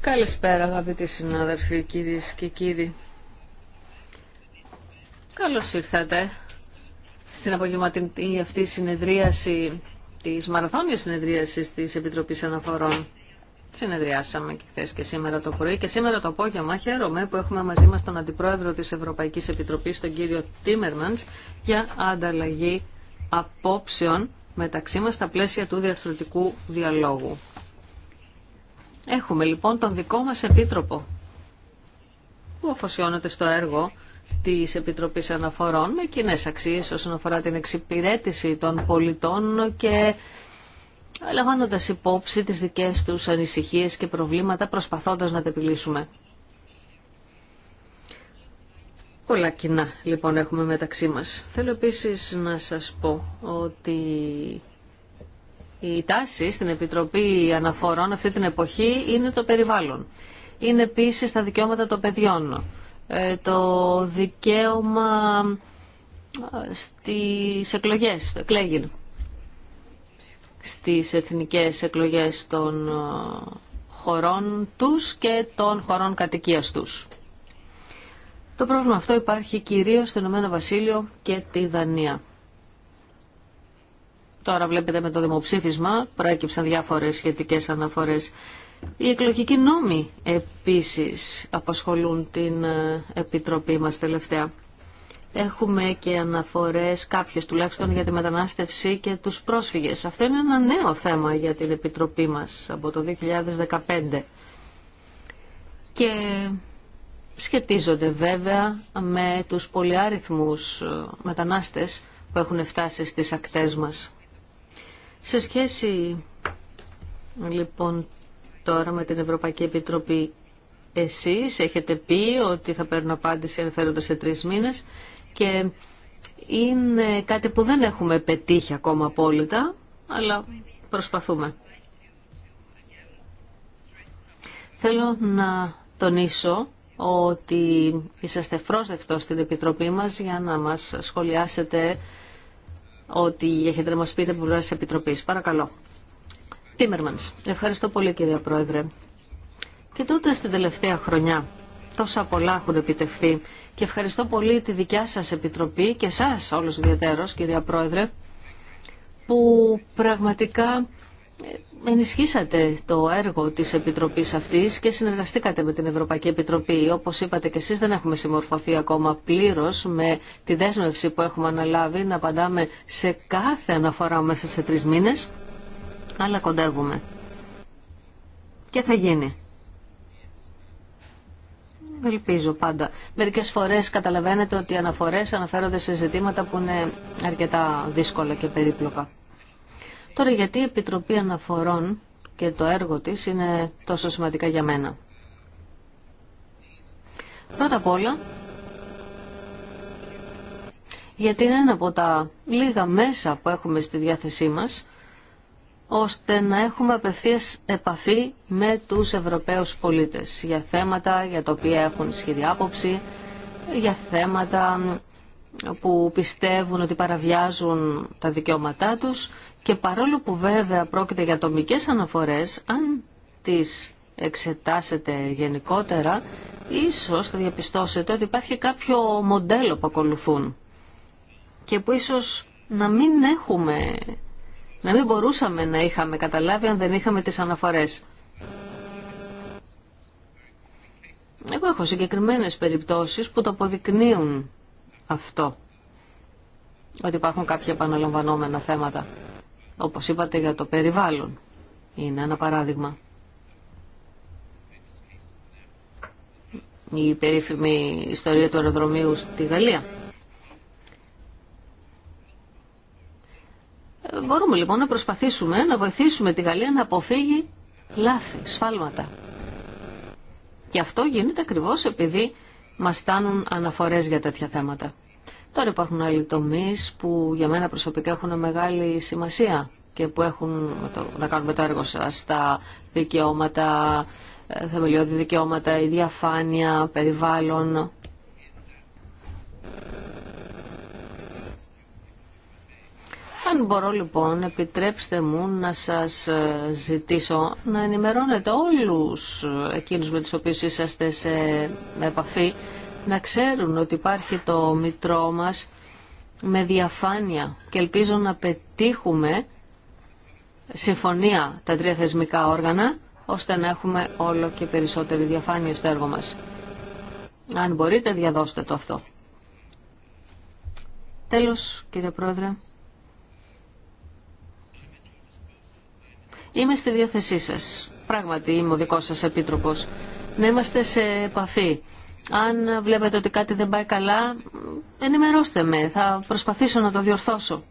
Καλησπέρα αγαπητοί συνάδελφοι, κυρίες και κύριοι. Καλώς ήρθατε στην απογευματινή αυτή συνεδρίαση της μαραθώνιας συνεδρίασης της Επιτροπής Αναφορών. Συνεδριάσαμε και χθε και σήμερα το πρωί και σήμερα το απόγευμα χαίρομαι που έχουμε μαζί μας τον Αντιπρόεδρο της Ευρωπαϊκής Επιτροπής, τον κύριο Τίμερμανς, για ανταλλαγή απόψεων μεταξύ μας στα πλαίσια του διαρθρωτικού διαλόγου. Έχουμε λοιπόν τον δικό μας επίτροπο που αφοσιώνεται στο έργο της Επιτροπής Αναφορών με κοινέ αξίες όσον αφορά την εξυπηρέτηση των πολιτών και λαμβάνοντας υπόψη τις δικές τους ανησυχίες και προβλήματα προσπαθώντας να τα επιλύσουμε. Πολλά κοινά λοιπόν έχουμε μεταξύ μας. Θέλω επίσης να σας πω ότι η τάση στην Επιτροπή Αναφορών αυτή την εποχή είναι το περιβάλλον. Είναι επίσης τα δικαιώματα των παιδιών, ε, το δικαίωμα ε, στις εκλογές, το εκλέγιν. στις εθνικές εκλογές των ε, χωρών τους και των χωρών κατοικίας τους. Το πρόβλημα αυτό υπάρχει κυρίως στο Ηνωμένο Βασίλειο και τη Δανία. Τώρα βλέπετε με το δημοψήφισμα προέκυψαν διάφορες σχετικές αναφορές. Οι εκλογικοί νόμοι επίσης απασχολούν την ε, Επιτροπή μας τελευταία. Έχουμε και αναφορές κάποιες τουλάχιστον για τη μετανάστευση και τους πρόσφυγες. Αυτό είναι ένα νέο θέμα για την Επιτροπή μας από το 2015. Και σχετίζονται βέβαια με τους πολυάριθμους ε, μετανάστες που έχουν φτάσει στις ακτές μας. Σε σχέση λοιπόν τώρα με την Ευρωπαϊκή Επιτροπή εσείς έχετε πει ότι θα παίρνω απάντηση ενδιαφέροντα σε τρεις μήνες και είναι κάτι που δεν έχουμε πετύχει ακόμα απόλυτα, αλλά προσπαθούμε. Θέλω να τονίσω ότι είσαστε φρόσδεκτος στην Επιτροπή μας για να μας σχολιάσετε ό,τι έχετε να μας πείτε από πλευρά Επιτροπής. Παρακαλώ. Τίμερμανς, ευχαριστώ πολύ κυρία Πρόεδρε. Και τότε στην τελευταία χρονιά τόσα πολλά έχουν επιτευχθεί και ευχαριστώ πολύ τη δικιά σας Επιτροπή και σας όλους ιδιαίτερος κυρία Πρόεδρε που πραγματικά ενισχύσατε το έργο της Επιτροπής αυτής και συνεργαστήκατε με την Ευρωπαϊκή Επιτροπή. Όπως είπατε και εσείς δεν έχουμε συμμορφωθεί ακόμα πλήρως με τη δέσμευση που έχουμε αναλάβει να απαντάμε σε κάθε αναφορά μέσα σε τρεις μήνες, αλλά κοντεύουμε. Και θα γίνει. Ελπίζω πάντα. Μερικέ φορέ καταλαβαίνετε ότι οι αναφορέ αναφέρονται σε ζητήματα που είναι αρκετά δύσκολα και περίπλοκα. Τώρα γιατί η Επιτροπή Αναφορών και το έργο της είναι τόσο σημαντικά για μένα. Πρώτα απ' όλα, γιατί είναι ένα από τα λίγα μέσα που έχουμε στη διάθεσή μας, ώστε να έχουμε απευθείας επαφή με τους Ευρωπαίους πολίτες για θέματα για τα οποία έχουν άποψη, για θέματα που πιστεύουν ότι παραβιάζουν τα δικαιώματά τους και παρόλο που βέβαια πρόκειται για ατομικέ αναφορές, αν τις εξετάσετε γενικότερα, ίσως θα διαπιστώσετε ότι υπάρχει κάποιο μοντέλο που ακολουθούν και που ίσως να μην έχουμε, να μην μπορούσαμε να είχαμε καταλάβει αν δεν είχαμε τις αναφορές. Εγώ έχω συγκεκριμένες περιπτώσεις που το αποδεικνύουν αυτό. Ότι υπάρχουν κάποια επαναλαμβανόμενα θέματα. Όπως είπατε για το περιβάλλον. Είναι ένα παράδειγμα. Η περίφημη ιστορία του αεροδρομίου στη Γαλλία. Μπορούμε λοιπόν να προσπαθήσουμε να βοηθήσουμε τη Γαλλία να αποφύγει λάθη, σφάλματα. Και αυτό γίνεται ακριβώς επειδή Μα στάνουν αναφορές για τέτοια θέματα. Τώρα υπάρχουν άλλοι τομεί που για μένα προσωπικά έχουν μεγάλη σημασία και που έχουν να κάνουν με το έργο σα. τα δικαιώματα, ε, θεμελιώδη δικαιώματα, η διαφάνεια, περιβάλλον. Αν μπορώ λοιπόν, επιτρέψτε μου να σας ε, ζητήσω να ενημερώνετε όλους εκείνους με τους οποίους είσαστε σε επαφή, να ξέρουν ότι υπάρχει το μητρό μας με διαφάνεια και ελπίζω να πετύχουμε συμφωνία τα τρία θεσμικά όργανα, ώστε να έχουμε όλο και περισσότερη διαφάνεια στο έργο μας. Αν μπορείτε, διαδώστε το αυτό. Τέλος, κύριε Πρόεδρε. Είμαι στη διάθεσή σας. Πράγματι είμαι ο δικός σας επίτροπος. Να είμαστε σε επαφή. Αν βλέπετε ότι κάτι δεν πάει καλά, ενημερώστε με. Θα προσπαθήσω να το διορθώσω.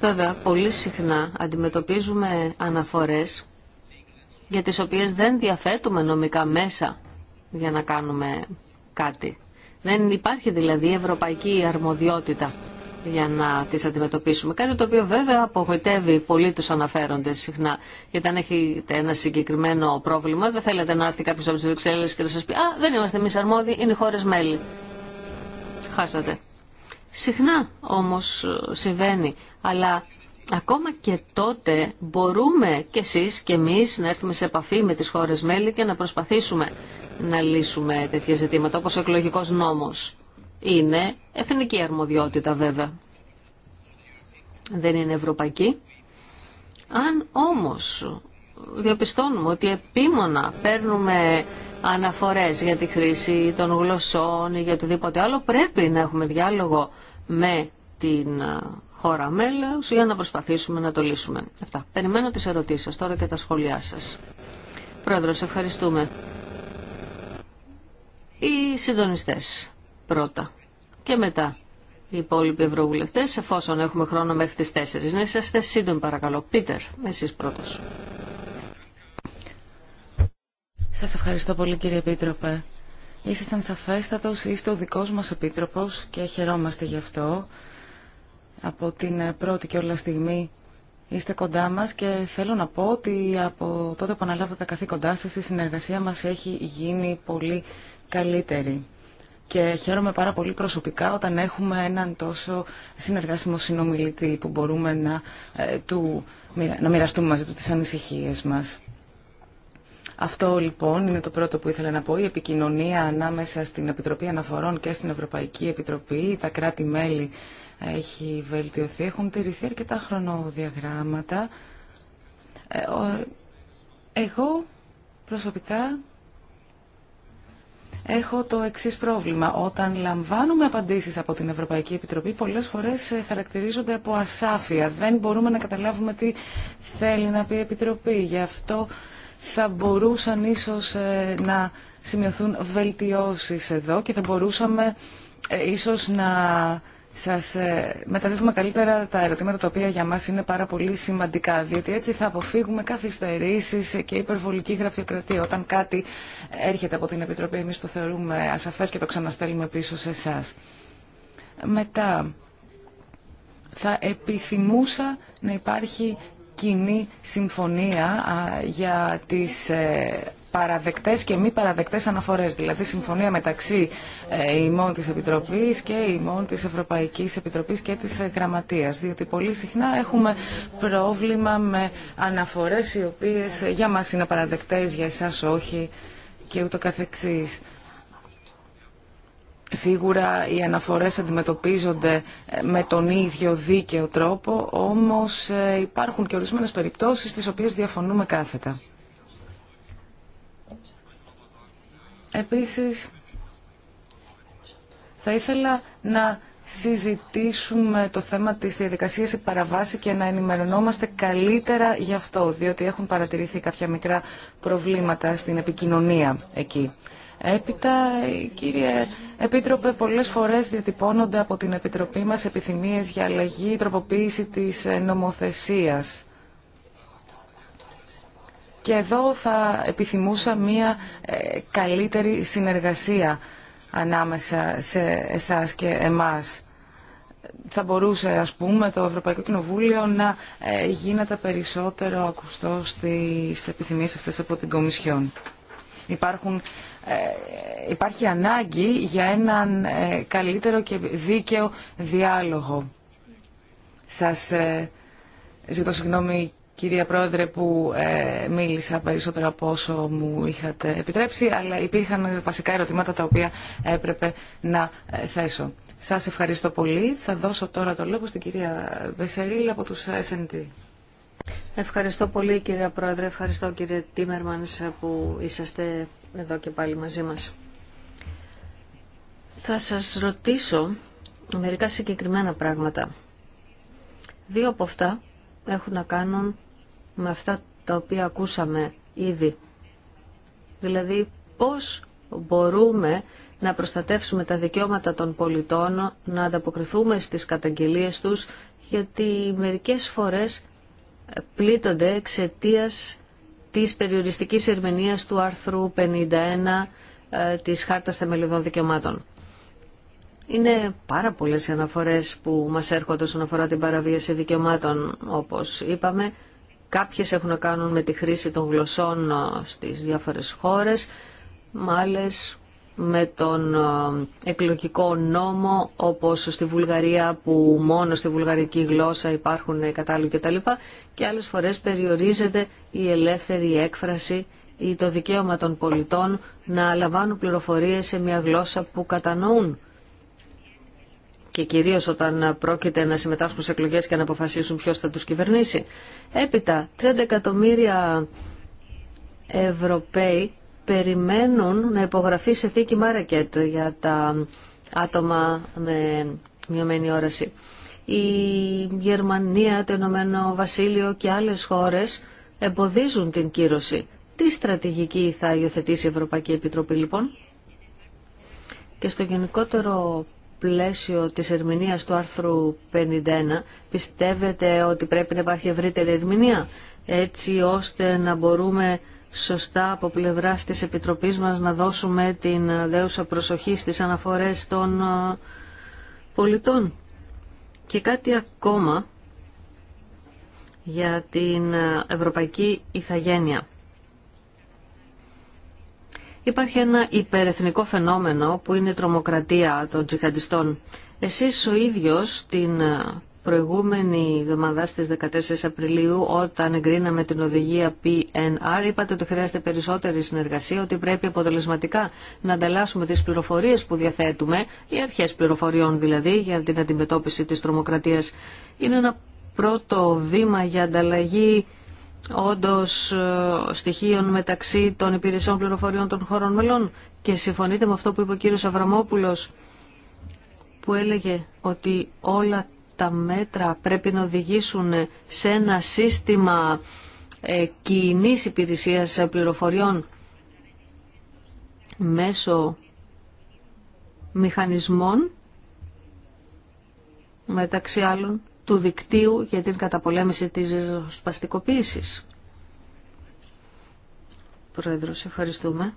Βέβαια, πολύ συχνά αντιμετωπίζουμε αναφορές για τις οποίες δεν διαθέτουμε νομικά μέσα για να κάνουμε κάτι. Δεν υπάρχει δηλαδή ευρωπαϊκή αρμοδιότητα για να τις αντιμετωπίσουμε. Κάτι το οποίο βέβαια απογοητεύει πολύ τους αναφέρονται συχνά. Γιατί αν έχετε ένα συγκεκριμένο πρόβλημα δεν θέλετε να έρθει κάποιος από τις Βρυξέλλες και να σας πει «Α, δεν είμαστε εμείς αρμόδιοι, είναι οι χώρες μέλη». Χάσατε. Συχνά όμως συμβαίνει, αλλά ακόμα και τότε μπορούμε κι εσείς κι εμείς να έρθουμε σε επαφή με τις χώρες μέλη και να προσπαθήσουμε να λύσουμε τέτοια ζητήματα, όπως ο εκλογικό νόμος είναι εθνική αρμοδιότητα βέβαια. Δεν είναι ευρωπαϊκή. Αν όμως διαπιστώνουμε ότι επίμονα παίρνουμε αναφορές για τη χρήση των γλωσσών ή για οτιδήποτε άλλο, πρέπει να έχουμε διάλογο με την χώρα μέλος για να προσπαθήσουμε να το λύσουμε. Αυτά. Περιμένω τις ερωτήσεις σας τώρα και τα σχόλιά σας. Πρόεδρος, ευχαριστούμε. Οι συντονιστές πρώτα και μετά οι υπόλοιποι ευρωβουλευτέ, εφόσον έχουμε χρόνο μέχρι τις 4. Να είσαστε σύντομοι παρακαλώ. Πίτερ, εσείς πρώτος. Σας ευχαριστώ πολύ κύριε Επίτροπε. Ήσασταν σαφέστατος, είστε ο δικός μας Επίτροπος και χαιρόμαστε γι' αυτό. Από την πρώτη και όλα στιγμή είστε κοντά μας και θέλω να πω ότι από τότε που αναλάβατε τα καθήκοντά σας η συνεργασία μας έχει γίνει πολύ καλύτερη και χαίρομαι πάρα πολύ προσωπικά όταν έχουμε έναν τόσο συνεργάσιμο συνομιλητή που μπορούμε να, ε, του, να μοιραστούμε μαζί του τις ανησυχίες μας. Αυτό λοιπόν είναι το πρώτο που ήθελα να πω. Η επικοινωνία ανάμεσα στην Επιτροπή Αναφορών και στην Ευρωπαϊκή Επιτροπή, τα κράτη-μέλη ε, έχει βελτιωθεί, έχουν τηρηθεί αρκετά χρονοδιαγράμματα. Ε, εγώ προσωπικά έχω το εξή πρόβλημα. Όταν λαμβάνουμε απαντήσεις από την Ευρωπαϊκή Επιτροπή, πολλές φορές ε, χαρακτηρίζονται από ασάφεια. Δεν μπορούμε να καταλάβουμε τι θέλει να πει η Επιτροπή. Γι' αυτό θα μπορούσαν ίσως ε, να σημειωθούν βελτιώσεις εδώ και θα μπορούσαμε ε, ίσως να σας ε, μεταδίδουμε καλύτερα τα ερωτήματα τα οποία για μας είναι πάρα πολύ σημαντικά, διότι έτσι θα αποφύγουμε καθυστερήσεις και υπερβολική γραφειοκρατία. Όταν κάτι έρχεται από την Επιτροπή, εμείς το θεωρούμε ασαφές και το ξαναστέλνουμε πίσω σε εσά. Μετά, θα επιθυμούσα να υπάρχει κοινή συμφωνία για τις ε, παραδεκτές και μη παραδεκτές αναφορές, δηλαδή συμφωνία μεταξύ ε, ημών τη Επιτροπής και ημών τη Ευρωπαϊκής Επιτροπής και της ε, Γραμματείας, διότι πολύ συχνά έχουμε πρόβλημα με αναφορές οι οποίε ε, για μα είναι παραδεκτές, για εσά όχι και ούτω καθεξής. Σίγουρα οι αναφορές αντιμετωπίζονται με τον ίδιο δίκαιο τρόπο, όμως υπάρχουν και ορισμένες περιπτώσεις τις οποίες διαφωνούμε κάθετα. Επίσης, θα ήθελα να συζητήσουμε το θέμα της διαδικασίας υπαραβάση και να ενημερωνόμαστε καλύτερα γι' αυτό, διότι έχουν παρατηρηθεί κάποια μικρά προβλήματα στην επικοινωνία εκεί. Έπειτα, κύριε Επίτροπε, πολλές φορές διατυπώνονται από την Επιτροπή μας επιθυμίες για αλλαγή, τροποποίηση της νομοθεσίας. Και εδώ θα επιθυμούσα μια ε, καλύτερη συνεργασία ανάμεσα σε εσάς και εμάς. Θα μπορούσε, ας πούμε, το Ευρωπαϊκό Κοινοβούλιο να ε, γίνεται περισσότερο ακουστό στις επιθυμίες αυτές από την Κομισιόν. Υπάρχουν, ε, υπάρχει ανάγκη για έναν καλύτερο και δίκαιο διάλογο. Σας ζητώ συγγνώμη κυρία Πρόεδρε, που ε, μίλησα περισσότερο από όσο μου είχατε επιτρέψει, αλλά υπήρχαν βασικά ερωτημάτα τα οποία έπρεπε να ε, θέσω. Σας ευχαριστώ πολύ. Θα δώσω τώρα το λόγο στην κυρία Βεσερίλη από τους ε, S&T. Ευχαριστώ πολύ κυρία Πρόεδρε, ευχαριστώ κύριε Τίμερμανς που είσαστε εδώ και πάλι μαζί μας. Θα σας ρωτήσω μερικά συγκεκριμένα πράγματα. Δύο από αυτά έχουν να κάνουν με αυτά τα οποία ακούσαμε ήδη. Δηλαδή πώς μπορούμε να προστατεύσουμε τα δικαιώματα των πολιτών, να ανταποκριθούμε στις καταγγελίες τους, γιατί μερικές φορές πλήττονται εξαιτία της περιοριστικής ερμηνείας του άρθρου 51 ε, της Χάρτας Θεμελιωδών Δικαιωμάτων. Είναι πάρα πολλέ οι αναφορές που μας έρχονται όσον αφορά την παραβίαση δικαιωμάτων, όπως είπαμε. Κάποιες έχουν να κάνουν με τη χρήση των γλωσσών ε, στις διάφορε χώρες, μάλες με τον ε, εκλογικό νόμο, όπως στη Βουλγαρία, που μόνο στη βουλγαρική γλώσσα υπάρχουν ε, κατάλληλοι κτλ. Και άλλες φορές περιορίζεται η ελεύθερη έκφραση ή το δικαίωμα των πολιτών να λαμβάνουν πληροφορίες σε μια γλώσσα που κατανοούν και κυρίω όταν πρόκειται να συμμετάσχουν σε εκλογέ και να αποφασίσουν ποιο θα του κυβερνήσει. Έπειτα, 30 εκατομμύρια Ευρωπαίοι περιμένουν να υπογραφεί σε θήκη Μάρακετ για τα άτομα με μειωμένη όραση. Η Γερμανία, το Ηνωμένο Βασίλειο και άλλες χώρες εμποδίζουν την κύρωση. Τι στρατηγική θα υιοθετήσει η Ευρωπαϊκή Επιτροπή λοιπόν. Και στο γενικότερο πλαίσιο της ερμηνείας του άρθρου 51 πιστεύετε ότι πρέπει να υπάρχει ευρύτερη ερμηνεία έτσι ώστε να μπορούμε σωστά από πλευρά της Επιτροπής μας να δώσουμε την δέουσα προσοχή στις αναφορές των πολιτών. Και κάτι ακόμα για την Ευρωπαϊκή Ιθαγένεια. Υπάρχει ένα υπερεθνικό φαινόμενο που είναι η τρομοκρατία των τζιχαντιστών. Εσείς ο ίδιος την ε, προηγούμενη εβδομάδα στις 14 Απριλίου όταν εγκρίναμε την οδηγία PNR είπατε ότι χρειάζεται περισσότερη συνεργασία, ότι πρέπει αποτελεσματικά να ανταλλάσσουμε τις πληροφορίες που διαθέτουμε, οι αρχές πληροφοριών δηλαδή για την αντιμετώπιση της τρομοκρατίας. Είναι ένα πρώτο βήμα για ανταλλαγή Όντω ε, στοιχείων μεταξύ των υπηρεσιών πληροφοριών των χωρών μελών και συμφωνείτε με αυτό που είπε ο κύριος Αβραμόπουλος που έλεγε ότι όλα τα μέτρα πρέπει να οδηγήσουν σε ένα σύστημα ε, κοινή υπηρεσία πληροφοριών μέσω μηχανισμών μεταξύ άλλων του δικτύου για την καταπολέμηση της σπαστικοποίησης. Πρόεδρος, ευχαριστούμε.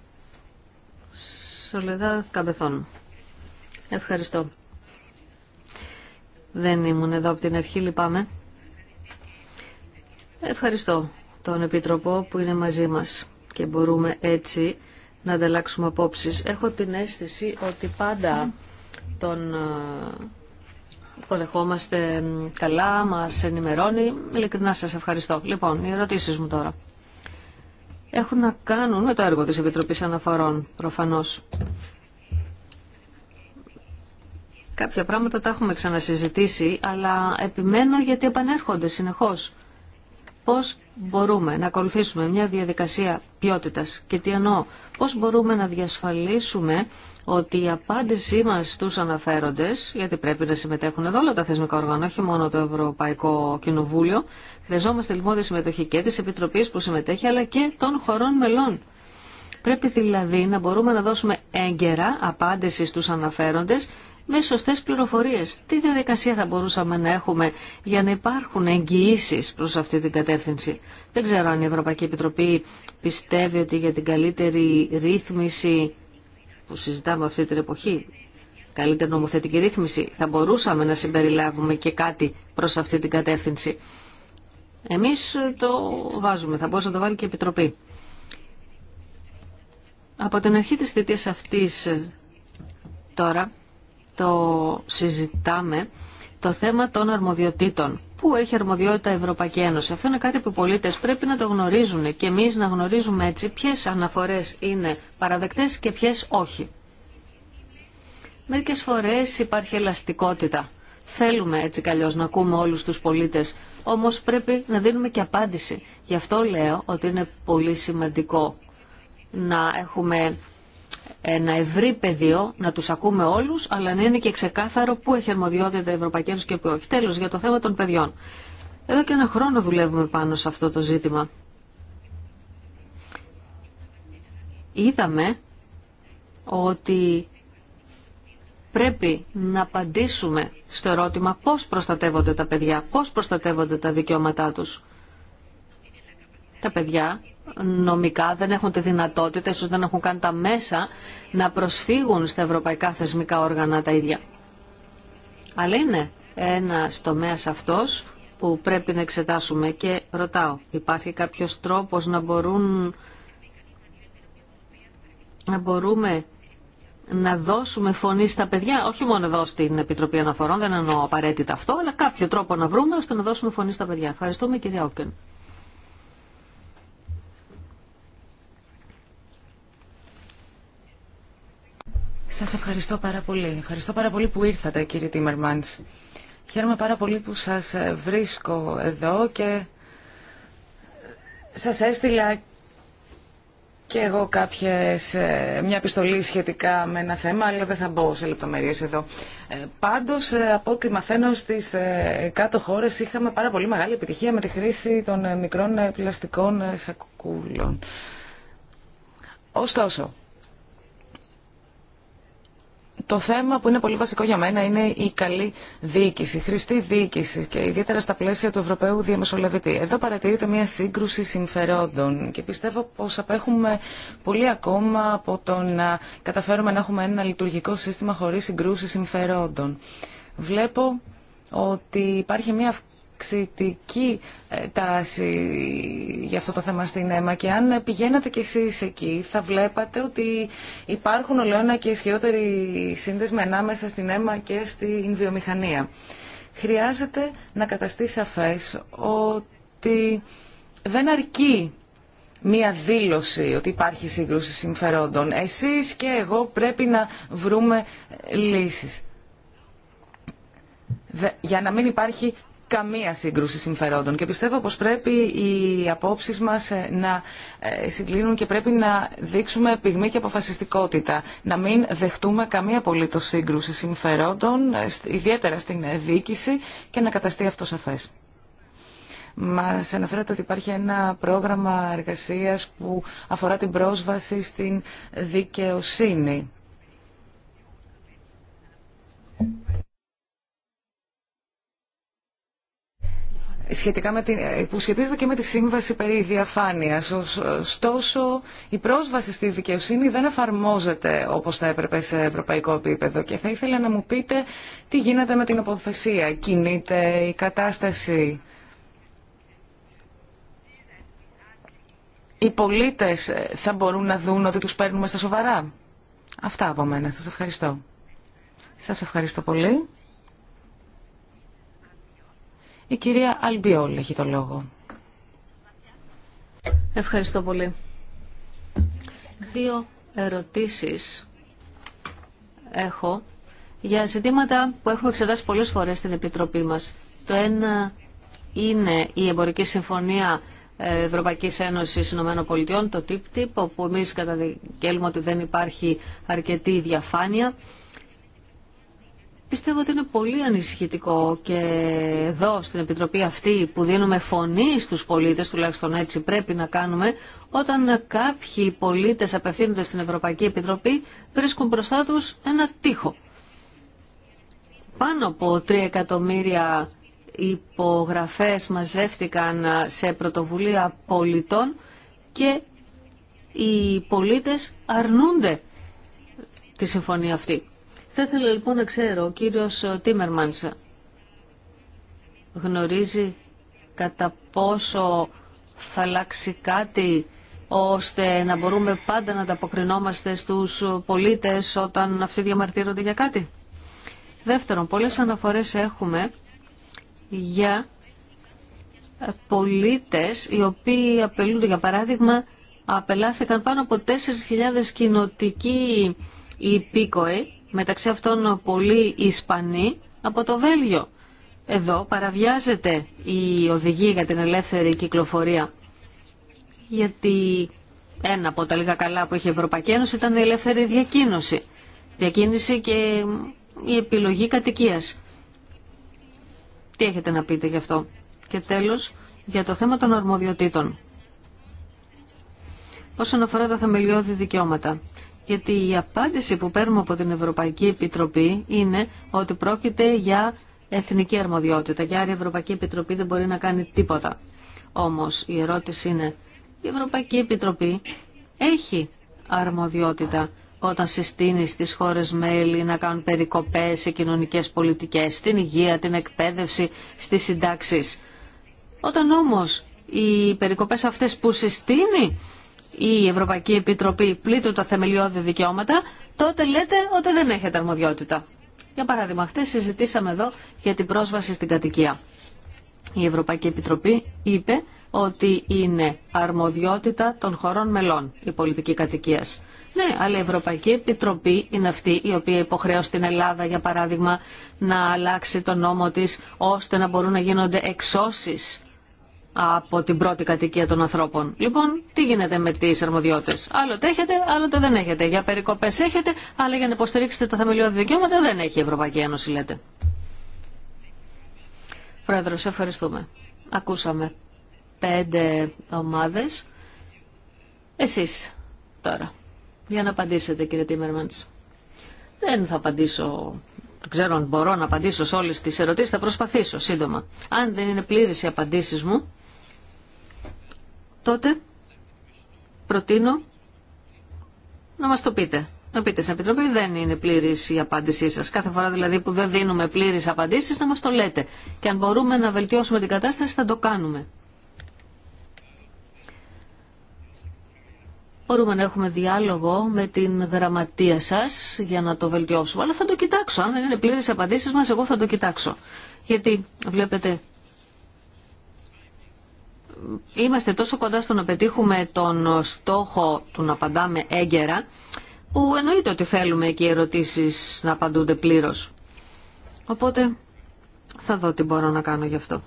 Σολεδά καμπεθών. Ευχαριστώ. Δεν ήμουν εδώ από την αρχή, λυπάμαι. Ευχαριστώ τον Επίτροπο που είναι μαζί μας και μπορούμε έτσι να ανταλλάξουμε απόψεις. Έχω την αίσθηση ότι πάντα τον ε, υποδεχόμαστε καλά, μας ενημερώνει. Ειλικρινά σας ευχαριστώ. Λοιπόν, οι ερωτήσεις μου τώρα. Έχουν να κάνουν με το έργο της Επιτροπής Αναφορών, προφανώς. Κάποια πράγματα τα έχουμε ξανασυζητήσει, αλλά επιμένω γιατί επανέρχονται συνεχώς. Πώς μπορούμε να ακολουθήσουμε μια διαδικασία ποιότητας και τι εννοώ, πώς μπορούμε να διασφαλίσουμε ότι η απάντησή μα στους αναφέροντε, γιατί πρέπει να συμμετέχουν εδώ όλα τα θεσμικά οργάνα, όχι μόνο το Ευρωπαϊκό Κοινοβούλιο, χρειαζόμαστε λοιπόν τη συμμετοχή και τη επιτροπή που συμμετέχει, αλλά και των χωρών μελών. Πρέπει δηλαδή να μπορούμε να δώσουμε έγκαιρα απάντηση στους αναφέροντε με σωστέ πληροφορίε. Τι διαδικασία θα μπορούσαμε να έχουμε για να υπάρχουν εγγυήσει προ αυτή την κατεύθυνση. Δεν ξέρω αν η Ευρωπαϊκή Επιτροπή πιστεύει ότι για την καλύτερη ρύθμιση που συζητάμε αυτή την εποχή, καλύτερη νομοθετική ρύθμιση, θα μπορούσαμε να συμπεριλάβουμε και κάτι προς αυτή την κατεύθυνση. Εμείς το βάζουμε, θα μπορούσε να το βάλει και η Επιτροπή. Από την αρχή της θητείας αυτής τώρα το συζητάμε το θέμα των αρμοδιοτήτων που έχει αρμοδιότητα η Ευρωπαϊκή Ένωση. Αυτό είναι κάτι που οι πολίτε πρέπει να το γνωρίζουν και εμεί να γνωρίζουμε έτσι ποιε αναφορέ είναι παραδεκτέ και ποιε όχι. Μερικέ φορέ υπάρχει ελαστικότητα. Θέλουμε έτσι καλώ να ακούμε όλου του πολίτε, όμω πρέπει να δίνουμε και απάντηση. Γι' αυτό λέω ότι είναι πολύ σημαντικό να έχουμε ένα ευρύ πεδίο, να τους ακούμε όλους, αλλά να είναι και ξεκάθαρο πού έχει αρμοδιότητα η Ευρωπαϊκή Ένωση και πού όχι. Τέλος, για το θέμα των παιδιών. Εδώ και ένα χρόνο δουλεύουμε πάνω σε αυτό το ζήτημα. Είδαμε ότι πρέπει να απαντήσουμε στο ερώτημα πώς προστατεύονται τα παιδιά, πώς προστατεύονται τα δικαιώματά τους τα παιδιά νομικά δεν έχουν τη δυνατότητα, ίσως δεν έχουν καν τα μέσα να προσφύγουν στα ευρωπαϊκά θεσμικά όργανα τα ίδια. Αλλά είναι ένα τομέα αυτός που πρέπει να εξετάσουμε και ρωτάω, υπάρχει κάποιος τρόπος να μπορούν να μπορούμε να δώσουμε φωνή στα παιδιά, όχι μόνο εδώ στην Επιτροπή Αναφορών, δεν εννοώ απαραίτητα αυτό, αλλά κάποιο τρόπο να βρούμε ώστε να δώσουμε φωνή στα παιδιά. Ευχαριστούμε κυρία Όκεν. Σας ευχαριστώ πάρα πολύ. Ευχαριστώ πάρα πολύ που ήρθατε κύριε Τίμερμανς. Χαίρομαι πάρα πολύ που σας ε, βρίσκω εδώ και σας έστειλα και εγώ κάποιες, ε, μια επιστολή σχετικά με ένα θέμα, αλλά δεν θα μπω σε λεπτομέρειες εδώ. Ε, πάντως, από ό,τι μαθαίνω στις κάτω χώρες, είχαμε πάρα πολύ μεγάλη επιτυχία με τη χρήση των μικρών πλαστικών σακούλων. Ωστόσο, το θέμα που είναι πολύ βασικό για μένα είναι η καλή διοίκηση, η χρηστή διοίκηση και ιδιαίτερα στα πλαίσια του Ευρωπαίου Διαμεσολαβητή. Εδώ παρατηρείται μια σύγκρουση συμφερόντων και πιστεύω πως απέχουμε πολύ ακόμα από το να καταφέρουμε να έχουμε ένα λειτουργικό σύστημα χωρίς συγκρούσει συμφερόντων. Βλέπω ότι υπάρχει μια αυξητική ε, τάση για αυτό το θέμα στην αίμα και αν πηγαίνατε κι εσείς εκεί θα βλέπατε ότι υπάρχουν ολοένα και ισχυρότεροι σύνδεσμοι ανάμεσα στην Έμα και στην βιομηχανία. Χρειάζεται να καταστεί σαφές ότι δεν αρκεί μία δήλωση ότι υπάρχει σύγκρουση συμφερόντων. Εσείς και εγώ πρέπει να βρούμε λύσεις. Για να μην υπάρχει καμία σύγκρουση συμφερόντων και πιστεύω πως πρέπει οι απόψεις μας ε, να ε, συγκλίνουν και πρέπει να δείξουμε πυγμή και αποφασιστικότητα. Να μην δεχτούμε καμία απολύτως σύγκρουση συμφερόντων, ε, ιδιαίτερα στην διοίκηση και να καταστεί αυτό σαφέ. Μας αναφέρατε ότι υπάρχει ένα πρόγραμμα εργασίας που αφορά την πρόσβαση στην δικαιοσύνη. σχετικά με την, ε, που σχετίζεται και με τη σύμβαση περί διαφάνειας. Ωστόσο, η πρόσβαση στη δικαιοσύνη δεν εφαρμόζεται όπως θα έπρεπε σε ευρωπαϊκό επίπεδο και θα ήθελα να μου πείτε τι γίνεται με την αποθεσία. Κινείται η κατάσταση. Οι πολίτες ε, θα μπορούν να δουν ότι τους παίρνουμε στα σοβαρά. Αυτά από μένα. Σας ευχαριστώ. Σας ευχαριστώ πολύ. Η κυρία Αλμπιόλ έχει το λόγο. Ευχαριστώ πολύ. Δύο ερωτήσεις έχω για ζητήματα που έχουμε εξετάσει πολλές φορές στην Επιτροπή μας. Το ένα είναι η Εμπορική Συμφωνία Ευρωπαϊκή Ένωση Ηνωμένων Πολιτειών, το TIP-TIP, όπου εμείς καταδικαίλουμε ότι δεν υπάρχει αρκετή διαφάνεια. Πιστεύω ότι είναι πολύ ανησυχητικό και εδώ στην Επιτροπή αυτή που δίνουμε φωνή στους πολίτες, τουλάχιστον έτσι πρέπει να κάνουμε, όταν κάποιοι πολίτες απευθύνονται στην Ευρωπαϊκή Επιτροπή βρίσκουν μπροστά τους ένα τείχο. Πάνω από 3 εκατομμύρια υπογραφές μαζεύτηκαν σε πρωτοβουλία πολιτών και οι πολίτες αρνούνται τη συμφωνία αυτή. Θα ήθελα λοιπόν να ξέρω, ο κύριος Τίμερμανς γνωρίζει κατά πόσο θα αλλάξει κάτι ώστε να μπορούμε πάντα να τα αποκρινόμαστε στους πολίτες όταν αυτοί διαμαρτύρονται για κάτι. Δεύτερον, πολλές αναφορές έχουμε για πολίτες οι οποίοι απελούνται, για παράδειγμα, απελάθηκαν πάνω από 4.000 κοινοτικοί υπήκοοι μεταξύ αυτών πολλοί Ισπανοί από το Βέλγιο. Εδώ παραβιάζεται η οδηγία για την ελεύθερη κυκλοφορία. Γιατί ένα από τα λίγα καλά που είχε η Ευρωπαϊκή Ένωση ήταν η ελεύθερη διακίνηση. Διακίνηση και η επιλογή κατοικίας. Τι έχετε να πείτε γι' αυτό. Και τέλος, για το θέμα των αρμοδιοτήτων. Όσον αφορά τα θεμελιώδη δικαιώματα γιατί η απάντηση που παίρνουμε από την Ευρωπαϊκή Επιτροπή είναι ότι πρόκειται για εθνική αρμοδιότητα και άρα η Ευρωπαϊκή Επιτροπή δεν μπορεί να κάνει τίποτα. Όμως η ερώτηση είναι, η Ευρωπαϊκή Επιτροπή έχει αρμοδιότητα όταν συστήνει στις χώρες μέλη να κάνουν περικοπές σε κοινωνικές πολιτικές, στην υγεία, την εκπαίδευση, στις συντάξεις. Όταν όμως οι περικοπές αυτές που συστήνει η Ευρωπαϊκή Επιτροπή πλήττουν τα θεμελιώδη δικαιώματα, τότε λέτε ότι δεν έχετε αρμοδιότητα. Για παράδειγμα, χθε συζητήσαμε εδώ για την πρόσβαση στην κατοικία. Η Ευρωπαϊκή Επιτροπή είπε ότι είναι αρμοδιότητα των χωρών μελών η πολιτική κατοικία. Ναι, αλλά η Ευρωπαϊκή Επιτροπή είναι αυτή η οποία υποχρέωσε την Ελλάδα, για παράδειγμα, να αλλάξει τον νόμο της, ώστε να μπορούν να γίνονται εξώσεις από την πρώτη κατοικία των ανθρώπων. Λοιπόν, τι γίνεται με τι αρμοδιότητε. Άλλοτε έχετε, άλλοτε δεν έχετε. Για περικοπέ έχετε, αλλά για να υποστηρίξετε τα θεμελιώδη δικαιώματα δεν έχει η Ευρωπαϊκή Ένωση, λέτε. Πρόεδρο, σε ευχαριστούμε. Ακούσαμε πέντε ομάδε. Εσεί τώρα. Για να απαντήσετε, κύριε Τίμερμαντ. Δεν θα απαντήσω Δεν ξέρω αν μπορώ να απαντήσω σε όλες τις ερωτήσεις, θα προσπαθήσω σύντομα. Αν δεν είναι πλήρε οι απαντήσεις μου, τότε προτείνω να μας το πείτε. Να πείτε στην Επιτροπή δεν είναι πλήρη η απάντησή σας. Κάθε φορά δηλαδή που δεν δίνουμε πλήρε απαντήσει να μας το λέτε. Και αν μπορούμε να βελτιώσουμε την κατάσταση θα το κάνουμε. Μπορούμε να έχουμε διάλογο με την γραμματεία σας για να το βελτιώσουμε. Αλλά θα το κοιτάξω. Αν δεν είναι πλήρε απαντήσει μα, εγώ θα το κοιτάξω. Γιατί βλέπετε είμαστε τόσο κοντά στο να πετύχουμε τον στόχο του να απαντάμε έγκαιρα, που εννοείται ότι θέλουμε και οι ερωτήσεις να απαντούνται πλήρως. Οπότε θα δω τι μπορώ να κάνω γι' αυτό.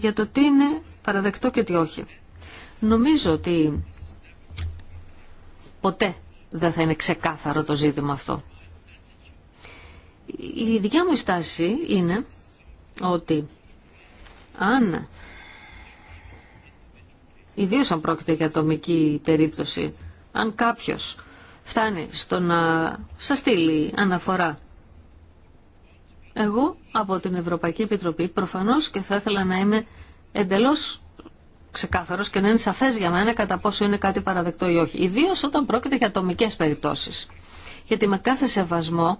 Για το τι είναι παραδεκτό και τι όχι. Νομίζω ότι ποτέ δεν θα είναι ξεκάθαρο το ζήτημα αυτό. Η δικιά μου στάση είναι ότι αν ιδίω αν πρόκειται για ατομική περίπτωση, αν κάποιο φτάνει στο να σας στείλει αναφορά. Εγώ από την Ευρωπαϊκή Επιτροπή προφανώς και θα ήθελα να είμαι εντελώς ξεκάθαρος και να είναι σαφές για μένα κατά πόσο είναι κάτι παραδεκτό ή όχι. Ιδίω όταν πρόκειται για ατομικές περιπτώσεις. Γιατί με κάθε σεβασμό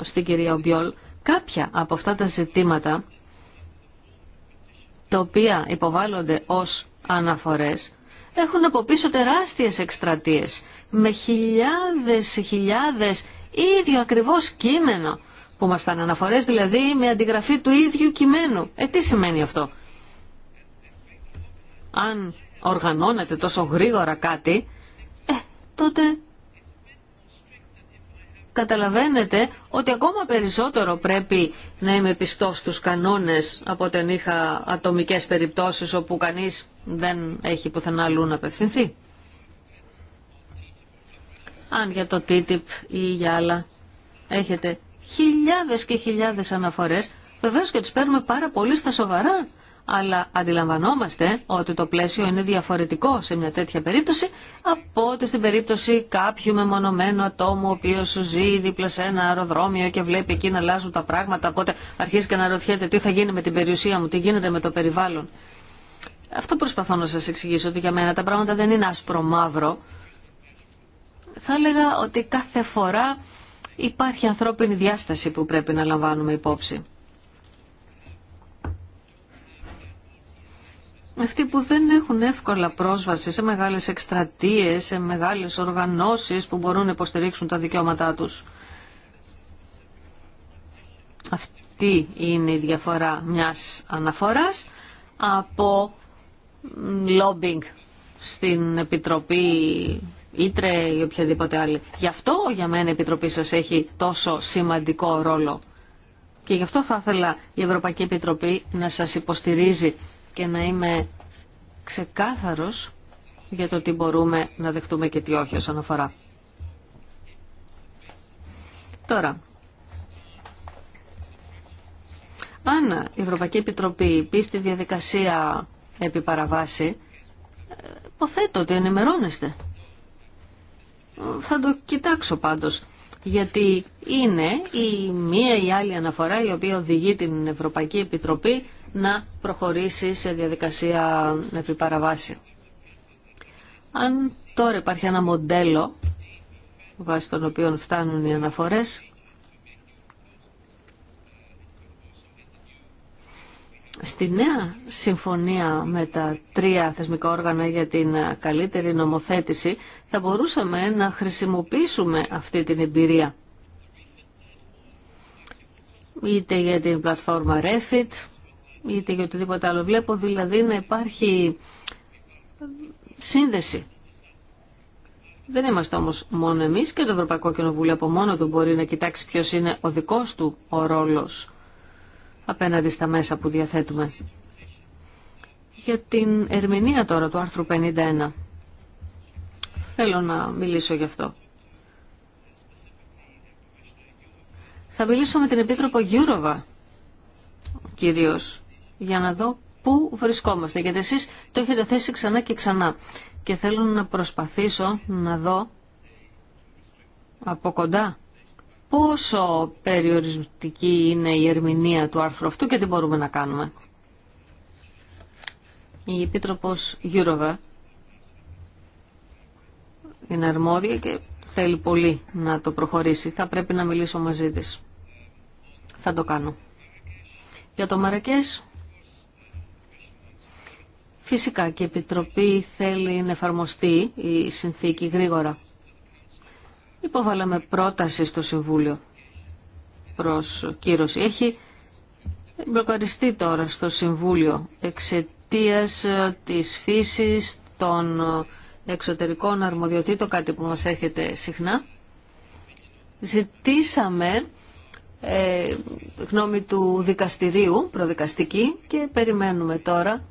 στην κυρία Ομπιόλ, κάποια από αυτά τα ζητήματα τα οποία υποβάλλονται ως αναφορές έχουν από πίσω τεράστιες εκστρατείες με χιλιάδες χιλιάδες ίδιο ακριβώς κείμενο που μας ήταν αναφορές δηλαδή με αντιγραφή του ίδιου κειμένου. Ε, τι σημαίνει αυτό. Αν οργανώνεται τόσο γρήγορα κάτι, ε, τότε καταλαβαίνετε ότι ακόμα περισσότερο πρέπει να είμαι πιστός στους κανόνες από όταν είχα ατομικές περιπτώσεις όπου κανείς δεν έχει πουθενά αλλού να απευθυνθεί. Αν για το TTIP ή για άλλα έχετε χιλιάδες και χιλιάδες αναφορές, βεβαίως και τις παίρνουμε πάρα πολύ στα σοβαρά, αλλά αντιλαμβανόμαστε ότι το πλαίσιο είναι διαφορετικό σε μια τέτοια περίπτωση από ότι στην περίπτωση κάποιου μεμονωμένου ατόμου ο οποίος ζει δίπλα σε ένα αεροδρόμιο και βλέπει εκεί να αλλάζουν τα πράγματα, οπότε αρχίζει και να ρωτιέται τι θα γίνει με την περιουσία μου, τι γίνεται με το περιβάλλον. Αυτό προσπαθώ να σας εξηγήσω ότι για μένα τα πράγματα δεν είναι άσπρο-μαύρο. Θα έλεγα ότι κάθε φορά υπάρχει ανθρώπινη διάσταση που πρέπει να λαμβάνουμε υπόψη. Αυτοί που δεν έχουν εύκολα πρόσβαση σε μεγάλες εκστρατείες, σε μεγάλες οργανώσεις που μπορούν να υποστηρίξουν τα δικαιώματά τους. Αυτή είναι η διαφορά μιας αναφοράς από lobbying στην Επιτροπή Ήτρε ή οποιαδήποτε άλλη. Γι' αυτό για μένα η Επιτροπή σας έχει τόσο σημαντικό ρόλο. Και γι' αυτό θα ήθελα η Ευρωπαϊκή Επιτροπή να σας υποστηρίζει και να είμαι ξεκάθαρος για το τι μπορούμε να δεχτούμε και τι όχι όσον αφορά. Τώρα, αν η Ευρωπαϊκή Επιτροπή πει στη διαδικασία επί παραβάση, υποθέτω ότι ενημερώνεστε. Θα το κοιτάξω πάντως, γιατί είναι η μία ή άλλη αναφορά η οποία οδηγεί την Ευρωπαϊκή Επιτροπή να προχωρήσει σε διαδικασία επί Αν τώρα υπάρχει ένα μοντέλο βάσει των οποίων φτάνουν οι αναφορές, Στη νέα συμφωνία με τα τρία θεσμικά όργανα για την καλύτερη νομοθέτηση θα μπορούσαμε να χρησιμοποιήσουμε αυτή την εμπειρία. Είτε για την πλατφόρμα Refit, είτε για οτιδήποτε άλλο. Βλέπω δηλαδή να υπάρχει σύνδεση. Δεν είμαστε όμως μόνο εμείς και το Ευρωπαϊκό Κοινοβούλιο από μόνο του μπορεί να κοιτάξει ποιος είναι ο δικός του ο ρόλος απέναντι στα μέσα που διαθέτουμε. Για την ερμηνεία τώρα του άρθρου 51. Θέλω να μιλήσω γι' αυτό. Θα μιλήσω με την Επίτροπο Γιούροβα, κυρίως, για να δω πού βρισκόμαστε. Γιατί εσείς το έχετε θέσει ξανά και ξανά. Και θέλω να προσπαθήσω να δω από κοντά πόσο περιοριστική είναι η ερμηνεία του άρθρου αυτού και τι μπορούμε να κάνουμε. Η Επίτροπος Γιούροβα είναι αρμόδια και θέλει πολύ να το προχωρήσει. Θα πρέπει να μιλήσω μαζί της. Θα το κάνω. Για το Μαρακές, φυσικά και η Επιτροπή θέλει να εφαρμοστεί η συνθήκη γρήγορα υποβάλαμε πρόταση στο Συμβούλιο προς κύρωση. Έχει μπλοκαριστεί τώρα στο Συμβούλιο εξαιτίας ε, της φύσης των ε, εξωτερικών αρμοδιοτήτων, κάτι που μας έρχεται συχνά. Ζητήσαμε ε, γνώμη του δικαστηρίου, προδικαστική, και περιμένουμε τώρα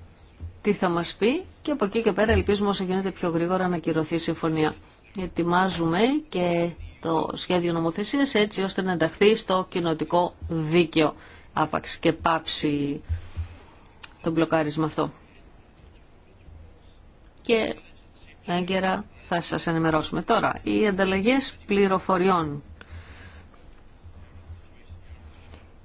τι θα μας πει και από εκεί και πέρα ελπίζουμε όσο γίνεται πιο γρήγορα να κυρωθεί η συμφωνία ετοιμάζουμε και το σχέδιο νομοθεσίας έτσι ώστε να ενταχθεί στο κοινοτικό δίκαιο άπαξ και πάψει το μπλοκάρισμα αυτό. Και έγκαιρα θα σας ενημερώσουμε τώρα. Οι ανταλλαγές πληροφοριών.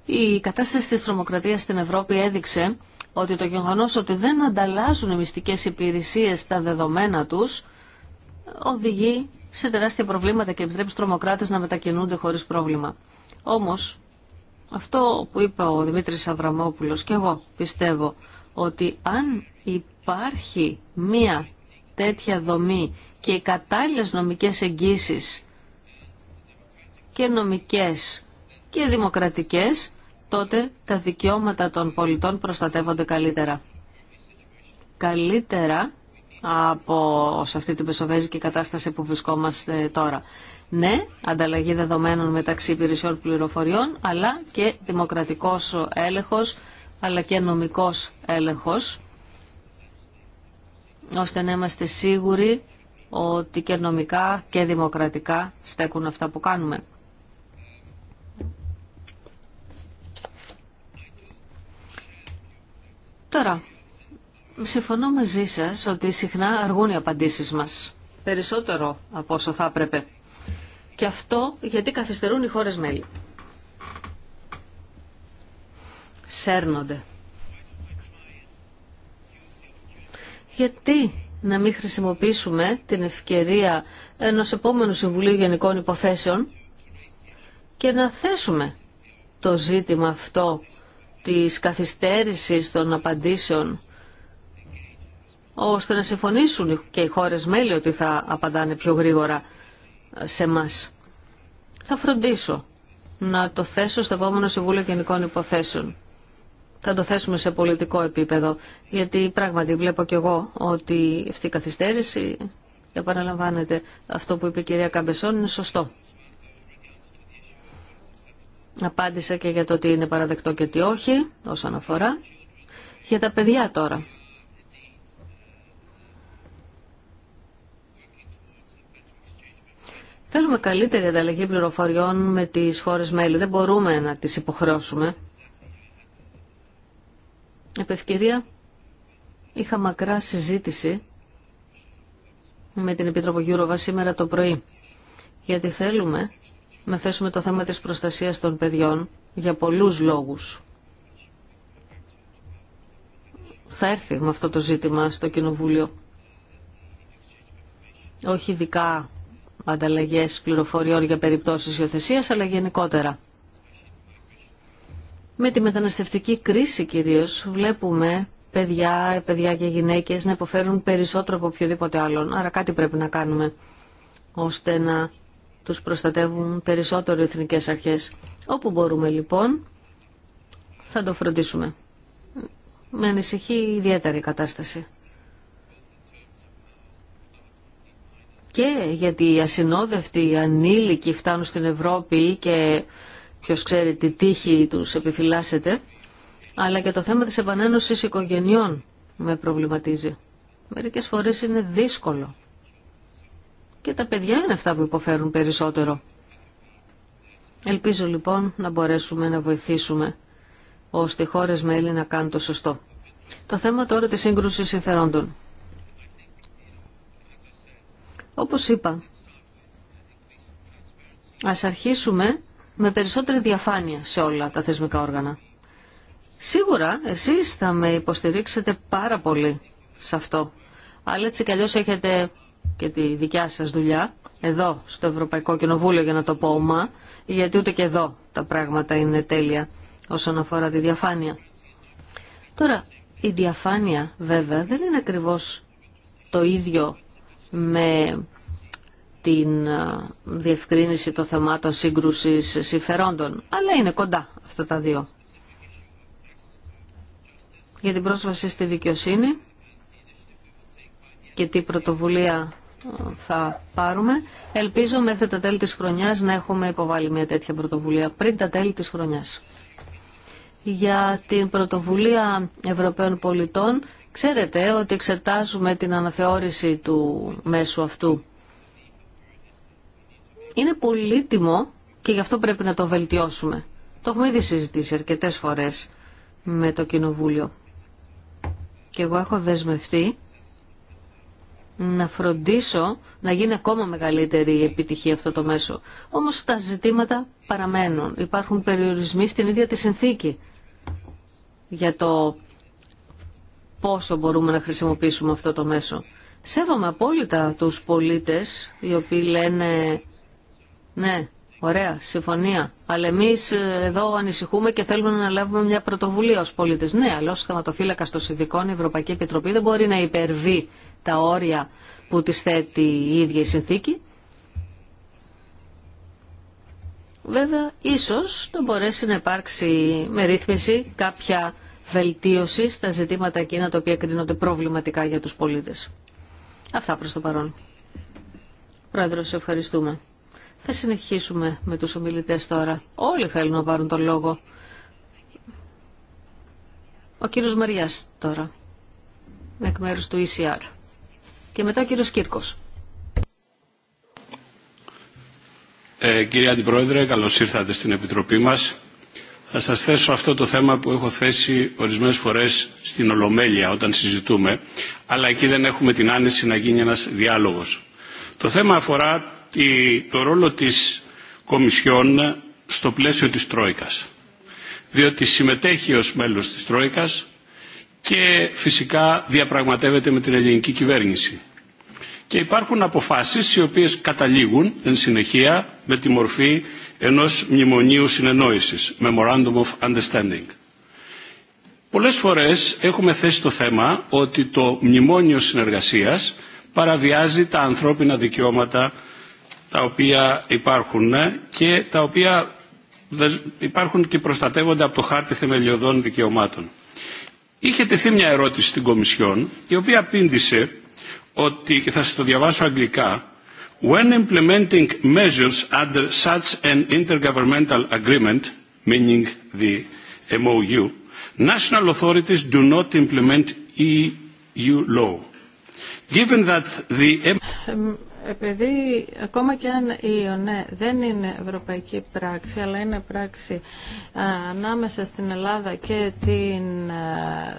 Η κατάσταση της τρομοκρατίας στην Ευρώπη έδειξε ότι το γεγονός ότι δεν ανταλλάζουν οι μυστικές υπηρεσίες τα δεδομένα τους οδηγεί σε τεράστια προβλήματα και επιτρέπει τρομοκράτες να μετακινούνται χωρίς πρόβλημα. Όμως, αυτό που είπε ο Δημήτρης Αβραμόπουλος και εγώ πιστεύω ότι αν υπάρχει μία τέτοια δομή και οι κατάλληλες νομικές εγγύσεις και νομικές και δημοκρατικές, τότε τα δικαιώματα των πολιτών προστατεύονται καλύτερα. Καλύτερα από σε αυτή την πεσοβέζικη κατάσταση που βρισκόμαστε τώρα. Ναι, ανταλλαγή δεδομένων μεταξύ υπηρεσιών πληροφοριών, αλλά και δημοκρατικός έλεγχος, αλλά και νομικός έλεγχος, ώστε να είμαστε σίγουροι ότι και νομικά και δημοκρατικά στέκουν αυτά που κάνουμε. Τώρα, Συμφωνώ μαζί σα ότι συχνά αργούν οι απαντήσεις μας. Περισσότερο από όσο θα έπρεπε. Και αυτό γιατί καθυστερούν οι χώρες μέλη. Σέρνονται. Γιατί να μην χρησιμοποιήσουμε την ευκαιρία ενό επόμενου Συμβουλίου Γενικών Υποθέσεων και να θέσουμε το ζήτημα αυτό της καθυστέρησης των απαντήσεων ώστε να συμφωνήσουν και οι χώρες μέλη ότι θα απαντάνε πιο γρήγορα σε μας. Θα φροντίσω να το θέσω στο επόμενο Συμβούλιο Γενικών Υποθέσεων. Θα το θέσουμε σε πολιτικό επίπεδο, γιατί πράγματι βλέπω και εγώ ότι αυτή η καθυστέρηση, επαναλαμβάνεται αυτό που είπε η κυρία Καμπεσόν, είναι σωστό. Απάντησα και για το τι είναι παραδεκτό και τι όχι, όσον αφορά. Για τα παιδιά τώρα. Θέλουμε καλύτερη ανταλλαγή πληροφοριών με τις χώρες μέλη. Δεν μπορούμε να τις υποχρεώσουμε. Επ' είχα μακρά συζήτηση με την Επίτροπο Γιούροβα σήμερα το πρωί. Γιατί θέλουμε να θέσουμε το θέμα της προστασίας των παιδιών για πολλούς λόγους. Θα έρθει με αυτό το ζήτημα στο Κοινοβούλιο. Όχι ειδικά Ανταλλαγέ πληροφοριών για περιπτώσεις υιοθεσία, αλλά γενικότερα. Με τη μεταναστευτική κρίση κυρίως βλέπουμε παιδιά, παιδιά και γυναίκες να υποφέρουν περισσότερο από οποιοδήποτε άλλον. Άρα κάτι πρέπει να κάνουμε ώστε να τους προστατεύουν περισσότερο οι εθνικέ αρχές. Όπου μπορούμε λοιπόν θα το φροντίσουμε. Με ανησυχεί ιδιαίτερη κατάσταση. και γιατί οι ασυνόδευτοι, οι ανήλικοι φτάνουν στην Ευρώπη και ποιος ξέρει τι τύχη τους επιφυλάσσεται, αλλά και το θέμα της επανένωσης οικογενειών με προβληματίζει. Μερικές φορές είναι δύσκολο. Και τα παιδιά είναι αυτά που υποφέρουν περισσότερο. Ελπίζω λοιπόν να μπορέσουμε να βοηθήσουμε ώστε οι χώρες μέλη να κάνουν το σωστό. Το θέμα τώρα της σύγκρουσης συμφερόντων. Όπως είπα, ας αρχίσουμε με περισσότερη διαφάνεια σε όλα τα θεσμικά όργανα. Σίγουρα εσείς θα με υποστηρίξετε πάρα πολύ σε αυτό. Αλλά έτσι κι αλλιώς έχετε και τη δικιά σας δουλειά εδώ στο Ευρωπαϊκό Κοινοβούλιο για να το πω ομά, γιατί ούτε και εδώ τα πράγματα είναι τέλεια όσον αφορά τη διαφάνεια. Τώρα, η διαφάνεια βέβαια δεν είναι ακριβώς το ίδιο με την διευκρίνηση των θεμάτων σύγκρουσης συμφερόντων. Αλλά είναι κοντά αυτά τα δύο. Για την πρόσβαση στη δικαιοσύνη και τι πρωτοβουλία θα πάρουμε. Ελπίζω μέχρι τα τέλη της χρονιάς να έχουμε υποβάλει μια τέτοια πρωτοβουλία πριν τα τέλη της χρονιάς. Για την πρωτοβουλία Ευρωπαίων πολιτών Ξέρετε ότι εξετάζουμε την αναθεώρηση του μέσου αυτού. Είναι πολύτιμο και γι' αυτό πρέπει να το βελτιώσουμε. Το έχουμε ήδη συζητήσει αρκετές φορές με το Κοινοβούλιο. Και εγώ έχω δεσμευτεί να φροντίσω να γίνει ακόμα μεγαλύτερη η επιτυχία αυτό το μέσο. Όμως τα ζητήματα παραμένουν. Υπάρχουν περιορισμοί στην ίδια τη συνθήκη για το πόσο μπορούμε να χρησιμοποιήσουμε αυτό το μέσο. Σέβομαι απόλυτα τους πολίτες οι οποίοι λένε ναι, ωραία, συμφωνία, αλλά εμείς εδώ ανησυχούμε και θέλουμε να λάβουμε μια πρωτοβουλία ως πολίτες. Ναι, αλλά ως θεματοφύλακας των συνδικών η Ευρωπαϊκή Επιτροπή δεν μπορεί να υπερβεί τα όρια που τις θέτει η ίδια η συνθήκη. Βέβαια, ίσως να μπορέσει να υπάρξει με ρύθμιση κάποια βελτίωση στα ζητήματα εκείνα τα οποία κρίνονται προβληματικά για τους πολίτες. Αυτά προς το παρόν. Πρόεδρο, σε ευχαριστούμε. Θα συνεχίσουμε με τους ομιλητές τώρα. Όλοι θέλουν να πάρουν τον λόγο. Ο κύριος Μαριάς τώρα, εκ μέρους του ECR. Και μετά ο κύριος Κύρκος. Ε, κύριε Αντιπρόεδρε, καλώς ήρθατε στην Επιτροπή μας θα σας θέσω αυτό το θέμα που έχω θέσει ορισμένες φορές στην Ολομέλεια όταν συζητούμε, αλλά εκεί δεν έχουμε την άνεση να γίνει ένας διάλογος. Το θέμα αφορά το ρόλο της Κομισιόν στο πλαίσιο της Τρόικας, διότι συμμετέχει ως μέλος της Τρόικας και φυσικά διαπραγματεύεται με την ελληνική κυβέρνηση. Και υπάρχουν αποφάσεις οι οποίες καταλήγουν εν συνεχεία με τη μορφή ενός μνημονίου συνεννόησης, Memorandum of Understanding. Πολλές φορές έχουμε θέσει το θέμα ότι το μνημόνιο συνεργασίας παραβιάζει τα ανθρώπινα δικαιώματα τα οποία υπάρχουν ε, και τα οποία υπάρχουν και προστατεύονται από το χάρτη θεμελιωδών δικαιωμάτων. Είχε τεθεί μια ερώτηση στην Κομισιόν η οποία πίντησε ότι, και θα σας το διαβάσω αγγλικά, When implementing measures under such an intergovernmental agreement, meaning the MOU, national authorities do not implement EU law. Given that the επειδή ακόμα και αν η ΙΟΝΕ δεν είναι ευρωπαϊκή πράξη, αλλά είναι πράξη ανάμεσα στην Ελλάδα και την,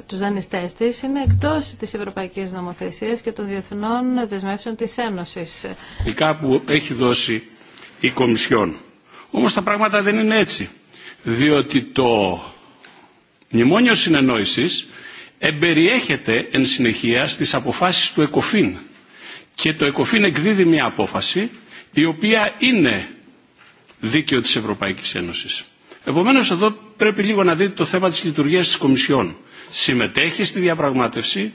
τους δανειστές είναι εκτός της ευρωπαϊκής νομοθεσίας και των διεθνών δεσμεύσεων της Ένωσης. που έχει δώσει η Κομισιόν. Όμως τα πράγματα δεν είναι έτσι, διότι το μνημόνιο συνεννόησης εμπεριέχεται εν συνεχεία στις αποφάσεις του ΕΚΟΦΗΝ και το ΕΚΟΦΗΝ εκδίδει μια απόφαση η οποία είναι δίκαιο της Ευρωπαϊκής Ένωσης. Επομένως εδώ πρέπει λίγο να δείτε το θέμα της λειτουργίας της Κομισιόν. Συμμετέχει στη διαπραγμάτευση,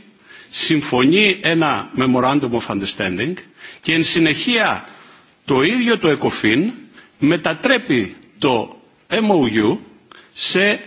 συμφωνεί ένα Memorandum of Understanding και εν συνεχεία το ίδιο το ΕΚΟΦΗΝ μετατρέπει το MOU σε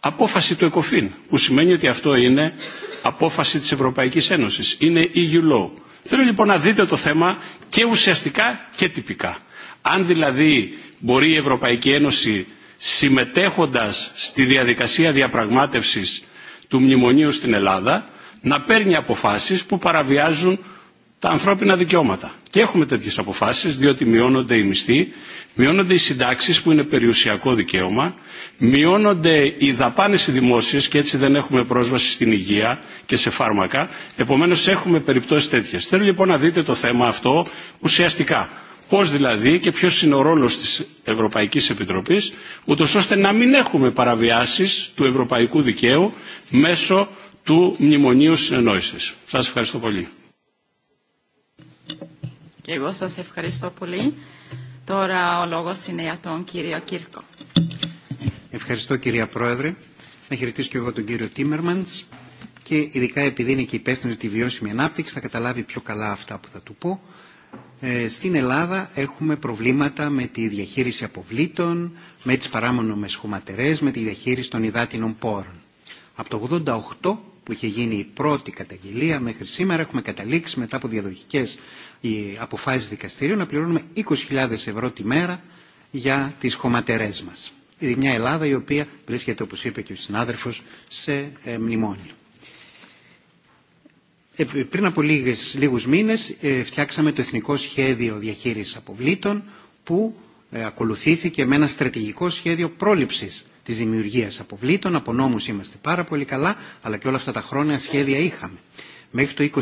απόφαση του ΕΚΟΦΗΝ που σημαίνει ότι αυτό είναι απόφαση της Ευρωπαϊκής Ένωσης, είναι EU law. Θέλω λοιπόν να δείτε το θέμα και ουσιαστικά και τυπικά. Αν δηλαδή μπορεί η Ευρωπαϊκή Ένωση συμμετέχοντας στη διαδικασία διαπραγμάτευσης του μνημονίου στην Ελλάδα να παίρνει αποφάσεις που παραβιάζουν τα ανθρώπινα δικαιώματα. Και έχουμε τέτοιε αποφάσει, διότι μειώνονται οι μισθοί, μειώνονται οι συντάξει που είναι περιουσιακό δικαίωμα, μειώνονται οι δαπάνε οι δημόσιε και έτσι δεν έχουμε πρόσβαση στην υγεία και σε φάρμακα. Επομένω, έχουμε περιπτώσει τέτοιε. Θέλω λοιπόν να δείτε το θέμα αυτό ουσιαστικά. Πώ δηλαδή και ποιο είναι ο ρόλο τη Ευρωπαϊκή Επιτροπή, ούτω ώστε να μην έχουμε παραβιάσει του ευρωπαϊκού δικαίου μέσω του Μνημονίου Συνεννόηση. Σα ευχαριστώ πολύ. Και εγώ σας ευχαριστώ πολύ. Τώρα ο λόγος είναι για τον κύριο Κύρκο. Ευχαριστώ κυρία Πρόεδρε. Να χαιρετήσω και εγώ τον κύριο Τίμερμαντς και ειδικά επειδή είναι και υπεύθυνο για τη βιώσιμη ανάπτυξη θα καταλάβει πιο καλά αυτά που θα του πω. Ε, στην Ελλάδα έχουμε προβλήματα με τη διαχείριση αποβλήτων, με τις παράμονομες χωματερές, με τη διαχείριση των υδάτινων πόρων. Από το 88 που είχε γίνει η πρώτη καταγγελία μέχρι σήμερα έχουμε καταλήξει μετά από διαδοχικές οι αποφάσεις δικαστηρίου να πληρώνουμε 20.000 ευρώ τη μέρα για τις χωματερές μας. Είναι μια Ελλάδα η οποία βρίσκεται, όπως είπε και ο συνάδελφος, σε ε, μνημόνιο. Ε, πριν από λίγες, λίγους μήνες ε, φτιάξαμε το Εθνικό Σχέδιο Διαχείρισης Αποβλήτων που ακολουθήθηκε με ένα στρατηγικό σχέδιο πρόληψης της δημιουργίας αποβλήτων. Από νόμους είμαστε πάρα πολύ καλά, αλλά και όλα αυτά τα χρόνια σχέδια είχαμε. Μέχρι το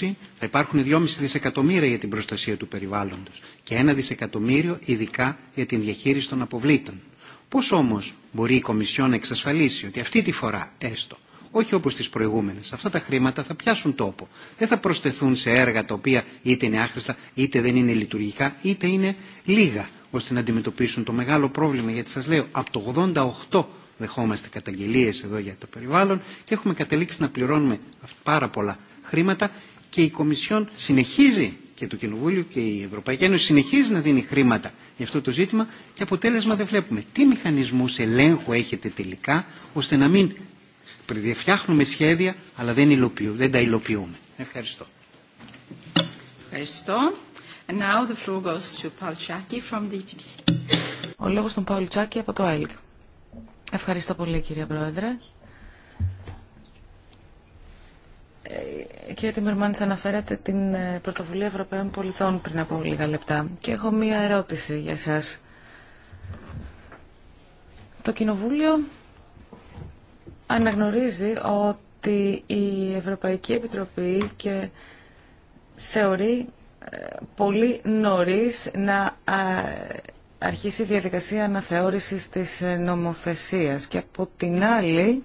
2020 θα υπάρχουν 2,5 δισεκατομμύρια για την προστασία του περιβάλλοντος και 1 δισεκατομμύριο ειδικά για την διαχείριση των αποβλήτων. Πώς όμως μπορεί η Κομισιόν να εξασφαλίσει ότι αυτή τη φορά έστω, όχι όπως τις προηγούμενες, αυτά τα χρήματα θα πιάσουν τόπο. Δεν θα προσθεθούν σε έργα τα οποία είτε είναι άχρηστα, είτε δεν είναι λειτουργικά, είτε είναι λίγα, ώστε να αντιμετωπίσουν το μεγάλο πρόβλημα. Γιατί σας λέω, από το 88 δεχόμαστε καταγγελίες εδώ για το περιβάλλον και έχουμε καταλήξει να πληρώνουμε πάρα πολλά χρήματα και η Κομισιόν συνεχίζει και το Κοινοβούλιο και η Ευρωπαϊκή Ένωση συνεχίζει να δίνει χρήματα για αυτό το ζήτημα και αποτέλεσμα δεν βλέπουμε. Τι μηχανισμούς ελέγχου έχετε τελικά ώστε να μην φτιάχνουμε σχέδια αλλά δεν, υλοποιούμε, δεν τα υλοποιούμε. Ευχαριστώ. Ευχαριστώ. And now the floor goes to Paul from the e Ο λόγος από το ΑΕΛΚ. Ευχαριστώ πολύ κύριε Πρόεδρε. Ε, κύριε Τιμερμάνη, αναφέρατε την ε, πρωτοβουλία Ευρωπαίων πολιτών πριν από λίγα λεπτά και έχω μία ερώτηση για σας. Το Κοινοβούλιο αναγνωρίζει ότι η Ευρωπαϊκή Επιτροπή και θεωρεί ε, πολύ νωρίς να αρχίσει η διαδικασία αναθεώρησης της νομοθεσίας και από την άλλη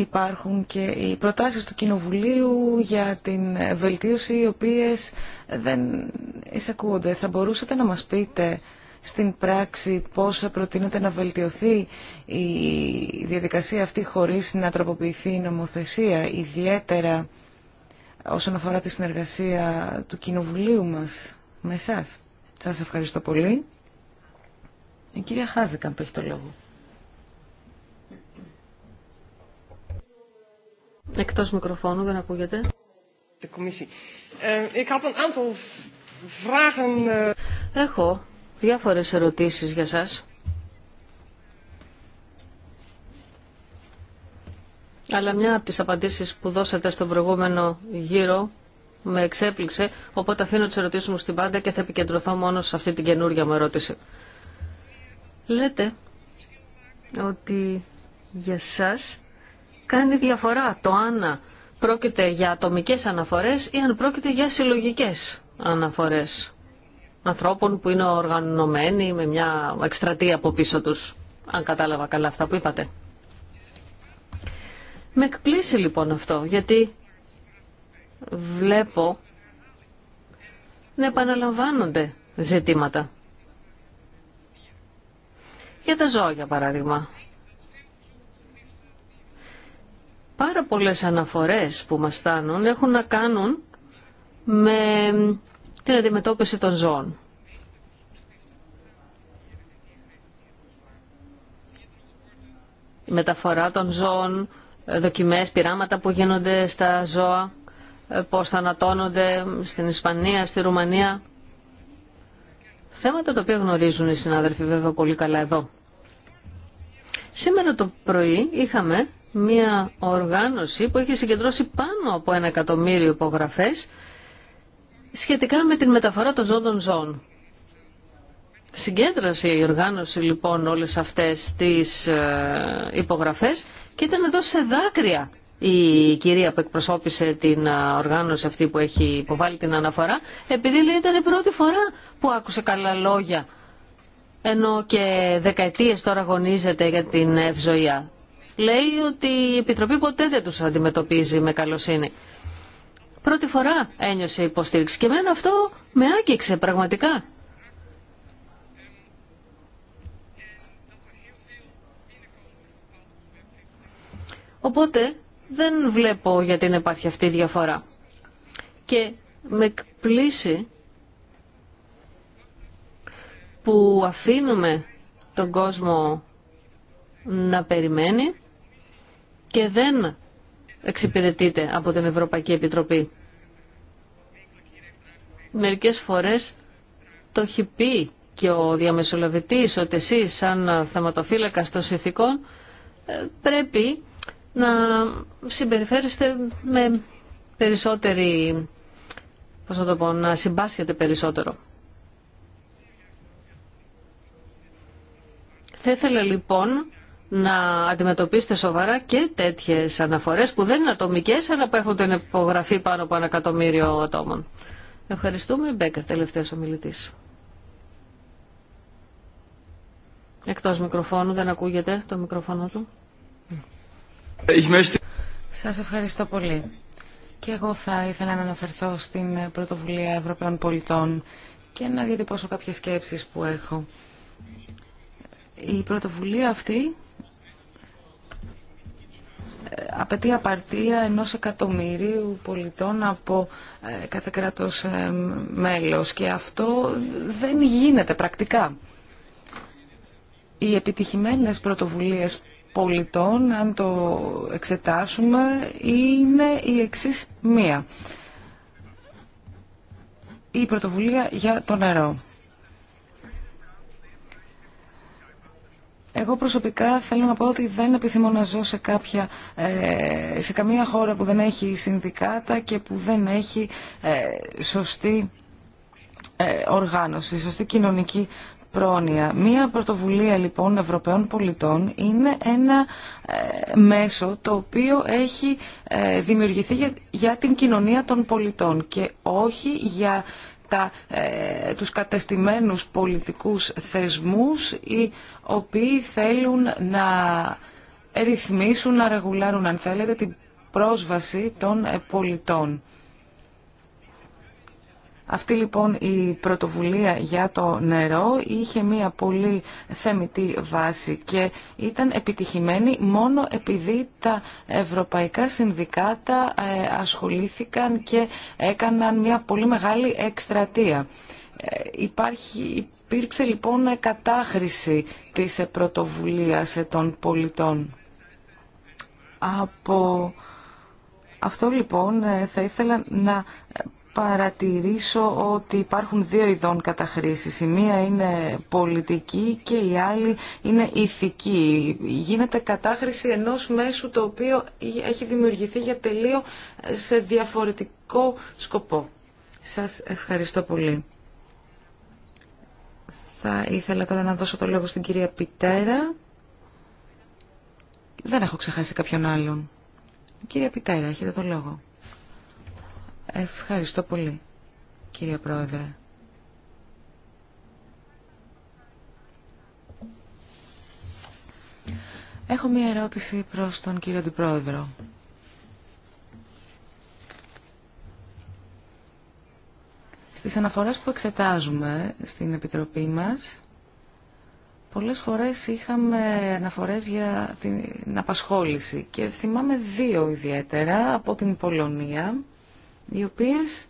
υπάρχουν και οι προτάσεις του Κοινοβουλίου για την βελτίωση οι οποίες δεν εισακούονται. Θα μπορούσατε να μας πείτε στην πράξη πώς προτείνεται να βελτιωθεί η διαδικασία αυτή χωρίς να τροποποιηθεί η νομοθεσία, ιδιαίτερα όσον αφορά τη συνεργασία του Κοινοβουλίου μας με εσάς. Σας ευχαριστώ πολύ. Η κυρία που έχει το λόγο. Εκτός μικροφώνου, δεν ακούγεται. Έχω διάφορες ερωτήσεις για σας. Αλλά μια από τις απαντήσεις που δώσατε στον προηγούμενο γύρο με εξέπληξε, οπότε αφήνω τις ερωτήσεις μου στην πάντα και θα επικεντρωθώ μόνο σε αυτή την καινούργια μου ερώτηση. Λέτε ότι για σας κάνει διαφορά το αν πρόκειται για ατομικές αναφορές ή αν πρόκειται για συλλογικές αναφορές ανθρώπων που είναι οργανωμένοι με μια εκστρατεία από πίσω τους, αν κατάλαβα καλά αυτά που είπατε. Με εκπλήσει λοιπόν αυτό, γιατί βλέπω να επαναλαμβάνονται ζητήματα. Για τα ζώα, για παράδειγμα. Πάρα πολλές αναφορές που μας στάνουν έχουν να κάνουν με την αντιμετώπιση των ζώων. Η μεταφορά των ζώων, δοκιμές, πειράματα που γίνονται στα ζώα, πώς θα ανατώνονται στην Ισπανία, στη Ρουμανία. Θέματα τα οποία γνωρίζουν οι συνάδελφοι βέβαια πολύ καλά εδώ. Σήμερα το πρωί είχαμε μια οργάνωση που έχει συγκεντρώσει πάνω από ένα εκατομμύριο υπογραφές σχετικά με την μεταφορά των ζώντων ζών. Συγκέντρωσε η οργάνωση λοιπόν όλες αυτές τις ε, υπογραφές και ήταν εδώ σε δάκρυα η κυρία που εκπροσώπησε την ε, οργάνωση αυτή που έχει υποβάλει την αναφορά επειδή λέει ήταν η πρώτη φορά που άκουσε καλά λόγια ενώ και δεκαετίες τώρα αγωνίζεται για την ευζοία λέει ότι η Επιτροπή ποτέ δεν τους αντιμετωπίζει με καλοσύνη. Πρώτη φορά ένιωσε υποστήριξη και εμένα αυτό με άγγιξε πραγματικά. Οπότε δεν βλέπω γιατί την υπάρχει αυτή η διαφορά. Και με εκπλήσει που αφήνουμε τον κόσμο να περιμένει και δεν εξυπηρετείται από την Ευρωπαϊκή Επιτροπή. Μερικές φορές το έχει πει και ο διαμεσολαβητής ότι εσείς σαν θεματοφύλακας των συνθήκων ε, πρέπει να συμπεριφέρεστε με περισσότερη, πώς να το πω, να συμπάσχετε περισσότερο. Θα ήθελα λοιπόν να αντιμετωπίσετε σοβαρά και τέτοιε αναφορέ που δεν είναι ατομικέ αλλά που έχουν την υπογραφή πάνω από ένα εκατομμύριο ατόμων. Ευχαριστούμε. Μπέκερ, τελευταίος ομιλητή. Εκτό μικροφώνου, δεν ακούγεται το μικροφώνο του. Σα ευχαριστώ πολύ. Και εγώ θα ήθελα να αναφερθώ στην πρωτοβουλία Ευρωπαίων πολιτών και να διατυπώσω κάποιες σκέψεις που έχω. Η πρωτοβουλία αυτή απαιτεί απαρτία ενός εκατομμυρίου πολιτών από ε, κάθε κράτος ε, μέλος και αυτό δεν γίνεται πρακτικά. Οι επιτυχημένες πρωτοβουλίες πολιτών, αν το εξετάσουμε, είναι η εξής μία. Η πρωτοβουλία για το νερό. Εγώ προσωπικά θέλω να πω ότι δεν επιθυμώ να ζω σε, ε, καμία χώρα που δεν έχει συνδικάτα και που δεν έχει ε, σωστή ε, οργάνωση, σωστή κοινωνική πρόνοια. Μία πρωτοβουλία λοιπόν Ευρωπαίων πολιτών είναι ένα μέσο το οποίο έχει δημιουργηθεί για, για την κοινωνία των πολιτών και όχι για τα, ε, τους κατεστημένους πολιτικούς θεσμούς οι οποίοι θέλουν να ρυθμίσουν, να ρεγουλάρουν αν θέλετε την πρόσβαση των ε, πολιτών. Αυτή λοιπόν η πρωτοβουλία για το νερό είχε μία πολύ θεμητή βάση και ήταν επιτυχημένη μόνο επειδή τα ευρωπαϊκά συνδικάτα ε, ασχολήθηκαν και έκαναν μία πολύ μεγάλη εκστρατεία. Ε, υπάρχει, υπήρξε λοιπόν κατάχρηση της πρωτοβουλίας των πολιτών. Από αυτό λοιπόν ε, θα ήθελα να παρατηρήσω ότι υπάρχουν δύο ειδών καταχρήσης. Η μία είναι πολιτική και η άλλη είναι ηθική. Γίνεται κατάχρηση ενός μέσου το οποίο έχει δημιουργηθεί για τελείο σε διαφορετικό σκοπό. Σας ευχαριστώ πολύ. Θα ήθελα τώρα να δώσω το λόγο στην κυρία Πιτέρα. Δεν έχω ξεχάσει κάποιον άλλον. Κυρία Πιτέρα, έχετε το λόγο. Ευχαριστώ πολύ, κύριε Πρόεδρε. Έχω μία ερώτηση προς τον κύριο Αντιπρόεδρο. Στις αναφορές που εξετάζουμε στην Επιτροπή μας, πολλές φορές είχαμε αναφορές για την απασχόληση και θυμάμαι δύο ιδιαίτερα από την Πολωνία οι οποίες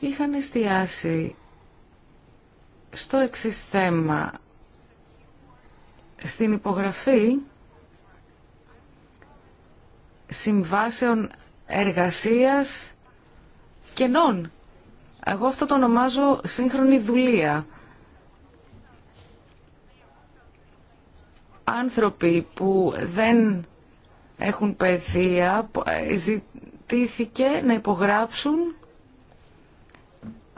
είχαν εστιάσει στο εξή θέμα. Στην υπογραφή συμβάσεων εργασίας κενών. Εγώ αυτό το ονομάζω σύγχρονη δουλεία. Άνθρωποι που δεν έχουν παιδεία ε, ζητήθηκε να υπογράψουν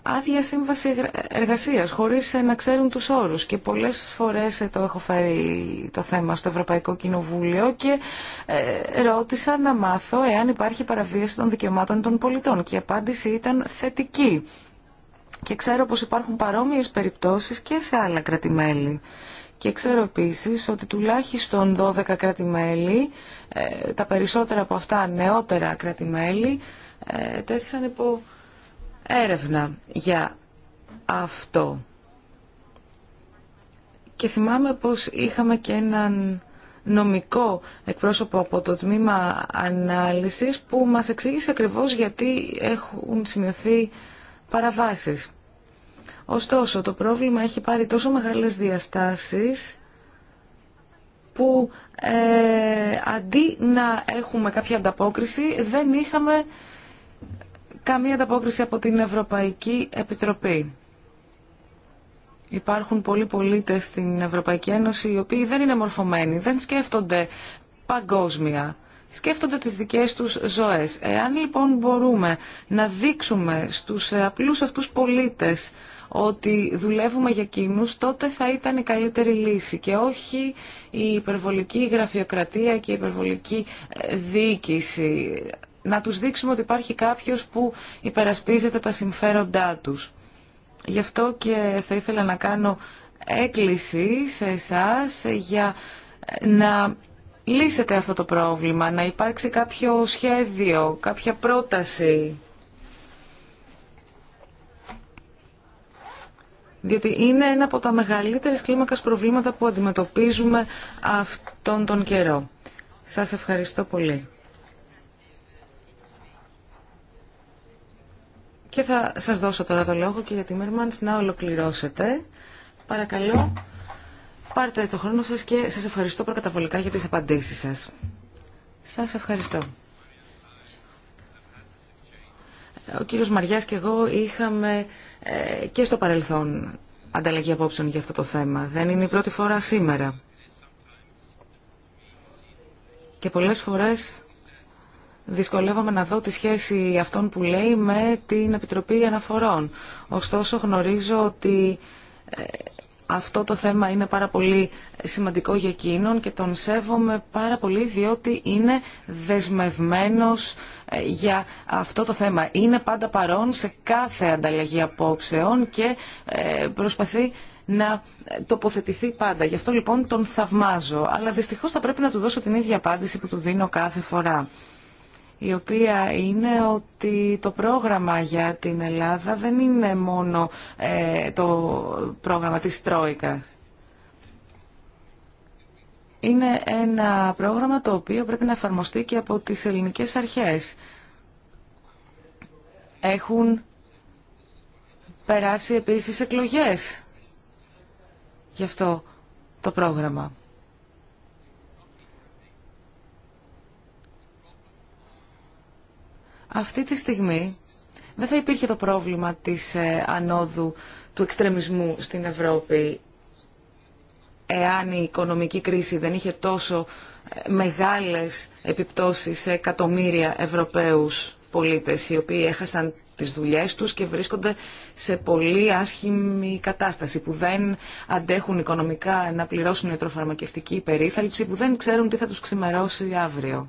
άδεια σύμβαση εργασίας χωρίς ε, να ξέρουν τους όρους και πολλές φορές ε, το έχω φέρει το θέμα στο Ευρωπαϊκό Κοινοβούλιο και ε, ρώτησα να μάθω εάν υπάρχει παραβίαση των δικαιωμάτων των πολιτών και η απάντηση ήταν θετική και ξέρω πως υπάρχουν παρόμοιες περιπτώσεις και σε άλλα κρατημέλη. Και ξέρω επίση ότι τουλάχιστον 12 κράτη-μέλη, ε, τα περισσότερα από αυτά νεότερα κράτη-μέλη, ε, τέθησαν υπό έρευνα για αυτό. Και θυμάμαι πως είχαμε και έναν νομικό εκπρόσωπο από το τμήμα ανάλυσης που μας εξήγησε ακριβώς γιατί έχουν σημειωθεί παραβάσεις. Ωστόσο, το πρόβλημα έχει πάρει τόσο μεγάλες διαστάσεις που ε, αντί να έχουμε κάποια ανταπόκριση δεν είχαμε καμία ανταπόκριση από την Ευρωπαϊκή Επιτροπή. Υπάρχουν πολλοί πολίτες στην Ευρωπαϊκή Ένωση οι οποίοι δεν είναι μορφωμένοι, δεν σκέφτονται παγκόσμια, σκέφτονται τις δικές τους ζωές. Εάν λοιπόν μπορούμε να δείξουμε στους απλούς αυτούς πολίτες ότι δουλεύουμε για εκείνου, τότε θα ήταν η καλύτερη λύση και όχι η υπερβολική γραφειοκρατία και η υπερβολική ε, διοίκηση. Να τους δείξουμε ότι υπάρχει κάποιος που υπερασπίζεται τα συμφέροντά τους. Γι' αυτό και θα ήθελα να κάνω έκκληση σε εσάς για ε, να λύσετε αυτό το πρόβλημα, να υπάρξει κάποιο σχέδιο, κάποια πρόταση. διότι είναι ένα από τα μεγαλύτερε κλίμακα προβλήματα που αντιμετωπίζουμε αυτόν τον καιρό. Σας ευχαριστώ πολύ. Και θα σας δώσω τώρα το λόγο, κύριε Τίμερμανς, να ολοκληρώσετε. Παρακαλώ, πάρτε το χρόνο σας και σας ευχαριστώ προκαταβολικά για τις απαντήσεις σας. Σας ευχαριστώ. Ο κύριος Μαριάς και εγώ είχαμε ε, και στο παρελθόν ανταλλαγή απόψεων για αυτό το θέμα. Δεν είναι η πρώτη φορά σήμερα. Και πολλές φορές δυσκολεύομαι να δω τη σχέση αυτών που λέει με την Επιτροπή Αναφορών. Ωστόσο γνωρίζω ότι ε, αυτό το θέμα είναι πάρα πολύ σημαντικό για εκείνον και τον σέβομαι πάρα πολύ διότι είναι δεσμευμένος ε, για αυτό το θέμα. Είναι πάντα παρόν σε κάθε ανταλλαγή απόψεων και ε, προσπαθεί να τοποθετηθεί πάντα. Γι' αυτό λοιπόν τον θαυμάζω. Αλλά δυστυχώς θα πρέπει να του δώσω την ίδια απάντηση που του δίνω κάθε φορά η οποία είναι ότι το πρόγραμμα για την Ελλάδα δεν είναι μόνο ε, το πρόγραμμα της Τρόικα. Είναι ένα πρόγραμμα το οποίο πρέπει να εφαρμοστεί και από τις ελληνικές αρχές. Έχουν περάσει επίσης εκλογές γι' αυτό το πρόγραμμα. αυτή τη στιγμή δεν θα υπήρχε το πρόβλημα της ε, ανόδου του εξτρεμισμού στην Ευρώπη εάν η οικονομική κρίση δεν είχε τόσο ε, μεγάλες επιπτώσεις σε εκατομμύρια Ευρωπαίους πολίτες οι οποίοι έχασαν τις δουλειές τους και βρίσκονται σε πολύ άσχημη κατάσταση που δεν αντέχουν οικονομικά να πληρώσουν ιατροφαρμακευτική υπερίθαλψη που δεν ξέρουν τι θα τους ξημερώσει αύριο.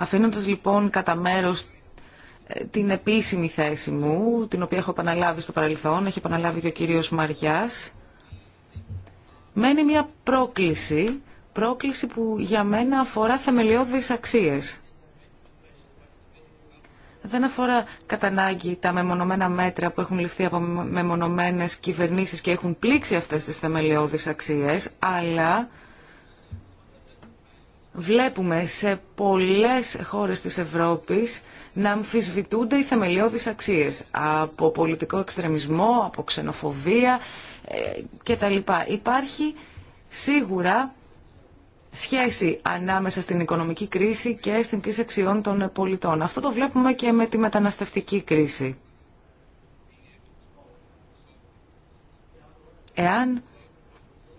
Αφήνοντας λοιπόν κατά μέρο ε, την επίσημη θέση μου, την οποία έχω επαναλάβει στο παρελθόν, έχει επαναλάβει και ο κύριος Μαριάς, μένει μια πρόκληση, πρόκληση που για μένα αφορά θεμελιώδεις αξίες. Δεν αφορά κατά ανάγκη τα μεμονωμένα μέτρα που έχουν ληφθεί από μεμονωμένες κυβερνήσεις και έχουν πλήξει αυτές τις θεμελιώδεις αξίες, αλλά βλέπουμε σε πολλές χώρες της Ευρώπης να αμφισβητούνται οι θεμελιώδεις αξίες από πολιτικό εξτρεμισμό, από ξενοφοβία ε, κτλ. Υπάρχει σίγουρα σχέση ανάμεσα στην οικονομική κρίση και στην κρίση αξιών των πολιτών. Αυτό το βλέπουμε και με τη μεταναστευτική κρίση. Εάν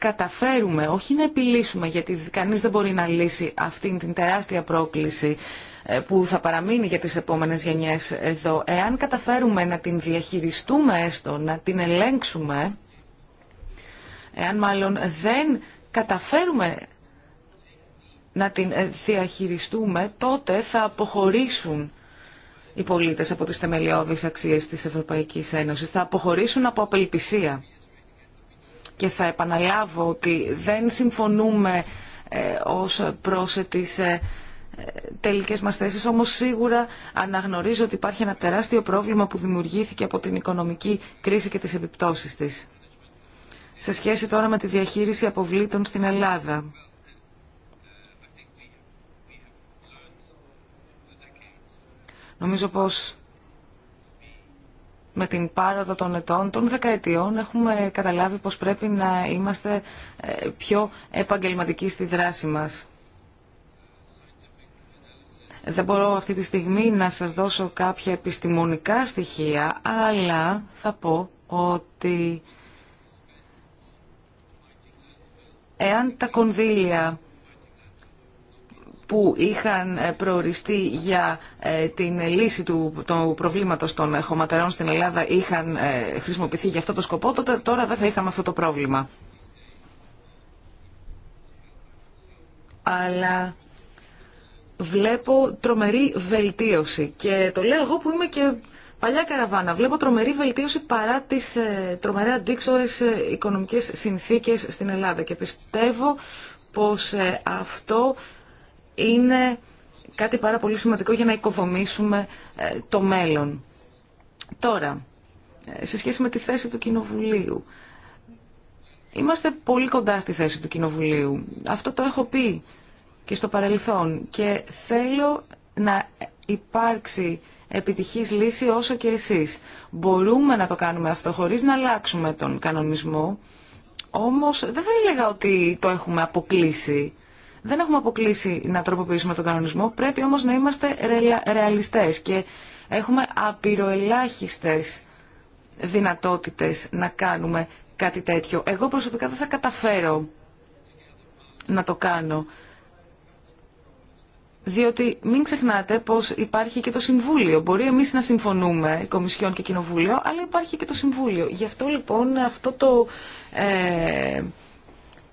καταφέρουμε, όχι να επιλύσουμε, γιατί κανείς δεν μπορεί να λύσει αυτήν την τεράστια πρόκληση ε, που θα παραμείνει για τις επόμενες γενιές εδώ, εάν καταφέρουμε να την διαχειριστούμε έστω, να την ελέγξουμε, εάν μάλλον δεν καταφέρουμε να την ε, διαχειριστούμε, τότε θα αποχωρήσουν οι πολίτες από τις θεμελιώδεις αξίες της Ευρωπαϊκής Ένωσης, θα αποχωρήσουν από απελπισία και θα επαναλάβω ότι δεν συμφωνούμε ε, ως προς τις ε, ε, τελικές μας θέσεις, όμως σίγουρα αναγνωρίζω ότι υπάρχει ένα τεράστιο πρόβλημα που δημιουργήθηκε από την οικονομική κρίση και τις επιπτώσεις της. Σε σχέση τώρα με τη διαχείριση αποβλήτων στην Ελλάδα. Νομίζω πως με την πάροδο των ετών, των δεκαετιών, έχουμε καταλάβει πως πρέπει να είμαστε ε, πιο επαγγελματικοί στη δράση μας. Δεν μπορώ αυτή τη στιγμή να σας δώσω κάποια επιστημονικά στοιχεία, αλλά θα πω ότι εάν τα κονδύλια που είχαν ε, προοριστεί για ε, την λύση του, του προβλήματος των ε, χωματερών στην Ελλάδα είχαν χρησιμοποιηθεί για αυτό το σκοπό, τότε τώρα δεν θα είχαμε αυτό το πρόβλημα. Αλλά βλέπω τρομερή βελτίωση και το λέω εγώ που είμαι και παλιά καραβάνα. Βλέπω τρομερή βελτίωση παρά τις τρομερά αντίξωες οικονομικές συνθήκες στην Ελλάδα και πιστεύω πως αυτό είναι κάτι πάρα πολύ σημαντικό για να οικοδομήσουμε ε, το μέλλον. Τώρα, ε, σε σχέση με τη θέση του Κοινοβουλίου. Είμαστε πολύ κοντά στη θέση του Κοινοβουλίου. Αυτό το έχω πει και στο παρελθόν και θέλω να υπάρξει επιτυχής λύση όσο και εσείς. Μπορούμε να το κάνουμε αυτό χωρίς να αλλάξουμε τον κανονισμό, όμως δεν θα έλεγα ότι το έχουμε αποκλείσει. Δεν έχουμε αποκλείσει να τροποποιήσουμε τον κανονισμό, πρέπει όμως να είμαστε ρεαλιστές και έχουμε απειροελάχιστες δυνατότητες να κάνουμε κάτι τέτοιο. Εγώ προσωπικά δεν θα καταφέρω να το κάνω. Διότι μην ξεχνάτε πως υπάρχει και το Συμβούλιο. Μπορεί εμείς να συμφωνούμε, η Κομισιόν και Κοινοβούλιο, αλλά υπάρχει και το Συμβούλιο. Γι' αυτό λοιπόν αυτό το... Ε,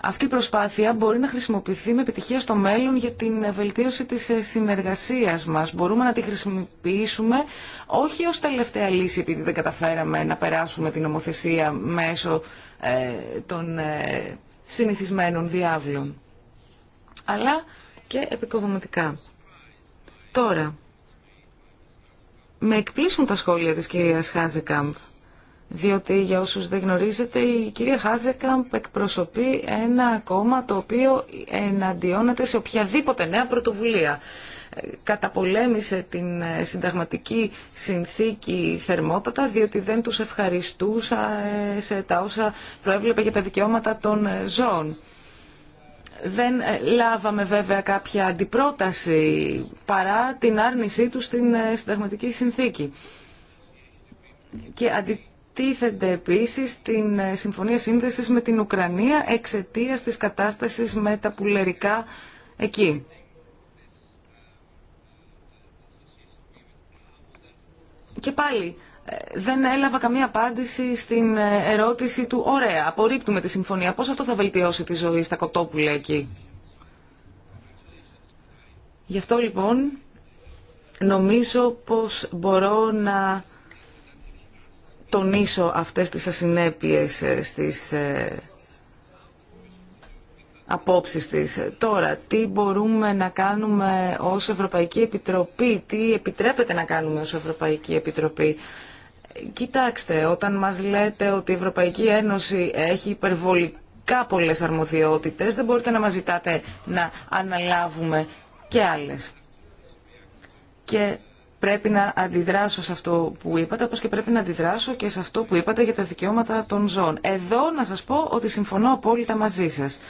αυτή η προσπάθεια μπορεί να χρησιμοποιηθεί με επιτυχία στο μέλλον για την βελτίωση της ε, συνεργασίας μας. Μπορούμε να τη χρησιμοποιήσουμε όχι ως τελευταία λύση επειδή δεν καταφέραμε να περάσουμε την νομοθεσία μέσω ε, των ε, συνηθισμένων διάβλων, αλλά και επικοδομητικά. Τώρα, με εκπλήσουν τα σχόλια της κυρίας Χάζεκαμπ διότι για όσους δεν γνωρίζετε η κυρία Χάζεκαμπ εκπροσωπεί ένα κόμμα το οποίο εναντιώνεται σε οποιαδήποτε νέα πρωτοβουλία. Ε, καταπολέμησε την ε, συνταγματική συνθήκη θερμότατα διότι δεν τους ευχαριστούσα ε, σε τα όσα προέβλεπε για τα δικαιώματα των ζώων. Δεν λάβαμε βέβαια κάποια αντιπρόταση παρά την άρνησή του στην συνταγματική συνθήκη. Και τίθενται επίσης την ε, Συμφωνία Σύνδεσης με την Ουκρανία εξαιτίας της κατάστασης με τα πουλερικά εκεί. Και πάλι, ε, δεν έλαβα καμία απάντηση στην ε, ερώτηση του «Ωραία, απορρίπτουμε τη συμφωνία. Πώς αυτό θα βελτιώσει τη ζωή στα κοτόπουλα εκεί». Γι' αυτό λοιπόν νομίζω πως μπορώ να τονίσω αυτές τις ασυνέπειες ε, στις ε, απόψεις της. Τώρα, τι μπορούμε να κάνουμε ως Ευρωπαϊκή Επιτροπή, τι επιτρέπεται να κάνουμε ως Ευρωπαϊκή Επιτροπή. Κοιτάξτε, όταν μας λέτε ότι η Ευρωπαϊκή Ένωση έχει υπερβολικά πολλές αρμοδιότητες, δεν μπορείτε να μας ζητάτε να αναλάβουμε και άλλες. Και πρέπει να αντιδράσω σε αυτό που είπατε, όπως και πρέπει να αντιδράσω και σε αυτό που είπατε για τα δικαιώματα των ζώων. Εδώ να σας πω ότι συμφωνώ απόλυτα μαζί σας.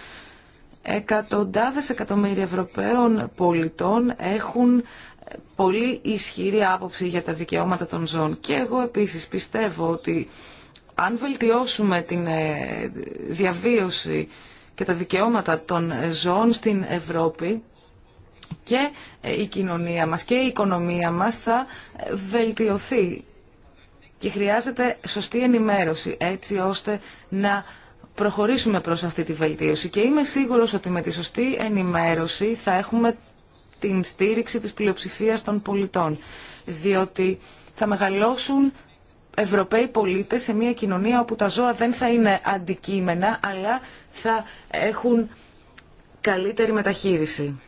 Εκατοντάδες εκατομμύρια Ευρωπαίων πολιτών έχουν πολύ ισχυρή άποψη για τα δικαιώματα των ζώων. Και εγώ επίσης πιστεύω ότι αν βελτιώσουμε την ε, διαβίωση και τα δικαιώματα των ζώων στην Ευρώπη, και ε, η κοινωνία μας και η οικονομία μας θα ε, βελτιωθεί και χρειάζεται σωστή ενημέρωση έτσι ώστε να προχωρήσουμε προς αυτή τη βελτίωση και είμαι σίγουρος ότι με τη σωστή ενημέρωση θα έχουμε την στήριξη της πλειοψηφίας των πολιτών διότι θα μεγαλώσουν Ευρωπαίοι πολίτες σε μια κοινωνία όπου τα ζώα δεν θα είναι αντικείμενα αλλά θα έχουν καλύτερη μεταχείριση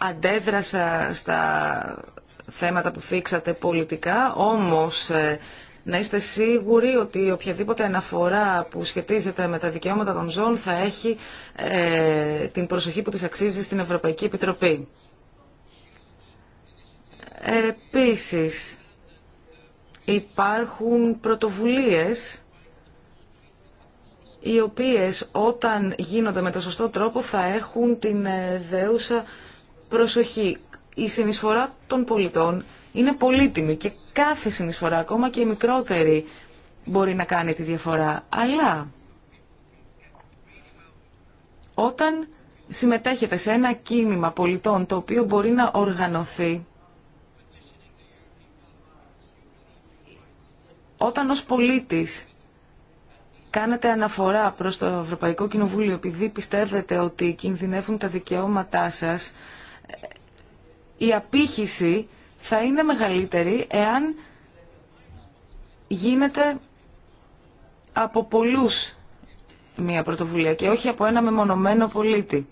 αντέδρασα στα θέματα που θίξατε πολιτικά, όμως ε, να είστε σίγουροι ότι οποιαδήποτε αναφορά που σχετίζεται με τα δικαιώματα των ζώων θα έχει ε, την προσοχή που της αξίζει στην Ευρωπαϊκή Επιτροπή. Επίσης, υπάρχουν πρωτοβουλίες οι οποίες όταν γίνονται με το σωστό τρόπο θα έχουν την ε, δέουσα Προσοχή, η συνεισφορά των πολιτών είναι πολύτιμη και κάθε συνεισφορά, ακόμα και η μικρότερη, μπορεί να κάνει τη διαφορά. Αλλά όταν συμμετέχετε σε ένα κίνημα πολιτών το οποίο μπορεί να οργανωθεί, όταν ως πολίτης κάνετε αναφορά προς το Ευρωπαϊκό Κοινοβούλιο επειδή πιστεύετε ότι κινδυνεύουν τα δικαιώματά σας, η απήχηση θα είναι μεγαλύτερη εάν γίνεται από πολλούς μια πρωτοβουλία και όχι από ένα μεμονωμένο πολίτη.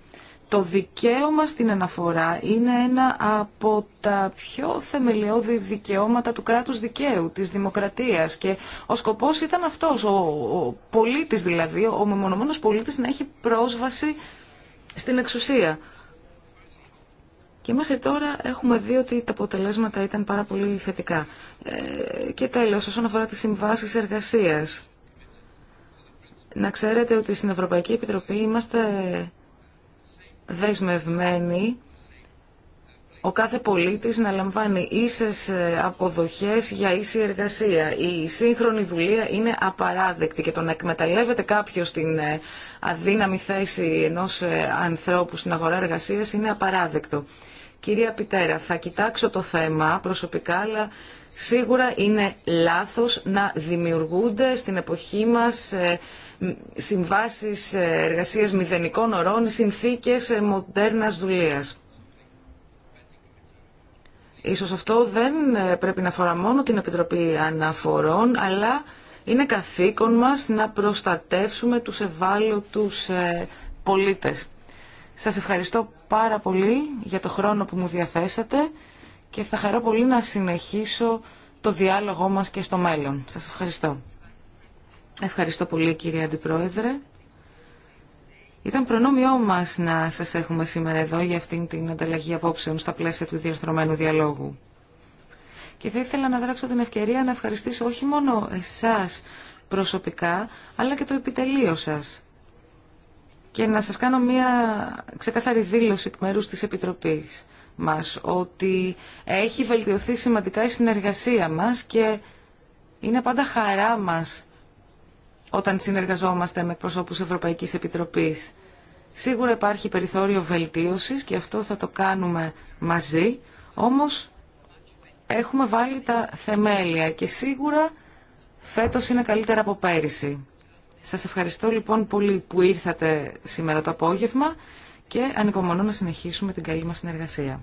Το δικαίωμα στην αναφορά είναι ένα από τα πιο θεμελιώδη δικαιώματα του κράτους δικαίου, της δημοκρατίας και ο σκοπός ήταν αυτός, ο, ο πολίτης δηλαδή, ο μεμονωμένος πολίτης να έχει πρόσβαση στην εξουσία. Και μέχρι τώρα έχουμε δει ότι τα αποτελέσματα ήταν πάρα πολύ θετικά. Ε, και τέλος, όσον αφορά τις συμβάσεις εργασίας. Να ξέρετε ότι στην Ευρωπαϊκή Επιτροπή είμαστε δεσμευμένοι ο κάθε πολίτης να λαμβάνει ίσες ε, αποδοχές για ίση εργασία. Η σύγχρονη δουλεία είναι απαράδεκτη και το να εκμεταλλεύεται κάποιος την ε, αδύναμη θέση ενός ε, ανθρώπου στην αγορά εργασίας είναι απαράδεκτο. Κυρία Πιτέρα, θα κοιτάξω το θέμα προσωπικά, αλλά σίγουρα είναι λάθος να δημιουργούνται στην εποχή μας συμβάσεις εργασίας μηδενικών ορών συνθήκες μοντέρνας δουλείας Ίσως αυτό δεν ε, πρέπει να αφορά μόνο την Επιτροπή Αναφορών, αλλά είναι καθήκον μας να προστατεύσουμε τους ευάλωτους ε, πολίτες. Σας ευχαριστώ πάρα πολύ για το χρόνο που μου διαθέσατε και θα χαρώ πολύ να συνεχίσω το διάλογό μας και στο μέλλον. Σας ευχαριστώ. Ευχαριστώ πολύ κύριε Αντιπρόεδρε. Ήταν προνόμιό μα να σας έχουμε σήμερα εδώ για αυτήν την ανταλλαγή απόψεων στα πλαίσια του διαρθρωμένου διαλόγου. Και θα ήθελα να δράξω την ευκαιρία να ευχαριστήσω όχι μόνο εσάς προσωπικά, αλλά και το επιτελείο σας. Και να σας κάνω μια ξεκαθαρή δήλωση εκ μέρου τη επιτροπή μας, ότι έχει βελτιωθεί σημαντικά η συνεργασία μα και είναι πάντα χαρά μας όταν συνεργαζόμαστε με προσώπους Ευρωπαϊκής Επιτροπής. Σίγουρα υπάρχει περιθώριο βελτίωσης και αυτό θα το κάνουμε μαζί, όμως έχουμε βάλει τα θεμέλια και σίγουρα φέτος είναι καλύτερα από πέρυσι. Σα ευχαριστώ λοιπόν πολύ που ήρθατε σήμερα το απόγευμα και ανυπομονώ να συνεχίσουμε την καλή μας συνεργασία.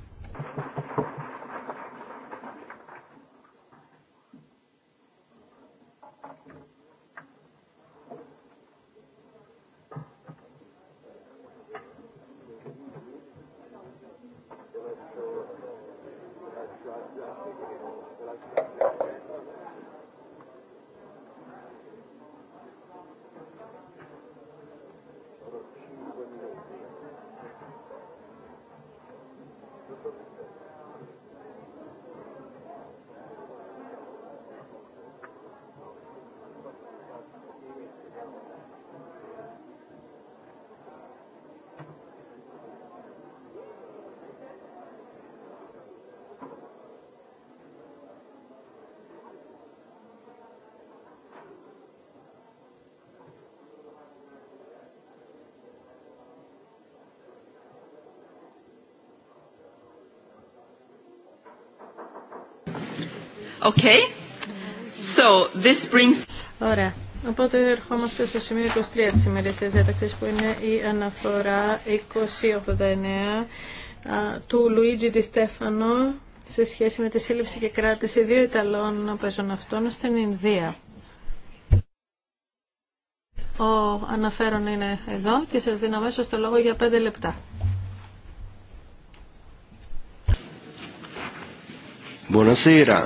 Okay. So, this brings... Ωραία. Οπότε ερχόμαστε στο σημείο 23 της ημερησία διάταξης που είναι η αναφορά 2089 του Λουίτζι Τη Στέφανο σε σχέση με τη σύλληψη και κράτηση δύο Ιταλών αυτών στην Ινδία. Ο αναφέρον είναι εδώ και σας δίνω το λόγο για πέντε λεπτά. Buonasera.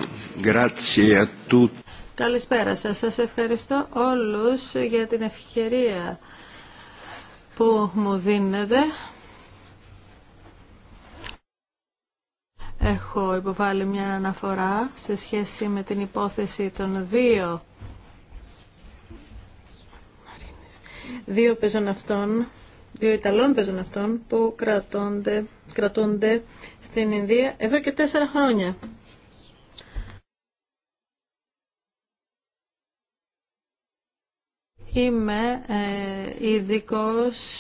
Καλησπέρα σας. Σας ευχαριστώ όλους για την ευκαιρία που μου δίνετε. Έχω υποβάλει μια αναφορά σε σχέση με την υπόθεση των δύο δύο δύο Ιταλών πεζοναυτών που κρατούνται στην Ινδία εδώ και τέσσερα χρόνια. Είμαι ε, ειδικό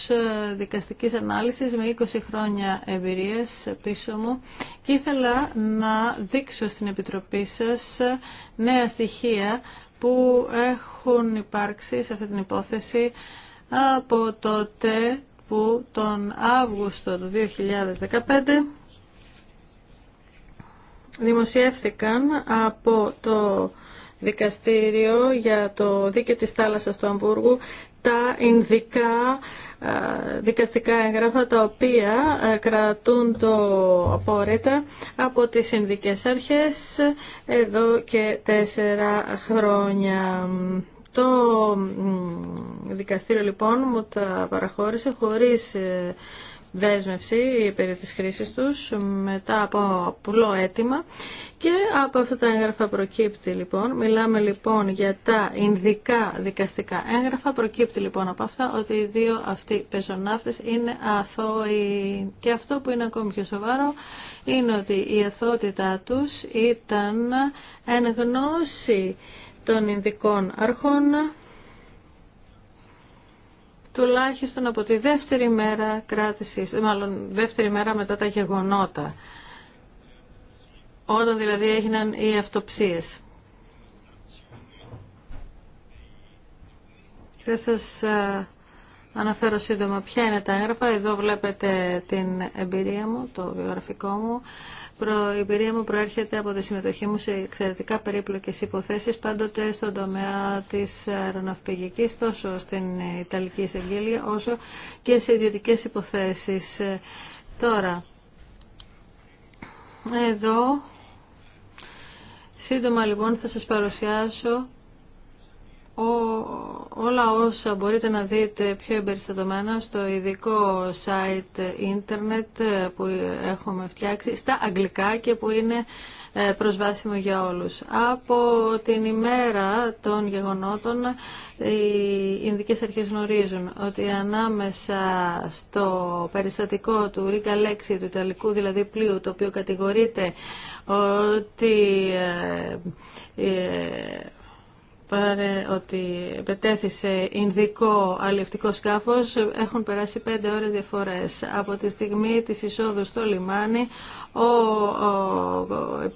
ε, δικαστική ανάλυσης με 20 χρόνια εμπειρία πίσω μου και ήθελα να δείξω στην Επιτροπή σας ε, νέα στοιχεία που έχουν υπάρξει σε αυτή την υπόθεση από τότε που τον Αύγουστο του 2015 δημοσιεύθηκαν από το δικαστήριο για το δίκαιο της θάλασσας του Αμβούργου τα Ινδικά δικαστικά έγγραφα τα οποία ε, κρατούν το απόρριτα από τις Ινδικές Αρχές εδώ και τέσσερα χρόνια. Το δικαστήριο λοιπόν μου τα παραχώρησε χωρίς ε, δέσμευση περί της χρήσης τους μετά από απλό αίτημα και από αυτά τα έγγραφα προκύπτει λοιπόν, μιλάμε λοιπόν για τα ινδικά δικαστικά έγγραφα, προκύπτει λοιπόν από αυτά ότι οι δύο αυτοί πεζοναύτες είναι αθώοι και αυτό που είναι ακόμη πιο σοβαρό είναι ότι η αθότητά τους ήταν εν γνώση των Ινδικών αρχών τουλάχιστον από τη δεύτερη μέρα κράτησης, μάλλον δεύτερη μέρα μετά τα γεγονότα, όταν δηλαδή έγιναν οι αυτοψίες. Θα σας αναφέρω σύντομα ποια είναι τα έγγραφα. Εδώ βλέπετε την εμπειρία μου, το βιογραφικό μου. Η εμπειρία μου προέρχεται από τη συμμετοχή μου σε εξαιρετικά περίπλοκες υποθέσεις, πάντοτε στον τομέα της αεροναυπηγικής, τόσο στην Ιταλική εισαγγελία, όσο και σε ιδιωτικές υποθέσεις. Τώρα, εδώ, σύντομα λοιπόν θα σας παρουσιάσω όλα όσα μπορείτε να δείτε πιο εμπεριστατωμένα στο ειδικό site internet που έχουμε φτιάξει στα αγγλικά και που είναι ε, προσβάσιμο για όλους. Από την ημέρα των γεγονότων οι Ινδικές Αρχές γνωρίζουν ότι ανάμεσα στο περιστατικό του Ρίκα Λέξη του Ιταλικού δηλαδή πλοίου το οποίο κατηγορείται ότι ε, ε, παρέ, ότι πετέθησε Ινδικό αλληλευτικό σκάφος έχουν περάσει πέντε ώρες διαφορές. Από τη στιγμή της εισόδου στο λιμάνι, ο, ο,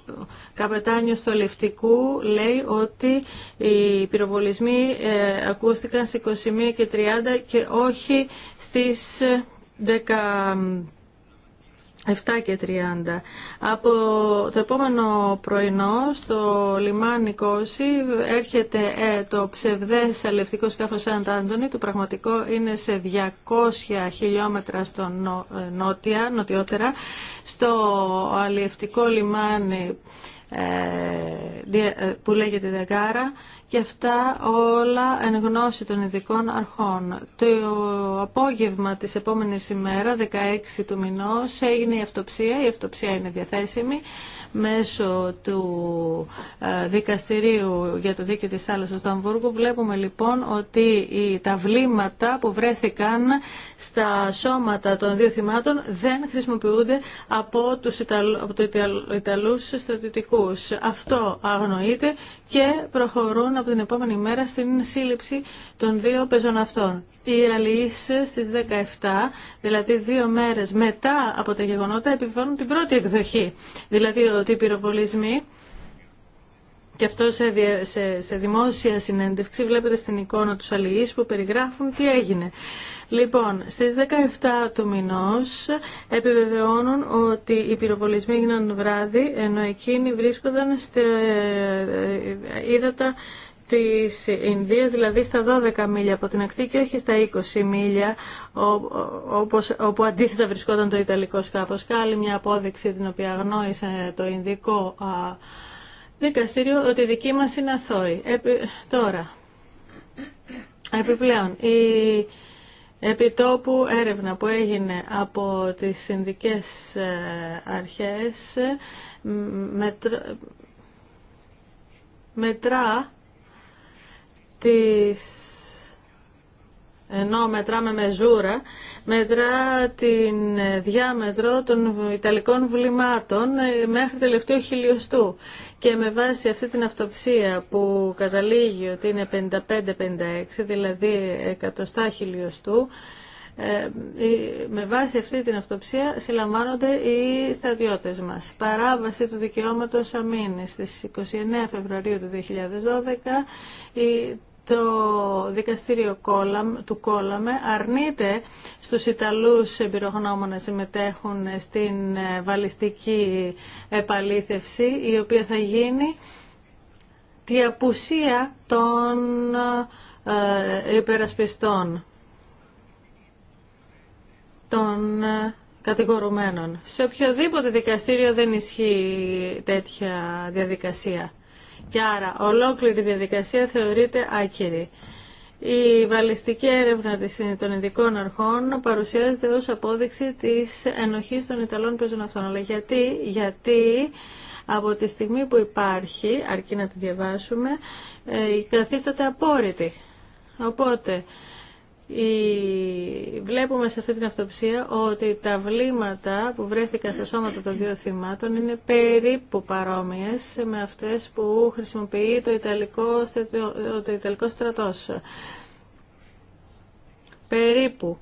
καπετάνιος του αλληλευτικού λέει ότι οι πυροβολισμοί ε, ακούστηκαν στις 21 και 30 και όχι στις 10. 7 και 30. Από το επόμενο πρωινό στο λιμάνι Κώση έρχεται ε, το ψευδές αλληλευτικό σκάφος Σαντ Το πραγματικό είναι σε 200 χιλιόμετρα στο ε, νότια, νοτιότερα, στο αλληλευτικό λιμάνι ε, που λέγεται Δεκάρα και αυτά όλα εν γνώση των ειδικών αρχών. Το απόγευμα της επόμενης ημέρα, 16 του μηνός, έγινε η αυτοψία. Η αυτοψία είναι διαθέσιμη μέσω του ε, δικαστηρίου για το δίκαιο της θάλασσας του Αμβούργου. Βλέπουμε λοιπόν ότι τα βλήματα που βρέθηκαν στα σώματα των δύο θυμάτων δεν χρησιμοποιούνται από τους ιταλού από το Ιταλούς Αυτό αγνοείται και προχωρούν από την επόμενη μέρα στην σύλληψη των δύο πεζοναυτών. Οι αλληλείς στις 17, δηλαδή δύο μέρες μετά από τα γεγονότα, επιβάλλουν την πρώτη εκδοχή. Δηλαδή ότι οι πυροβολισμοί και αυτό σε, σε, σε δημόσια συνέντευξη βλέπετε στην εικόνα του αλληλείς που περιγράφουν τι έγινε. Λοιπόν, στις 17 του μηνός επιβεβαιώνουν ότι οι πυροβολισμοί έγιναν βράδυ, ενώ εκείνοι βρίσκονταν στα είδατα της Ινδίας, δηλαδή στα 12 μίλια από την ακτή και όχι στα 20 μίλια, όπως, όπου αντίθετα βρισκόταν το Ιταλικό σκάφος. Κάλλη μια απόδειξη την οποία γνώρισε το Ινδικό δικαστήριο ότι η δική μας είναι αθώοι. Επι... Τώρα, επιπλέον, η επιτόπου έρευνα που έγινε από τις συνδικές ε, αρχές μετρά της ενώ μετράμε με ζούρα, μετρά την διάμετρο των Ιταλικών βλημάτων ε, μέχρι τελευταίο χιλιοστού. Και με βάση αυτή την αυτοψία που καταλήγει ότι είναι 55-56, δηλαδή εκατοστά χιλιοστού, ε, με βάση αυτή την αυτοψία συλλαμβάνονται οι στρατιώτες μας. Παράβαση του δικαιώματος αμήνης στις 29 Φεβρουαρίου του 2012, το δικαστήριο του Κόλαμε αρνείται στους Ιταλούς εμπειρογνώμων να συμμετέχουν στην ε, βαλιστική επαλήθευση η οποία θα γίνει τη απουσία των ε, υπερασπιστών των ε, κατηγορουμένων. Σε οποιοδήποτε δικαστήριο δεν ισχύει τέτοια διαδικασία και άρα ολόκληρη διαδικασία θεωρείται άκυρη. Η βαλιστική έρευνα ε, των ειδικών αρχών παρουσιάζεται ως απόδειξη της ενοχής των Ιταλών πεζών αυτών. Αλλά γιατί, γιατί από τη στιγμή που υπάρχει, αρκεί να τη διαβάσουμε, ε, καθίσταται απόρριτη. Οπότε, Βλέπουμε σε αυτή την αυτοψία ότι τα βλήματα που βρέθηκαν στα σώματα των δύο θυμάτων είναι περίπου παρόμοιες με αυτές που χρησιμοποιεί το Ιταλικό, το Ιταλικό στρατός. Περίπου.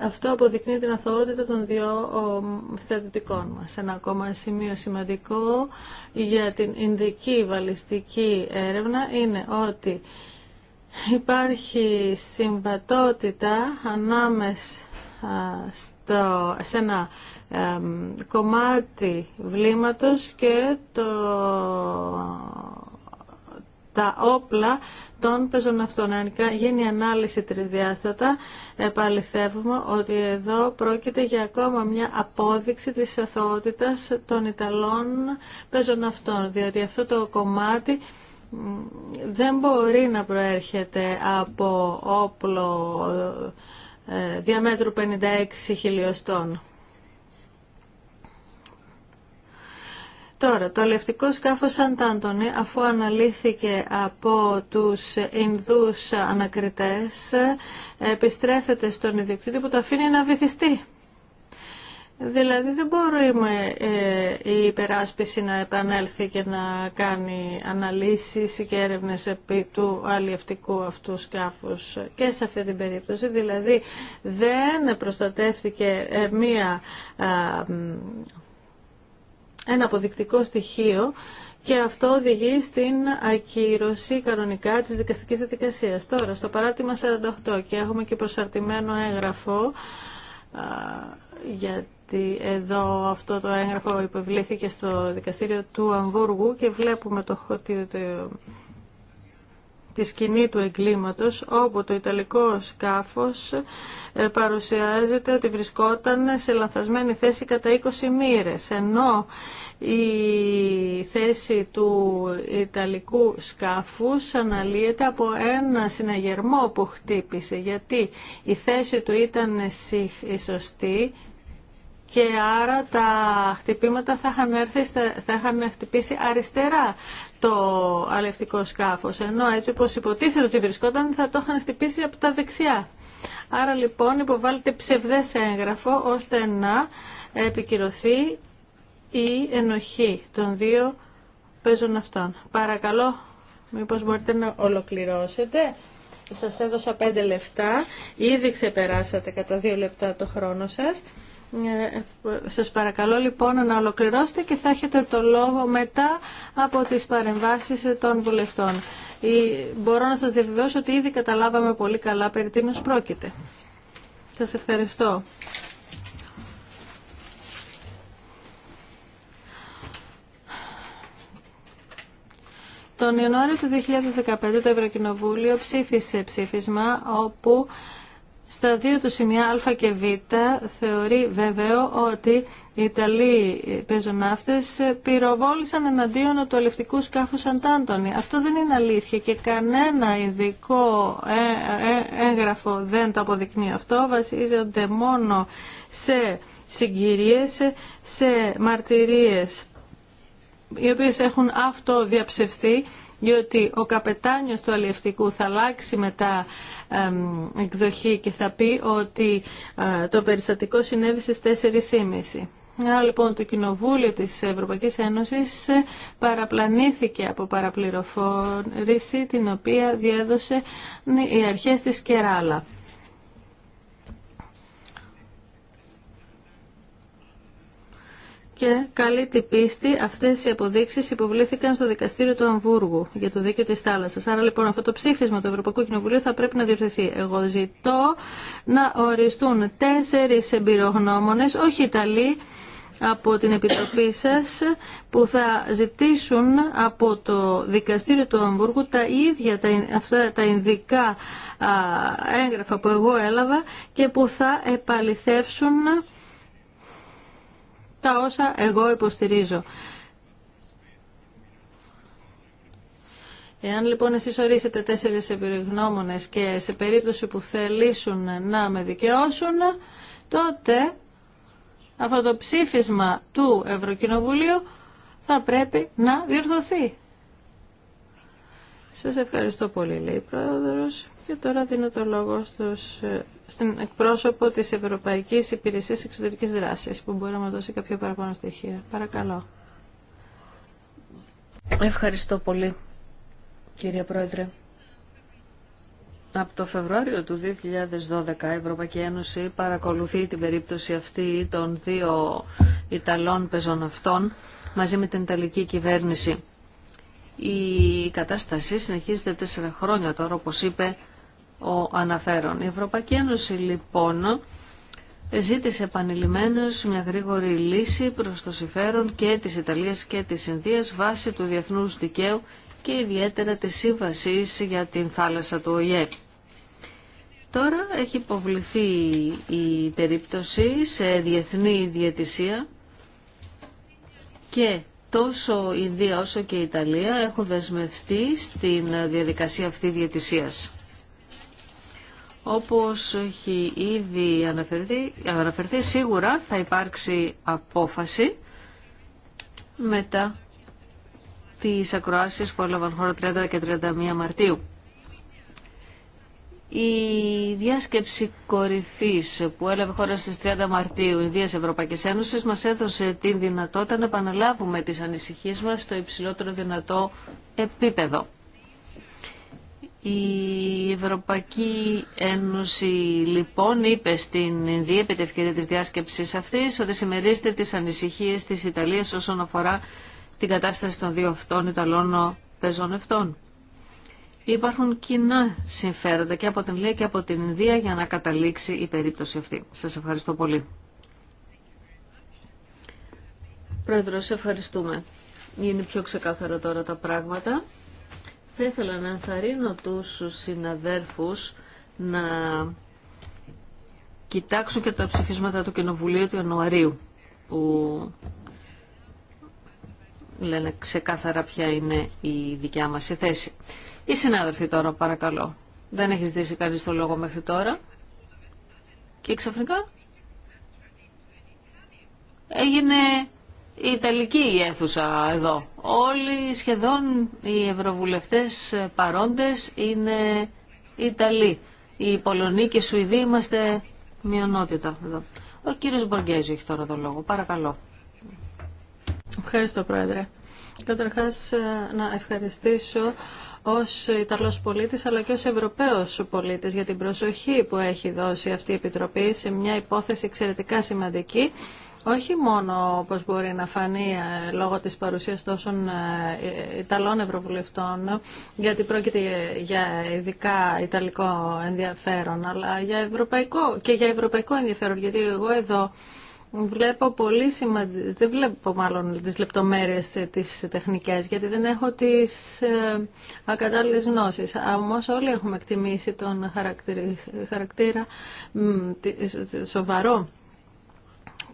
Αυτό αποδεικνύει την αθωότητα των δύο στρατιωτικών μας. Ένα ακόμα σημείο σημαντικό για την Ινδική βαλιστική έρευνα είναι ότι υπάρχει συμβατότητα ανάμεσα στο, σε ένα κομμάτι βλήματος και το, τα όπλα των πεζοναυτών. Αν γίνει ανάλυση τρισδιάστατα, επαληθεύουμε ότι εδώ πρόκειται για ακόμα μια απόδειξη της αθωότητας των Ιταλών πεζοναυτών, διότι αυτό το κομμάτι δεν μπορεί να προέρχεται από όπλο ε, διαμέτρου 56 χιλιοστών. Τώρα, το αλευτικό σκάφος Αντάντονη, αφού αναλύθηκε από τους Ινδούς ανακριτές, επιστρέφεται στον ιδιοκτήτη που το αφήνει να βυθιστεί. Δηλαδή δεν μπορούμε η υπεράσπιση να επανέλθει και να κάνει αναλύσεις και έρευνες επί του αλλιευτικού αυτού σκάφους και σε αυτή την περίπτωση. Δηλαδή δεν προστατεύτηκε ε, μία, ένα αποδεικτικό στοιχείο και αυτό οδηγεί στην ακύρωση κανονικά της δικαστικής διαδικασίας. Τώρα, στο παράτημα 48 και έχουμε και προσαρτημένο έγγραφο για ότι εδώ αυτό το έγγραφο υποβλήθηκε στο δικαστήριο του Αμβούργου και βλέπουμε το, τη σκηνή του εγκλήματος όπου το ιταλικό σκάφος ε, παρουσιάζεται ότι βρισκόταν σε λανθασμένη θέση κατά 20 μοίρες ενώ η θέση του ιταλικού σκάφους αναλύεται από ένα συναγερμό που χτύπησε γιατί η θέση του ήταν σωστή και άρα τα χτυπήματα θα είχαν, έρθει, θα είχαν χτυπήσει αριστερά το αλευτικό σκάφος, ενώ έτσι όπως υποτίθεται ότι βρισκόταν θα το είχαν χτυπήσει από τα δεξιά. Άρα λοιπόν υποβάλλεται ψευδές έγγραφο ώστε να επικυρωθεί η ενοχή των δύο παίζων αυτών. Παρακαλώ, μήπως μπορείτε να ολοκληρώσετε. Σας έδωσα πέντε λεπτά, ήδη ξεπεράσατε κατά δύο λεπτά το χρόνο σας. Ε, σας παρακαλώ λοιπόν να ολοκληρώσετε και θα έχετε το λόγο μετά από τις παρεμβάσεις των βουλευτών. Μπορώ να σας διαβεβαιώσω ότι ήδη καταλάβαμε πολύ καλά περί τίνος πρόκειται. Σας ευχαριστώ. Τον Ιανουάριο του 2015 το Ευρωκοινοβούλιο ψήφισε ψήφισμα όπου στα δύο του σημεία Α και Β θεωρεί βέβαιο ότι οι Ιταλοί πεζοναύτες πυροβόλησαν εναντίον του αλευτικού σκάφου Αντάντονη. Αυτό δεν είναι αλήθεια και κανένα ειδικό ε, ε, έγγραφο δεν το αποδεικνύει αυτό. Βασίζονται μόνο σε συγκυρίες, σε μαρτυρίες οι οποίες έχουν αυτοδιαψευστεί διότι ο καπετάνιος του αλλιευτικού θα αλλάξει μετά εκδοχή και θα πει ότι ε, το περιστατικό συνέβη στις 4.30. Άρα λοιπόν το Κοινοβούλιο της Ευρωπαϊκής Ένωσης ε, παραπλανήθηκε από παραπληροφόρηση την οποία διέδωσε οι αρχές της Κεράλα. και καλή την πίστη αυτέ οι αποδείξει υποβλήθηκαν στο δικαστήριο του Αμβούργου για το δίκαιο τη θάλασσα. Άρα λοιπόν αυτό το ψήφισμα του Ευρωπαϊκού Κοινοβουλίου θα πρέπει να διορθωθεί. Εγώ ζητώ να οριστούν τέσσερι εμπειρογνώμονε, όχι Ιταλοί, από την Επιτροπή σας που θα ζητήσουν από το Δικαστήριο του Αμβούργου τα ίδια τα, αυτά, τα ειδικά έγγραφα που εγώ έλαβα και που θα επαληθεύσουν τα όσα εγώ υποστηρίζω. Εάν λοιπόν εσείς ορίσετε τέσσερις επιγνώμονες και σε περίπτωση που θελήσουν να με δικαιώσουν, τότε αυτό το ψήφισμα του Ευρωκοινοβουλίου θα πρέπει να διορθωθεί. Σας ευχαριστώ πολύ, λέει η Πρόεδρος. Και τώρα δίνω το λόγο στους ε, στην εκπρόσωπο τη Ευρωπαϊκή Υπηρεσία Εξωτερική δράση που μπορεί να μας δώσει κάποια παραπάνω στοιχεία. Παρακαλώ. Ευχαριστώ πολύ, κύριε Πρόεδρε. Από το Φεβρουάριο του 2012 η Ευρωπαϊκή Ένωση παρακολουθεί την περίπτωση αυτή των δύο Ιταλών πεζοναυτών μαζί με την Ιταλική κυβέρνηση. Η κατάσταση συνεχίζεται τέσσερα χρόνια τώρα, όπως είπε ο αναφέρον. Η Ευρωπαϊκή Ένωση λοιπόν ζήτησε επανειλημμένως μια γρήγορη λύση προς το συμφέρον και της Ιταλίας και της Ινδίας βάσει του διεθνούς δικαίου και ιδιαίτερα της σύμβασης για την θάλασσα του ΟΗΕ. Τώρα έχει υποβληθεί η περίπτωση σε διεθνή διαιτησία και τόσο η Ινδία όσο και η Ιταλία έχουν δεσμευτεί στην διαδικασία αυτή διαιτησίας. Όπως έχει ήδη αναφερθεί, αναφερθεί σίγουρα θα υπάρξει απόφαση μετά τις ακροάσεις που έλαβαν χώρα 30 και 31 Μαρτίου. Η διάσκεψη κορυφής που έλαβε χώρα στις 30 Μαρτίου Ινδίας Ευρωπαϊκής Ένωσης μας έδωσε την δυνατότητα να επαναλάβουμε τις ανησυχίες μας στο υψηλότερο δυνατό επίπεδο. Η Ευρωπαϊκή Ένωση λοιπόν είπε στην Ινδία επί ευκαιρία της διάσκεψης αυτής ότι συμμερίζεται τις ανησυχίες της Ιταλίας όσον αφορά την κατάσταση των δύο αυτών Ιταλών αυτών. Υπάρχουν κοινά συμφέροντα και από την Λία και από την Ινδία για να καταλήξει η περίπτωση αυτή. Σας ευχαριστώ πολύ. Πρόεδρος, ευχαριστούμε. Είναι πιο ξεκάθαρα τώρα τα πράγματα. Θα ήθελα να ενθαρρύνω τους συναδέρφους να κοιτάξουν και τα ψηφίσματα του Κοινοβουλίου του Ιανουαρίου που λένε ξεκάθαρα ποια είναι η δικιά μας η θέση. Οι συνάδελφοι τώρα παρακαλώ. Δεν έχεις δίσει κανείς το λόγο μέχρι τώρα. Και ξαφνικά έγινε η Ιταλική η αίθουσα εδώ. Όλοι σχεδόν οι ευρωβουλευτές παρόντες είναι Ιταλοί. Οι Πολωνοί και οι Σουηδοί είμαστε μειονότητα εδώ. Ο κύριος Μπορκέζη έχει τώρα το λόγο. Παρακαλώ. Ευχαριστώ Πρόεδρε. Καταρχάς ε, να ευχαριστήσω ως Ιταλός πολίτης αλλά και ως Ευρωπαίος πολίτης για την προσοχή που έχει δώσει αυτή η Επιτροπή σε μια υπόθεση εξαιρετικά σημαντική όχι μόνο όπως μπορεί να φανεί ε, λόγω της παρουσίας τόσων ε, Ιταλών Ευρωβουλευτών, γιατί πρόκειται για ειδικά Ιταλικό ενδιαφέρον, αλλά για ευρωπαϊκό, και για ευρωπαϊκό ενδιαφέρον, γιατί εγώ εδώ Βλέπω πολύ σημαντικό, δεν βλέπω μάλλον τις λεπτομέρειες τις τεχνικές, γιατί δεν έχω τις ε, ακατάλληλες γνώσεις. όλοι έχουμε εκτιμήσει τον χαρακτήρα σοβαρό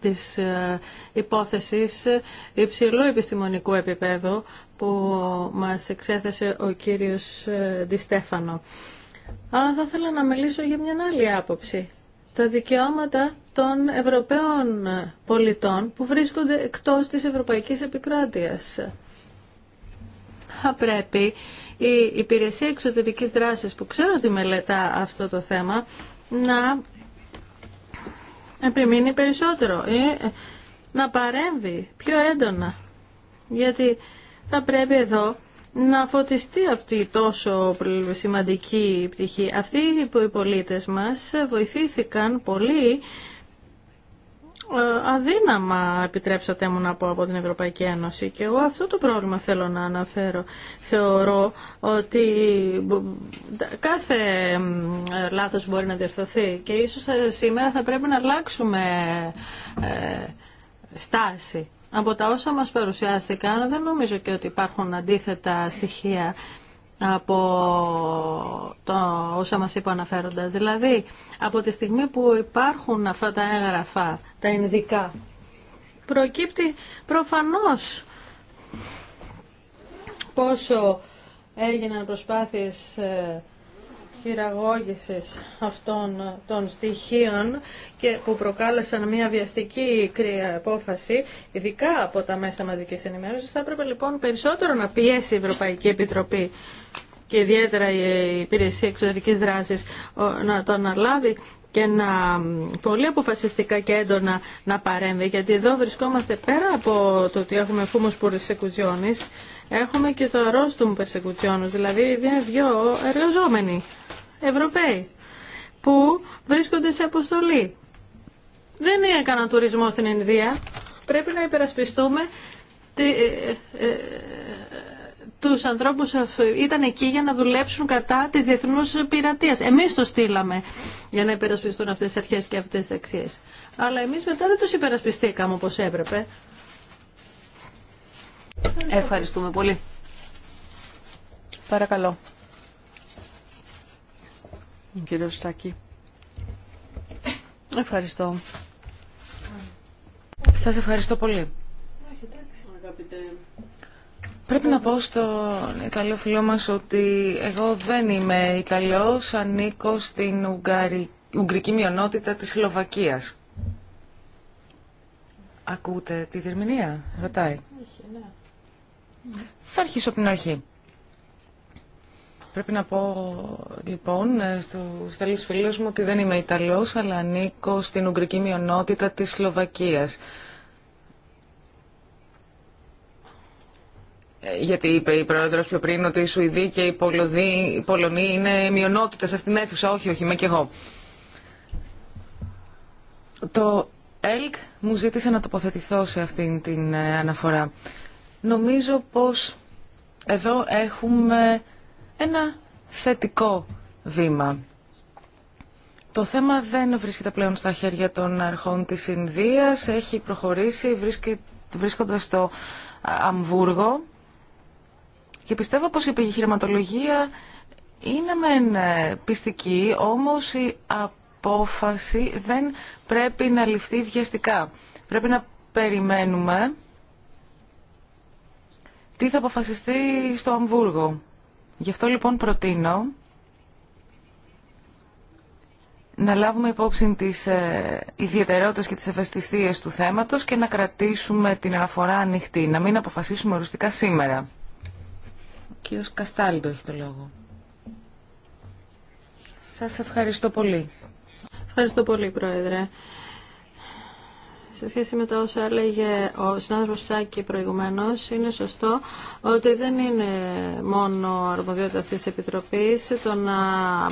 της ε, υπόθεσης υψηλού επιστημονικού επίπεδου που μας εξέθεσε ο κύριος ε, Ντιστέφανο. Αλλά θα ήθελα να μιλήσω για μια άλλη άποψη. Τα δικαιώματα των Ευρωπαίων πολιτών που βρίσκονται εκτός της Ευρωπαϊκής Επικράτειας. Θα πρέπει η Υπηρεσία Εξωτερικής Δράσης που ξέρω ότι μελετά αυτό το θέμα να επιμείνει περισσότερο ή ε, να παρέμβει πιο έντονα. Γιατί θα πρέπει εδώ να φωτιστεί αυτή η τόσο σημαντική πτυχή. Αυτοί οι πολίτες μας βοηθήθηκαν πολύ ε, αδύναμα επιτρέψατε μου να πω από την Ευρωπαϊκή Ένωση και εγώ αυτό το πρόβλημα θέλω να αναφέρω. Θεωρώ ότι κάθε λάθος μπορεί να διορθωθεί και ίσως ε, σήμερα θα πρέπει να αλλάξουμε ε, στάση. Από τα όσα μας παρουσιάστηκαν δεν νομίζω και ότι υπάρχουν αντίθετα στοιχεία από το όσα μας είπε αναφέροντας. Δηλαδή, από τη στιγμή που υπάρχουν αυτά τα έγγραφα, τα ενδικά, προκύπτει προφανώς πόσο έγιναν προσπάθειες ε, χειραγώγησης αυτών των στοιχείων και που προκάλεσαν μια βιαστική απόφαση, ειδικά από τα μέσα μαζικής ενημέρωσης, θα έπρεπε λοιπόν περισσότερο να πιέσει η Ευρωπαϊκή Επιτροπή και ιδιαίτερα η Υπηρεσία Εξωτερικής Δράσης να το αναλάβει και να πολύ αποφασιστικά και έντονα να παρέμβει, γιατί εδώ βρισκόμαστε πέρα από το ότι έχουμε φούμος πουρσεκουζιώνης, έχουμε και το αρρώστουμ περσεκουτσιόνους, δηλαδή δυο εργαζόμενοι Ευρωπαίοι που βρίσκονται σε αποστολή. Δεν έκαναν τουρισμό στην Ινδία. Πρέπει να υπερασπιστούμε τη, ε, ε, ε τους ανθρώπους ήταν εκεί για να δουλέψουν κατά της διεθνούς πειρατείας. Εμείς το στείλαμε για να υπερασπιστούν αυτές τις αρχές και αυτές τις αξίες. Αλλά εμείς μετά δεν τους υπερασπιστήκαμε όπως έπρεπε. Ευχαριστούμε πολύ. Παρακαλώ. Κύριε Στάκη. Ευχαριστώ. Σας ευχαριστώ πολύ. Πρέπει να πω στον Ιταλό φίλο μας ότι εγώ δεν είμαι Ιταλός, ανήκω στην Ουγγαρι... Ουγγρική μειονότητα της Σλοβακίας. Ακούτε τη διερμηνία, ρωτάει. Ναι. Θα αρχίσω από την αρχή. Πρέπει να πω λοιπόν ε, στους τέλους φίλου μου ότι δεν είμαι Ιταλός αλλά ανήκω στην Ουγγρική μειονότητα της Σλοβακίας. Ε, γιατί είπε η πρόεδρο πιο πριν ότι οι Σουηδοί και η Πολωνία Πολωνοί είναι μειονότητε σε αυτήν την αίθουσα. Όχι, όχι, είμαι κι εγώ. Το ΕΛΚ μου ζήτησε να τοποθετηθώ σε αυτήν την ε, αναφορά. Νομίζω πως εδώ έχουμε ένα θετικό βήμα. Το θέμα δεν βρίσκεται πλέον στα χέρια των αρχών της Ινδίας, έχει προχωρήσει βρίσκοντας στο Αμβούργο και πιστεύω πως η επιχειρηματολογία είναι μεν ε, πιστική, όμως η απόφαση δεν πρέπει να ληφθεί βιαστικά. Πρέπει να περιμένουμε τι θα αποφασιστεί στο Αμβούργο. Γι' αυτό λοιπόν προτείνω να λάβουμε υπόψη τις ε, ιδιαιτερότητες και τις ευαισθησίες του θέματος και να κρατήσουμε την αναφορά ανοιχτή, να μην αποφασίσουμε οριστικά σήμερα. Ο κύριος Καστάλντο έχει το λόγο. Σας ευχαριστώ πολύ. Ευχαριστώ πολύ, Πρόεδρε σε σχέση με το όσα έλεγε ο συνάδελφος Σάκη προηγουμένως, είναι σωστό ότι δεν είναι μόνο αρμοδιότητα αυτής της Επιτροπής το να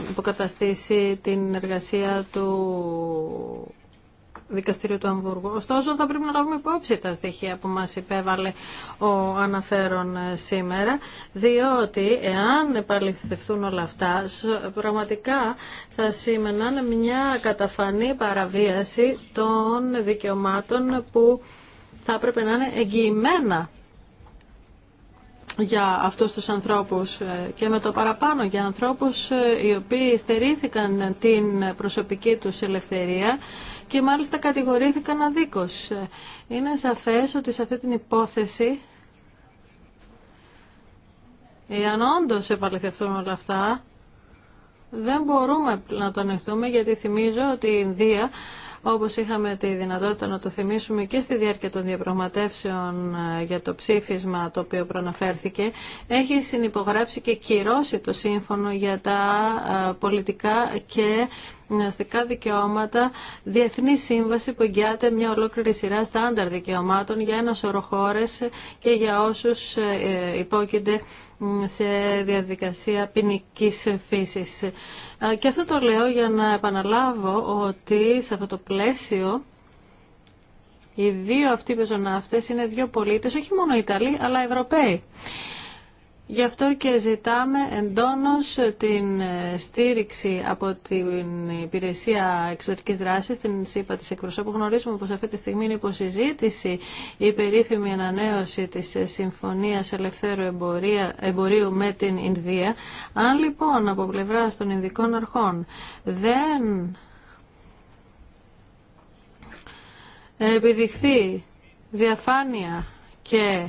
υποκαταστήσει την εργασία του δικαστήριο του Αμβούργου. Ωστόσο, θα πρέπει να λάβουμε υπόψη τα στοιχεία που μας υπέβαλε ο αναφέρον σήμερα, διότι εάν επαληθευτούν όλα αυτά, πραγματικά θα σήμαιναν μια καταφανή παραβίαση των δικαιωμάτων που θα έπρεπε να είναι εγγυημένα για αυτούς τους ανθρώπους ε, και με το παραπάνω για ανθρώπους ε, οι οποίοι στερήθηκαν την προσωπική τους ελευθερία και μάλιστα κατηγορήθηκαν αδίκως. Ε, είναι σαφές ότι σε αυτή την υπόθεση, εάν όντως επαληθευτούν όλα αυτά, δεν μπορούμε να το ανεχθούμε γιατί θυμίζω ότι η Ινδία όπως είχαμε τη δυνατότητα να το θυμίσουμε και στη διάρκεια των διαπραγματεύσεων ε, για το ψήφισμα το οποίο προναφέρθηκε, έχει συνυπογράψει και κυρώσει το σύμφωνο για τα ε, πολιτικά και αστικά δικαιώματα, διεθνή σύμβαση που εγγυάται μια ολόκληρη σειρά στάνταρ δικαιωμάτων για ένα σωρό και για όσους ε, υπόκεινται σε διαδικασία ποινική φύση. Ε, και αυτό το λέω για να επαναλάβω ότι σε αυτό το πλαίσιο οι δύο αυτοί πεζοναύτες είναι δύο πολίτες, όχι μόνο Ιταλοί, αλλά Ευρωπαίοι. Γι' αυτό και ζητάμε εντόνως την στήριξη από την Υπηρεσία Εξωτερικής Δράσης, την ΣΥΠΑ της εκπροσώπου. Γνωρίζουμε πως αυτή τη στιγμή είναι υποσυζήτηση η περίφημη ανανέωση της Συμφωνίας Ελευθέρου Εμπορίου με την Ινδία. Αν λοιπόν από πλευρά των Ινδικών Αρχών δεν επιδειχθεί διαφάνεια και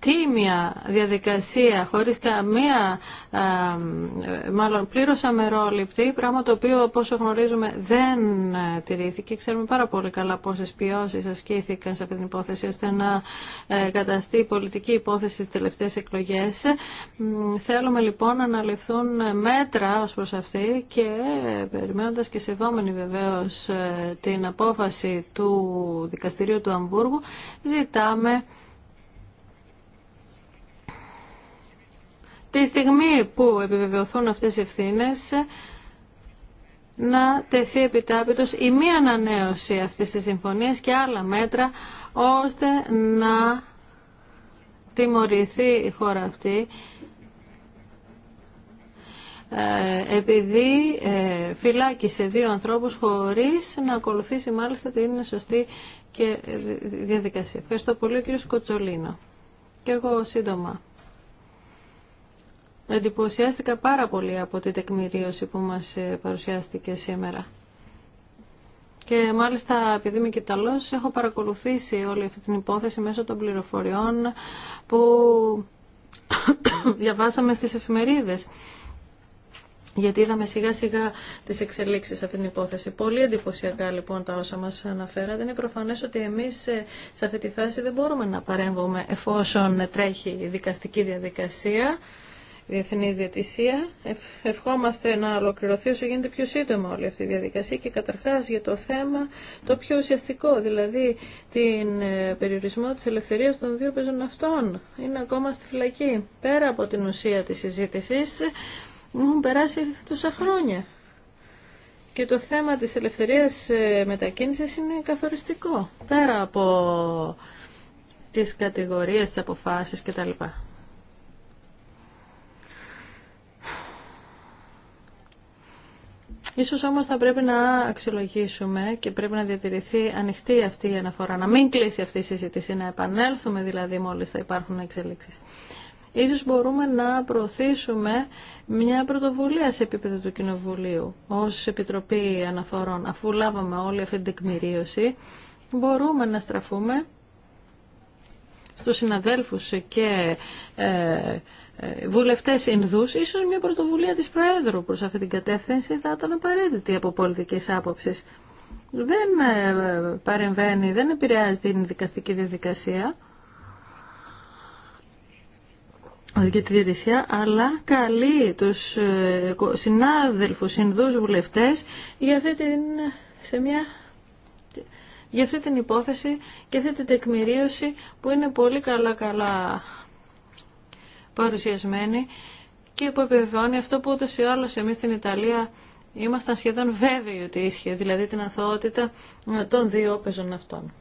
τίμια διαδικασία χωρίς καμία μάλλον πλήρως αμερόληπτη πράγμα το οποίο όπως γνωρίζουμε δεν ε, τηρήθηκε ξέρουμε πάρα πολύ καλά πόσες ποιώσεις ασκήθηκαν σε αυτή την υπόθεση ώστε να ε, καταστεί πολιτική υπόθεση στις τελευταίες εκλογές ε, θέλουμε λοιπόν να αναλυφθούν μέτρα ως προς αυτή και περιμένοντας και σεβόμενοι βεβαίως την απόφαση του δικαστηρίου του Αμβούργου ζητάμε τη στιγμή που επιβεβαιωθούν αυτές οι ευθύνες να τεθεί επιτάπητος η μία ανανέωση αυτής της συμφωνίας και άλλα μέτρα ώστε να τιμωρηθεί η χώρα αυτή ε, επειδή ε, φυλάκισε δύο ανθρώπους χωρίς να ακολουθήσει μάλιστα την σωστή και διαδικασία. Ευχαριστώ πολύ ο κύριος Κοτσολίνο. Και εγώ σύντομα εντυπωσιάστηκα πάρα πολύ από την τεκμηρίωση που μας ε, παρουσιάστηκε σήμερα. Και μάλιστα επειδή είμαι και έχω παρακολουθήσει όλη αυτή την υπόθεση μέσω των πληροφοριών που διαβάσαμε στις εφημερίδες. Γιατί είδαμε σιγά σιγά τις εξελίξεις σε αυτή την υπόθεση. Πολύ εντυπωσιακά λοιπόν τα όσα μας αναφέρατε. Είναι προφανές ότι εμείς ε, σε αυτή τη φάση δεν μπορούμε να παρέμβουμε εφόσον τρέχει η δικαστική διαδικασία. Διεθνή διατησία. Ευχόμαστε να ολοκληρωθεί όσο γίνεται πιο σύντομα όλη αυτή η διαδικασία και καταρχάς για το θέμα το πιο ουσιαστικό, δηλαδή την ε, περιορισμό της ελευθερίας των δύο παίζων αυτών. Είναι ακόμα στη φυλακή. Πέρα από την ουσία της συζήτησης, έχουν περάσει τόσα χρόνια. Και το θέμα της ελευθερίας ε, μετακίνησης είναι καθοριστικό, πέρα από τις κατηγορίες, τις αποφάσεις κτλ. Ίσως όμως θα πρέπει να αξιολογήσουμε και πρέπει να διατηρηθεί ανοιχτή αυτή η αναφορά, να μην κλείσει αυτή η συζήτηση, να επανέλθουμε δηλαδή μόλις θα υπάρχουν εξελίξεις. Ίσως μπορούμε να προωθήσουμε μια πρωτοβουλία σε επίπεδο του Κοινοβουλίου ως Επιτροπή Αναφορών. Αφού λάβαμε όλη αυτή την τεκμηρίωση, μπορούμε να στραφούμε στους συναδέλφους και ε, βουλευτές Ινδούς, ίσως μια πρωτοβουλία της Προέδρου προς αυτή την κατεύθυνση θα ήταν απαραίτητη από πολιτικές άποψεις. Δεν ε, παρεμβαίνει, δεν επηρεάζει την δικαστική διαδικασία για τη αλλά καλεί τους ε, συνάδελφους Ινδούς βουλευτές για αυτή την, σε μια, για αυτή την υπόθεση και αυτή την τεκμηρίωση που είναι πολύ καλά καλά παρουσιασμένη και που επιβεβαιώνει αυτό που ούτως ή άλλως εμείς στην Ιταλία ήμασταν σχεδόν βέβαιοι ότι ίσχυε, δηλαδή την αθωότητα των δύο όπεζων αυτών.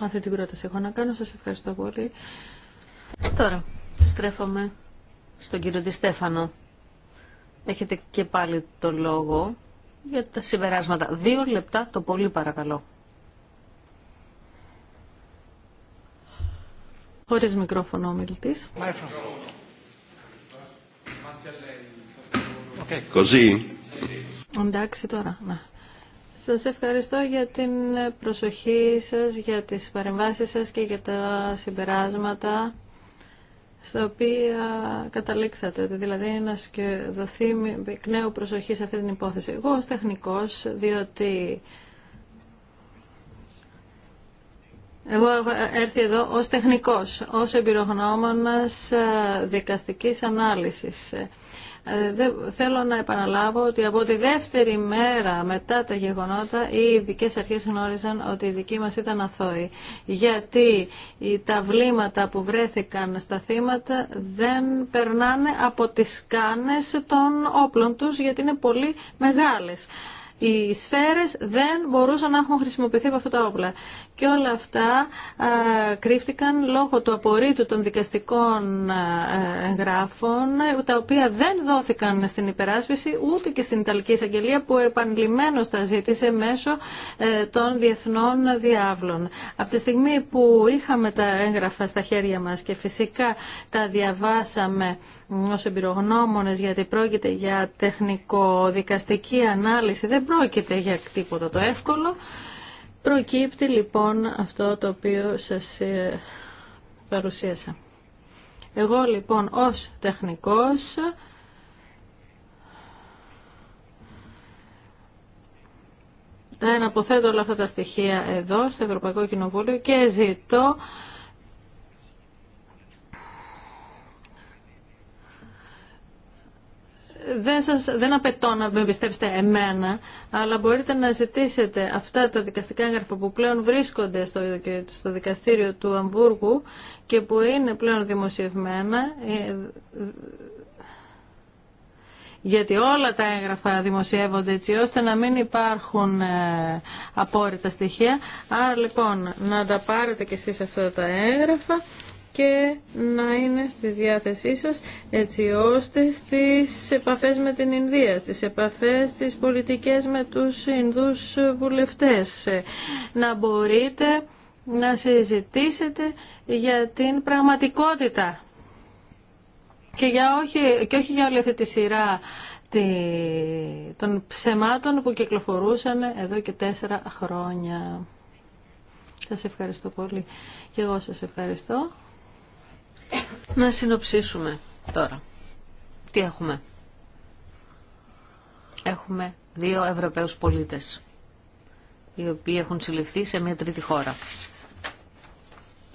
Αυτή την πρόταση έχω να κάνω. Σας ευχαριστώ πολύ. Τώρα, στρέφομαι στον κύριο Τη Στέφανο. Έχετε και πάλι το λόγο για τα συμπεράσματα. Δύο λεπτά το πολύ παρακαλώ. Χωρίς μικρόφωνο ο Εντάξει τώρα, Σας ευχαριστώ για την προσοχή σας, για τις παρεμβάσεις σας και για τα συμπεράσματα στα οποία καταλήξατε, ότι δηλαδή να δοθεί εκ νέου προσοχή σε αυτή την υπόθεση. Εγώ ως τεχνικός, διότι Εγώ έρθει εδώ ως τεχνικός, ως εμπειρογνώμονας ε, δικαστικής ανάλυσης. Ε, θέλω να επαναλάβω ότι από τη δεύτερη μέρα μετά τα γεγονότα οι ειδικέ αρχές γνώριζαν ότι οι δικοί μας ήταν αθώοι. Γιατί τα βλήματα που βρέθηκαν στα θύματα δεν περνάνε από τις σκάνες των όπλων τους γιατί είναι πολύ μεγάλες οι σφαίρες δεν μπορούσαν να έχουν χρησιμοποιηθεί από αυτά τα όπλα και όλα αυτά κρύφτηκαν λόγω του απορρίτου των δικαστικών γράφων τα οποία δεν δόθηκαν στην υπεράσπιση ούτε και στην Ιταλική Εισαγγελία που επανειλημμένως τα ζήτησε μέσω ε, των διεθνών διάβλων. Από τη στιγμή που είχαμε τα έγγραφα στα χέρια μας και φυσικά τα διαβάσαμε ως εμπειρογνώμονες γιατί πρόκειται για τεχνικό δικαστική ανάλυση, δεν πρόκειται για τίποτα το εύκολο, Προκύπτει λοιπόν αυτό το οποίο σας ε, παρουσίασα. Εγώ λοιπόν ως τεχνικός θα εναποθέτω όλα αυτά τα στοιχεία εδώ στο Ευρωπαϊκό Κοινοβούλιο και ζητώ δεν, σας, δεν απαιτώ να με πιστέψετε εμένα, αλλά μπορείτε να ζητήσετε αυτά τα δικαστικά έγγραφα που πλέον βρίσκονται στο, στο δικαστήριο του Αμβούργου και που είναι πλέον δημοσιευμένα, ε, γιατί όλα τα έγγραφα δημοσιεύονται έτσι ώστε να μην υπάρχουν ε, απόρριτα στοιχεία. Άρα λοιπόν να τα πάρετε κι εσείς αυτά τα έγγραφα και να είναι στη διάθεσή σας έτσι ώστε στις επαφές με την Ινδία, στις επαφές στις πολιτικές με τους Ινδούς βουλευτές να μπορείτε να συζητήσετε για την πραγματικότητα και, για όχι, και όχι για όλη αυτή τη σειρά των ψεμάτων που κυκλοφορούσαν εδώ και τέσσερα χρόνια. Σας ευχαριστώ πολύ. Και εγώ σας ευχαριστώ. Να συνοψίσουμε τώρα. Τι έχουμε. Έχουμε δύο Ευρωπαίους πολίτες, οι οποίοι έχουν συλληφθεί σε μια τρίτη χώρα.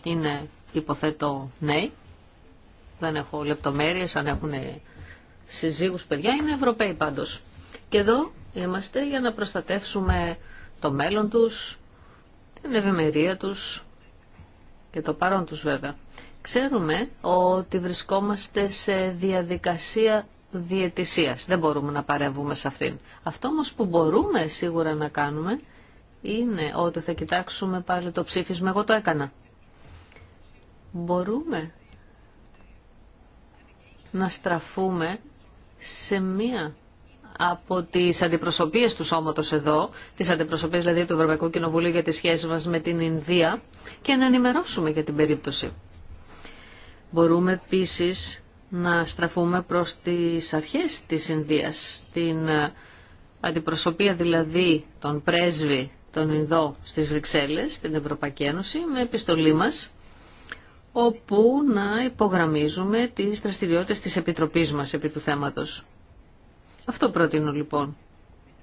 Είναι, υποθέτω, νέοι. Δεν έχω λεπτομέρειες, αν έχουν συζύγους παιδιά, είναι Ευρωπαίοι πάντως. Και εδώ είμαστε για να προστατεύσουμε το μέλλον τους, την ευημερία τους και το παρόν τους βέβαια. Ξέρουμε ότι βρισκόμαστε σε διαδικασία διαιτησίας. Δεν μπορούμε να παρεύουμε σε αυτήν. Αυτό όμως που μπορούμε σίγουρα να κάνουμε είναι ότι θα κοιτάξουμε πάλι το ψήφισμα. Εγώ το έκανα. Μπορούμε να στραφούμε σε μία από τις αντιπροσωπείες του σώματος εδώ, τις αντιπροσωπείες δηλαδή του Ευρωπαϊκού Κοινοβουλίου για τις σχέσεις μας με την Ινδία και να ενημερώσουμε για την περίπτωση. Μπορούμε επίσης να στραφούμε προς τις αρχές της Ινδίας, την ε, αντιπροσωπεία δηλαδή των πρέσβη των Ινδό στις Βρυξέλλες, στην Ευρωπαϊκή Ένωση, με επιστολή μας, όπου να υπογραμμίζουμε τις δραστηριότητες της Επιτροπής μας επί του θέματος. Αυτό προτείνω λοιπόν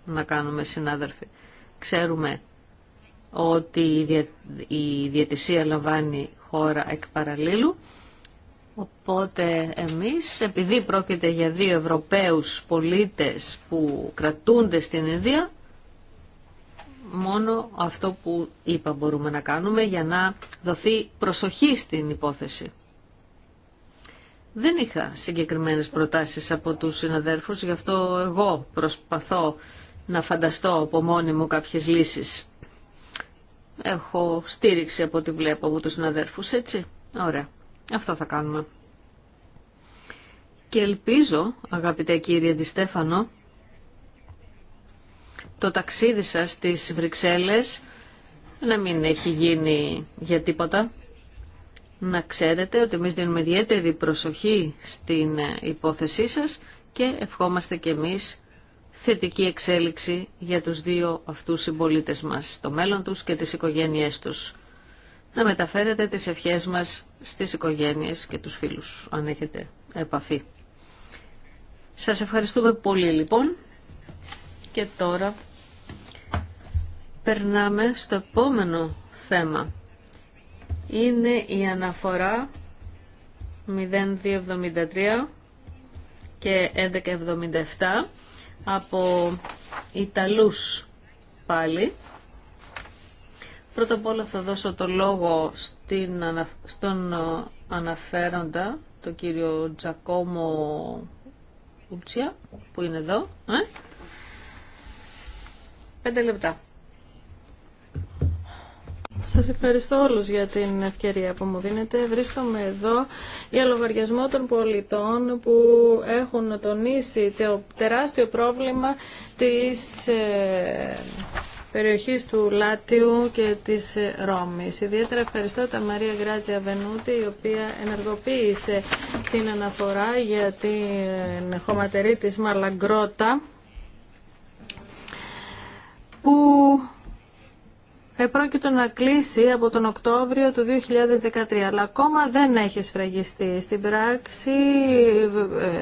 να κάνουμε συνάδελφοι. Ξέρουμε ότι η διατησία λαμβάνει χώρα εκ παραλλήλου Οπότε εμείς, επειδή πρόκειται για δύο Ευρωπαίους πολίτες που κρατούνται στην Ινδία, μόνο αυτό που είπα μπορούμε να κάνουμε για να δοθεί προσοχή στην υπόθεση. Δεν είχα συγκεκριμένες προτάσεις από τους συναδέρφους, γι' αυτό εγώ προσπαθώ να φανταστώ από μόνη μου κάποιες λύσεις. Έχω στήριξη από ό,τι βλέπω από τους συναδέρφους, έτσι. Ωραία. Αυτό θα κάνουμε. Και ελπίζω, αγαπητέ κύριε Στέφανο, το ταξίδι σας στις Βρυξέλλες να μην έχει γίνει για τίποτα. Να ξέρετε ότι εμείς δίνουμε ιδιαίτερη προσοχή στην ε, υπόθεσή σας και ευχόμαστε και εμείς θετική εξέλιξη για τους δύο αυτούς συμπολίτε μας, το μέλλον τους και τις οικογένειές τους να μεταφέρετε τις ευχές μας στις οικογένειες και τους φίλους, αν έχετε επαφή. Σας ευχαριστούμε πολύ λοιπόν και τώρα περνάμε στο επόμενο θέμα. Είναι η αναφορά 0273 και 1177 από Ιταλούς πάλι Πρώτα απ' όλα θα δώσω το λόγο στην, στον ε, αναφέροντα, τον κύριο Τζακόμο Ουτσιά, που είναι εδώ. Ε? Πέντε λεπτά. Σας ευχαριστώ όλους για την ευκαιρία που μου δίνετε. Βρίσκομαι εδώ για λογαριασμό των πολιτών που έχουν τονίσει το τεράστιο πρόβλημα της ε, περιοχής του Λάτιου και της Ρώμης. Ιδιαίτερα ευχαριστώ τα Μαρία Γκράτζια Βενούτη, η οποία ενεργοποίησε την αναφορά για την χωματερή της Μαλαγκρότα, που επρόκειτο να κλείσει από τον Οκτώβριο του 2013, αλλά ακόμα δεν έχει σφραγιστεί. Στην πράξη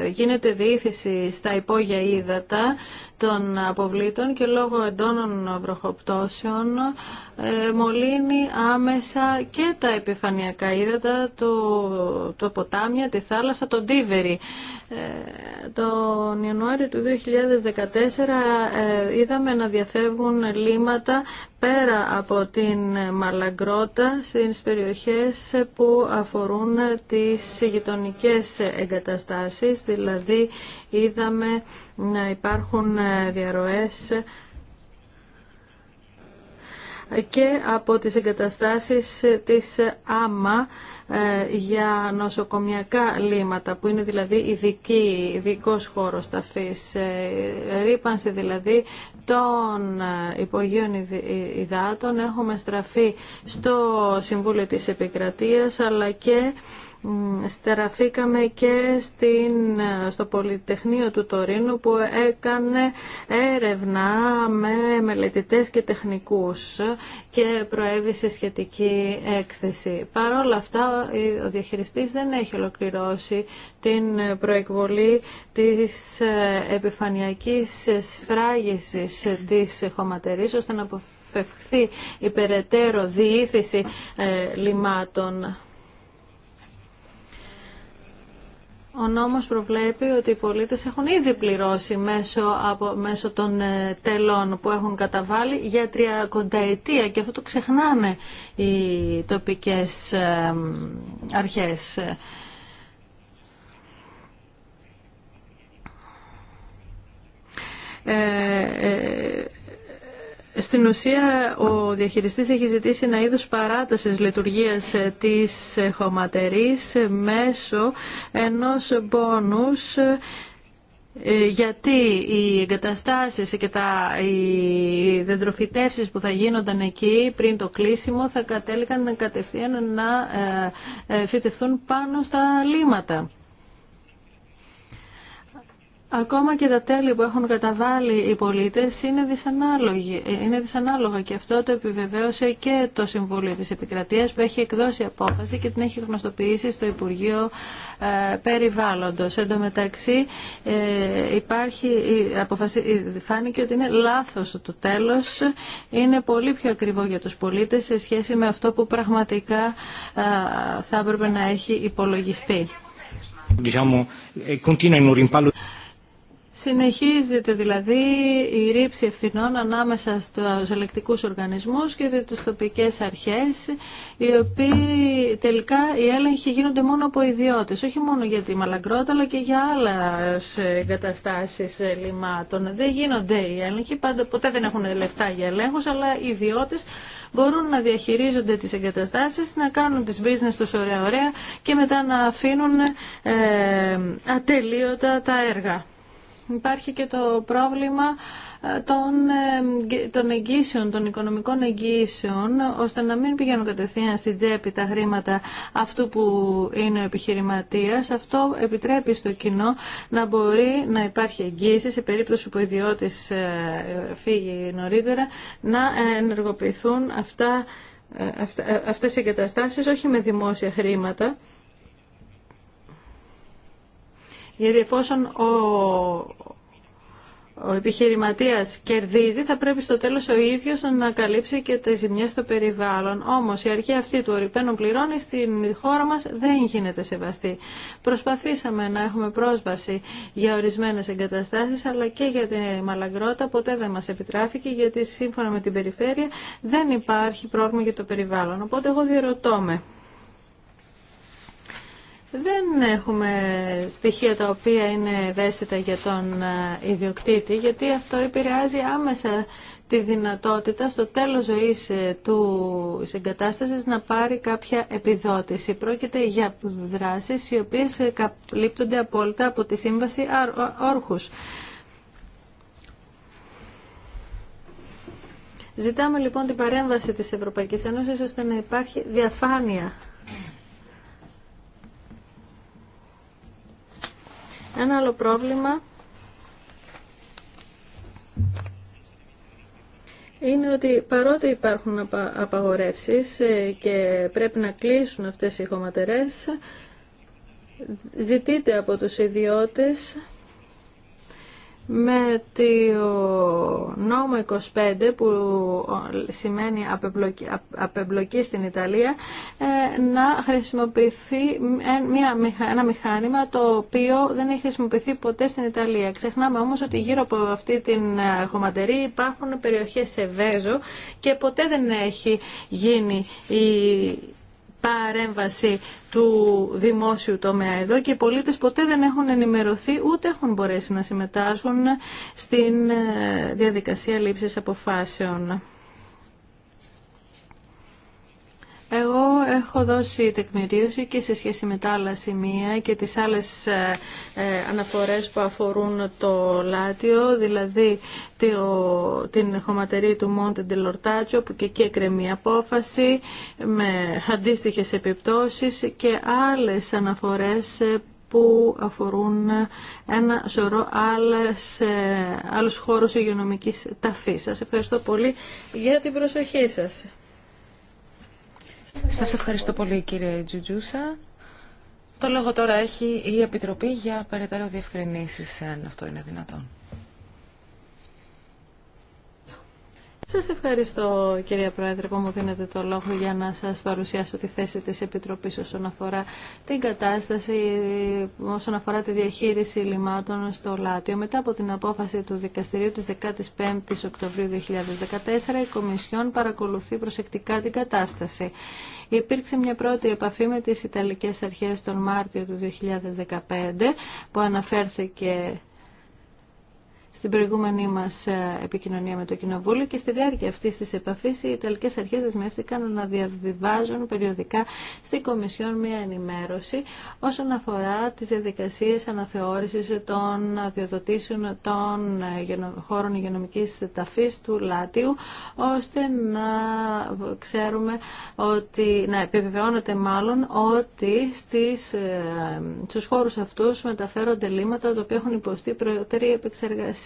ε, γίνεται διήθηση στα υπόγεια ύδατα των αποβλήτων και λόγω εντόνων βροχοπτώσεων ε, μολύνει άμεσα και τα επιφανειακά ύδατα, το, το ποτάμια, τη θάλασσα, τον Τίβερη. Ε, τον Ιανουάριο του 2014 είδαμε να διαφεύγουν λίματα πέρα από την Μαλαγκρότα στις περιοχές που αφορούν τις γειτονικέ εγκαταστάσεις, δηλαδή είδαμε να υπάρχουν διαρροές και από τις εγκαταστάσεις της ΆΜΑ ε, για νοσοκομιακά λύματα, που είναι δηλαδή ειδική, ειδικός χώρος ταφής, ε, ρήπανση δηλαδή των ε, υπογείων υδάτων. Έχουμε στραφεί στο Συμβούλιο της Επικρατείας, αλλά και στεραφήκαμε και στην, στο Πολυτεχνείο του Τωρίνου που έκανε έρευνα με μελετητές και τεχνικούς και προέβησε σχετική έκθεση. Παρ' όλα αυτά ο διαχειριστής δεν έχει ολοκληρώσει την προεκβολή της επιφανειακής σφράγισης της χωματερής ώστε να αποφευχθεί υπεραιτέρω περαιτέρω διήθηση ε, λιμάτων. Ο νόμος προβλέπει ότι οι πολίτες έχουν ήδη πληρώσει μέσω, από, μέσω των ε, τελών που έχουν καταβάλει για τριακονταετία και αυτό το ξεχνάνε οι τοπικές ε, αρχές. Ε, στην ουσία ο διαχειριστής έχει ζητήσει ένα είδος παράτασης λειτουργίας ε, της ε, χωματερής ε, μέσω ενός πόνους γιατί οι εγκαταστάσεις και οι δεντροφυτεύσεις που θα γίνονταν εκεί πριν το κλείσιμο θα κατέληγαν κατευθείαν να φύτευθούν πάνω στα λίματα. Ακόμα και τα τέλη που έχουν καταβάλει οι πολίτες είναι, είναι δυσανάλογα και αυτό το επιβεβαίωσε και το Συμβούλιο της Επικρατείας που έχει εκδώσει απόφαση και την έχει γνωστοποιήσει στο Υπουργείο ε, Περιβάλλοντος. Εν τω μεταξύ ε, υπάρχει, αποφασι... φάνηκε ότι είναι λάθος το τέλος, είναι πολύ πιο ακριβό για τους πολίτες σε σχέση με αυτό που πραγματικά ε, θα έπρεπε να έχει υπολογιστεί. Ε, Συνεχίζεται δηλαδή η ρήψη ευθυνών ανάμεσα στους ελεκτικούς οργανισμούς και τις τοπικές αρχές, οι οποίοι τελικά οι έλεγχοι γίνονται μόνο από ιδιώτες, όχι μόνο για τη Μαλαγκρότα, αλλά και για άλλες εγκαταστάσεις λιμάτων. Δεν γίνονται οι έλεγχοι, πάντα, ποτέ δεν έχουν λεφτά για ελέγχους, αλλά οι ιδιώτες μπορούν να διαχειρίζονται τις εγκαταστάσεις, να κάνουν τις business τους ωραία-ωραία και μετά να αφήνουν ε, ατελείωτα τα έργα. Υπάρχει και το πρόβλημα ε, των, ε, των εγγύσεων, των οικονομικών εγγύσεων, ώστε να μην πηγαίνουν κατευθείαν στην τσέπη τα χρήματα αυτού που είναι ο επιχειρηματίας. Αυτό επιτρέπει στο κοινό να μπορεί να υπάρχει εγγύηση σε περίπτωση που ο ιδιώτης ε, φύγει νωρίτερα, να ενεργοποιηθούν αυτά, αυτές οι εγκαταστάσεις όχι με δημόσια χρήματα, Γιατί εφόσον ο, ο επιχειρηματίας κερδίζει, θα πρέπει στο τέλος ο ίδιο να καλύψει και τι ζημιέ στο περιβάλλον. Όμως η αρχή αυτή του ορυπαίνων πληρώνει στην χώρα μας δεν γίνεται σεβαστή. Προσπαθήσαμε να έχουμε πρόσβαση για ορισμένες εγκαταστάσεις, αλλά και για τη Μαλαγκρότα ποτέ δεν μας επιτράφηκε, γιατί σύμφωνα με την περιφέρεια δεν υπάρχει πρόβλημα για το περιβάλλον. Οπότε εγώ διερωτώ με δεν έχουμε στοιχεία τα οποία είναι ευαίσθητα για τον ε, ιδιοκτήτη, γιατί αυτό επηρεάζει άμεσα τη δυνατότητα στο τέλος ζωής ε, του συγκατάστασης να πάρει κάποια επιδότηση. Πρόκειται για δράσεις οι οποίες ε, καλύπτονται απόλυτα από τη Σύμβαση Όρχους. Ζητάμε λοιπόν την παρέμβαση της Ευρωπαϊκής Ένωσης ώστε να υπάρχει διαφάνεια Ένα άλλο πρόβλημα είναι ότι παρότι υπάρχουν απαγορεύσεις ε, και πρέπει να κλείσουν αυτές οι χωματερές, ζητείται από τους ιδιώτες με το νόμο 25 που σημαίνει απεμπλοκή, απεμπλοκή στην Ιταλία ε, να χρησιμοποιηθεί ένα μηχάνημα το οποίο δεν έχει χρησιμοποιηθεί ποτέ στην Ιταλία. Ξεχνάμε όμως ότι γύρω από αυτή την ε, χωματερή υπάρχουν περιοχές σε Βέζο και ποτέ δεν έχει γίνει η παρέμβαση του δημόσιου τομέα εδώ και οι πολίτες ποτέ δεν έχουν ενημερωθεί ούτε έχουν μπορέσει να συμμετάσχουν στην ε, διαδικασία λήψης αποφάσεων. Εγώ έχω δώσει τεκμηρίωση και σε σχέση με τα άλλα σημεία και τις άλλες ε, ε, αναφορές που αφορούν το Λάτιο, δηλαδή την χωματερή του Μόντε Ντελορτάτσιο που και εκεί εκκρεμεί απόφαση με αντίστοιχες επιπτώσεις και άλλες αναφορές ε, που αφορούν ένα σωρό άλλες, άλλους χώρους υγειονομικής ταφής. Σας ευχαριστώ πολύ για την προσοχή σας. Σας ευχαριστώ πολύ κύριε Τζουτζούσα. Το λόγο τώρα έχει η Επιτροπή για περαιτέρω διευκρινήσεις, αν αυτό είναι δυνατόν. Σας ευχαριστώ κυρία Πρόεδρε που μου δίνετε το λόγο για να σας παρουσιάσω τη θέση της Επιτροπής όσον αφορά την κατάσταση, όσον αφορά τη διαχείριση λιμάτων στο Λάτιο. Μετά από την απόφαση του δικαστηρίου της 15ης Οκτωβρίου 2014, η Κομισιόν παρακολουθεί προσεκτικά την κατάσταση. Υπήρξε μια πρώτη επαφή με τις Ιταλικές Αρχές τον Μάρτιο του 2015 που αναφέρθηκε στην προηγούμενη μα ε, επικοινωνία με το Κοινοβούλιο και στη διάρκεια αυτή τη επαφή, οι Ιταλικέ αρχέ δεσμεύτηκαν να διαβιβάζουν περιοδικά στη Κομισιόν μια ενημέρωση όσον αφορά τι διαδικασίε αναθεώρησης των αδειοδοτήσεων των ε, χώρων υγειονομική ταφή του Λάτιου ώστε να ξέρουμε ότι, να επιβεβαιώνεται μάλλον ότι στις, ε, στους χώρους αυτούς μεταφέρονται λίμματα τα οποία έχουν υποστεί προτερή επεξεργασία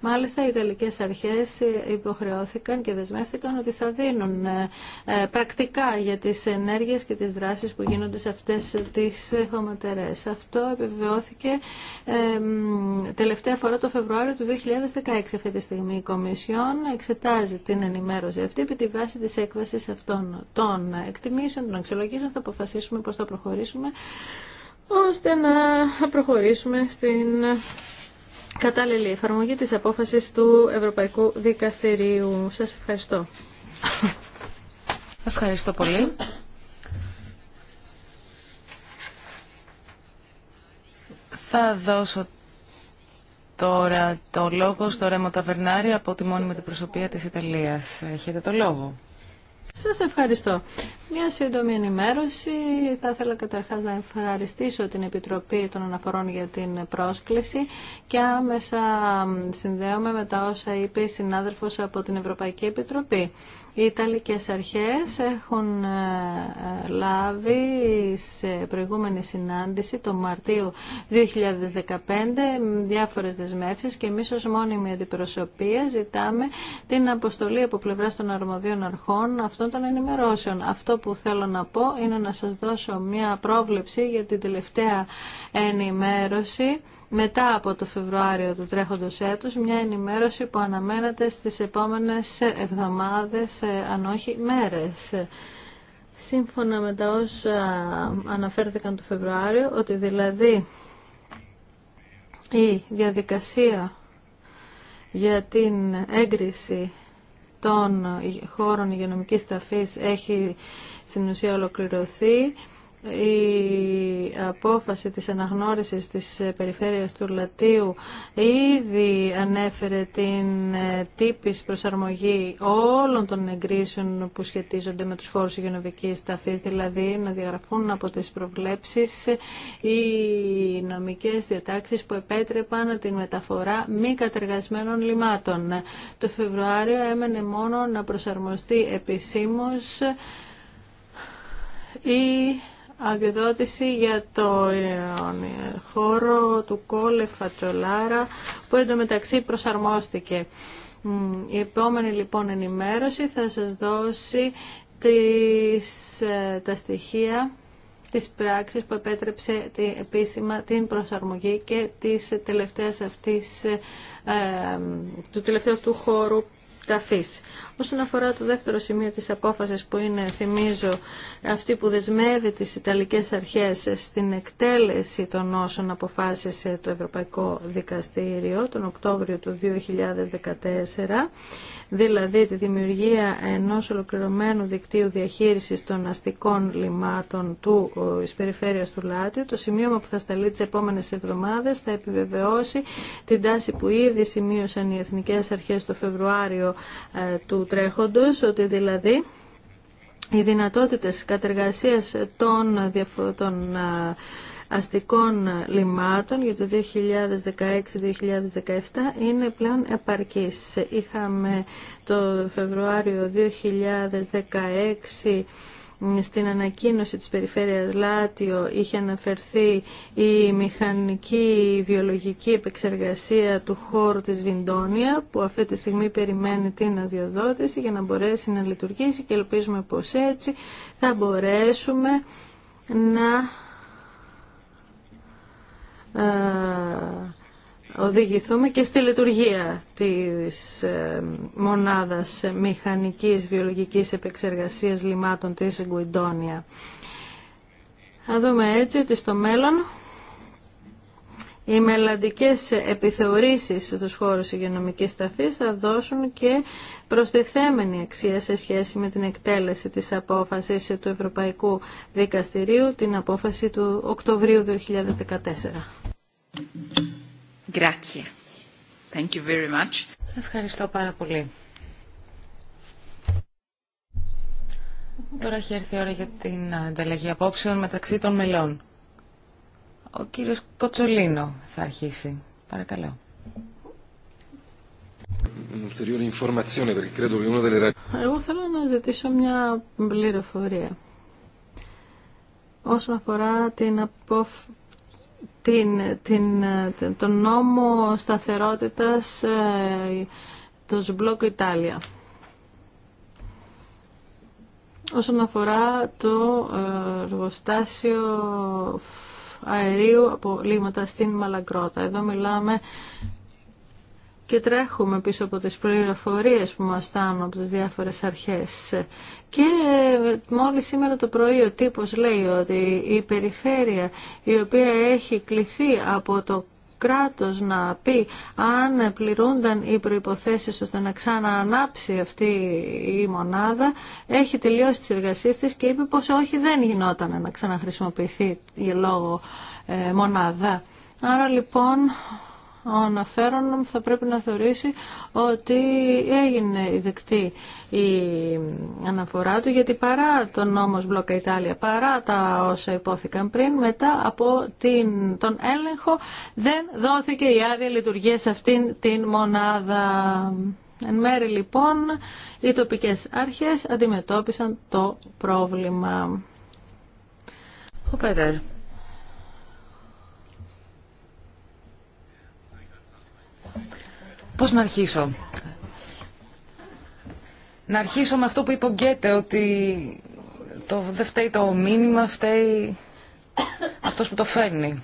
Μάλιστα, οι Ιταλικές αρχές υποχρεώθηκαν και δεσμεύτηκαν ότι θα δίνουν ε, ε, πρακτικά για τις ενέργειες και τις δράσεις που γίνονται σε αυτές τις χωματερές. Αυτό επιβεβαιώθηκε τελευταία φορά το Φεβρουάριο του 2016. Αυτή τη στιγμή η Κομισιόν εξετάζει την ενημέρωση αυτή επί τη βάση της έκβασης αυτών των εκτιμήσεων, των αξιολογήσεων. Θα αποφασίσουμε πώς θα προχωρήσουμε ώστε να προχωρήσουμε στην κατάλληλη εφαρμογή της απόφασης του Ευρωπαϊκού Δικαστηρίου. Σας ευχαριστώ. Ευχαριστώ πολύ. Θα δώσω τώρα το λόγο στο Ρέμο Ταβερνάρη από τη μόνιμη την προσωπία της Ιταλίας. Έχετε το λόγο. Σας ευχαριστώ. Μια σύντομη ενημέρωση. Θα ήθελα καταρχάς να ευχαριστήσω την Επιτροπή των Αναφορών για την πρόσκληση και άμεσα συνδέομαι με τα όσα είπε η συνάδελφος από την Ευρωπαϊκή Επιτροπή. Οι Ιταλικές αρχές έχουν ε, λάβει σε προηγούμενη συνάντηση το Μαρτίο 2015 διάφορες δεσμεύσεις και εμείς ως μόνιμη αντιπροσωπεία ζητάμε την αποστολή από πλευράς των αρμοδίων αρχών αυτών των ενημερώσεων. Αυτό που θέλω να πω είναι να σας δώσω μια πρόβλεψη για την τελευταία ενημέρωση μετά από το Φεβρουάριο του τρέχοντος έτους, μια ενημέρωση που αναμένεται στις επόμενες εβδομάδες, αν όχι μέρες. Σύμφωνα με τα όσα αναφέρθηκαν το Φεβρουάριο, ότι δηλαδή η διαδικασία για την έγκριση των χώρων υγειονομικής ταφής έχει στην ουσία ολοκληρωθεί η απόφαση της αναγνώρισης της περιφέρειας του Λατίου ήδη ανέφερε την ε, τύπης προσαρμογή όλων των εγκρίσεων που σχετίζονται με τους χώρους υγειονομικής ταφής, δηλαδή να διαγραφούν από τις προβλέψεις οι νομικές διατάξεις που επέτρεπαν την μεταφορά μη κατεργασμένων λιμάτων. Το Φεβρουάριο έμενε μόνο να προσαρμοστεί επισήμως η Αδειοδότηση για το ε, χώρο του Κόλεφα Φατσολάρα που εντωμεταξύ προσαρμόστηκε. Η επόμενη λοιπόν ενημέρωση θα σας δώσει τις, ε, τα στοιχεία της πράξης που επέτρεψε τη, επίσημα την προσαρμογή και της αυτής, ε, του τελευταίου αυτού χώρου Όσον αφορά το δεύτερο σημείο της απόφασης που είναι, θυμίζω, αυτή που δεσμεύει τις Ιταλικές αρχές στην εκτέλεση των όσων αποφάσισε το Ευρωπαϊκό Δικαστήριο τον Οκτώβριο του 2014, δηλαδή τη δημιουργία ενός ολοκληρωμένου δικτύου διαχείρισης των αστικών λιμάτων του της περιφέρειας του Λάτιου. Το σημείωμα που θα σταλεί τις επόμενες εβδομάδες θα επιβεβαιώσει την τάση που ήδη σημείωσαν οι εθνικές αρχές το Φεβρουάριο ε, του τρέχοντος, ότι δηλαδή οι δυνατότητες κατεργασίας των, των ε, αστικών λιμάτων για το 2016-2017 είναι πλέον επαρκής. Είχαμε το Φεβρουάριο 2016 στην ανακοίνωση της Περιφέρειας Λάτιο είχε αναφερθεί η μηχανική βιολογική επεξεργασία του χώρου της Βιντόνια που αυτή τη στιγμή περιμένει την αδειοδότηση για να μπορέσει να λειτουργήσει και ελπίζουμε πως έτσι θα μπορέσουμε να ε, οδηγηθούμε και στη λειτουργία της ε, μονάδας μηχανικής βιολογικής επεξεργασίας λιμάτων της Γκουιντόνια. Θα δούμε έτσι ότι στο μέλλον οι μελλοντικές επιθεωρήσεις στους χώρους υγειονομικής ταφής θα δώσουν και προστιθέμενη αξία σε σχέση με την εκτέλεση της απόφασης του Ευρωπαϊκού Δικαστηρίου, την απόφαση του Οκτωβρίου 2014. Thank you very much. Ευχαριστώ πάρα πολύ. Τώρα έχει έρθει η ώρα για την ανταλλαγή απόψεων μεταξύ των μελών. Ο κύριος Κοτσολίνο θα αρχίσει. Παρακαλώ. Εγώ θέλω να ζητήσω μια πληροφορία όσον αφορά την, την, την, ε, τον νόμο σταθερότητας ε, του Σμπλοκ Ιτάλια. Όσον αφορά το ε, εργοστάσιο αερίου από λίμματα στην Μαλαγκρότα. Εδώ μιλάμε και τρέχουμε πίσω από τις πληροφορίες που μας στάνουν από τις διάφορες αρχές. Και μόλις σήμερα το πρωί ο τύπος λέει ότι η περιφέρεια η οποία έχει κληθεί από το κράτος να πει αν πληρούνταν οι προϋποθέσεις ώστε να ξαναανάψει αυτή η μονάδα, έχει τελειώσει τις εργασίες της και είπε πως όχι δεν γινόταν να ξαναχρησιμοποιηθεί η λόγο ε, μονάδα. Άρα λοιπόν αναφέρον θα πρέπει να θεωρήσει ότι έγινε δεκτή η αναφορά του γιατί παρά τον νόμος Μπλοκα Ιτάλια, παρά τα όσα υπόθηκαν πριν, μετά από την, τον έλεγχο δεν δόθηκε η άδεια λειτουργία σε αυτήν την μονάδα. Εν μέρη λοιπόν οι τοπικές αρχές αντιμετώπισαν το πρόβλημα. Πώς να αρχίσω. Να αρχίσω με αυτό που είπε ότι το, δεν φταίει το μήνυμα, φταίει αυτός που το φέρνει.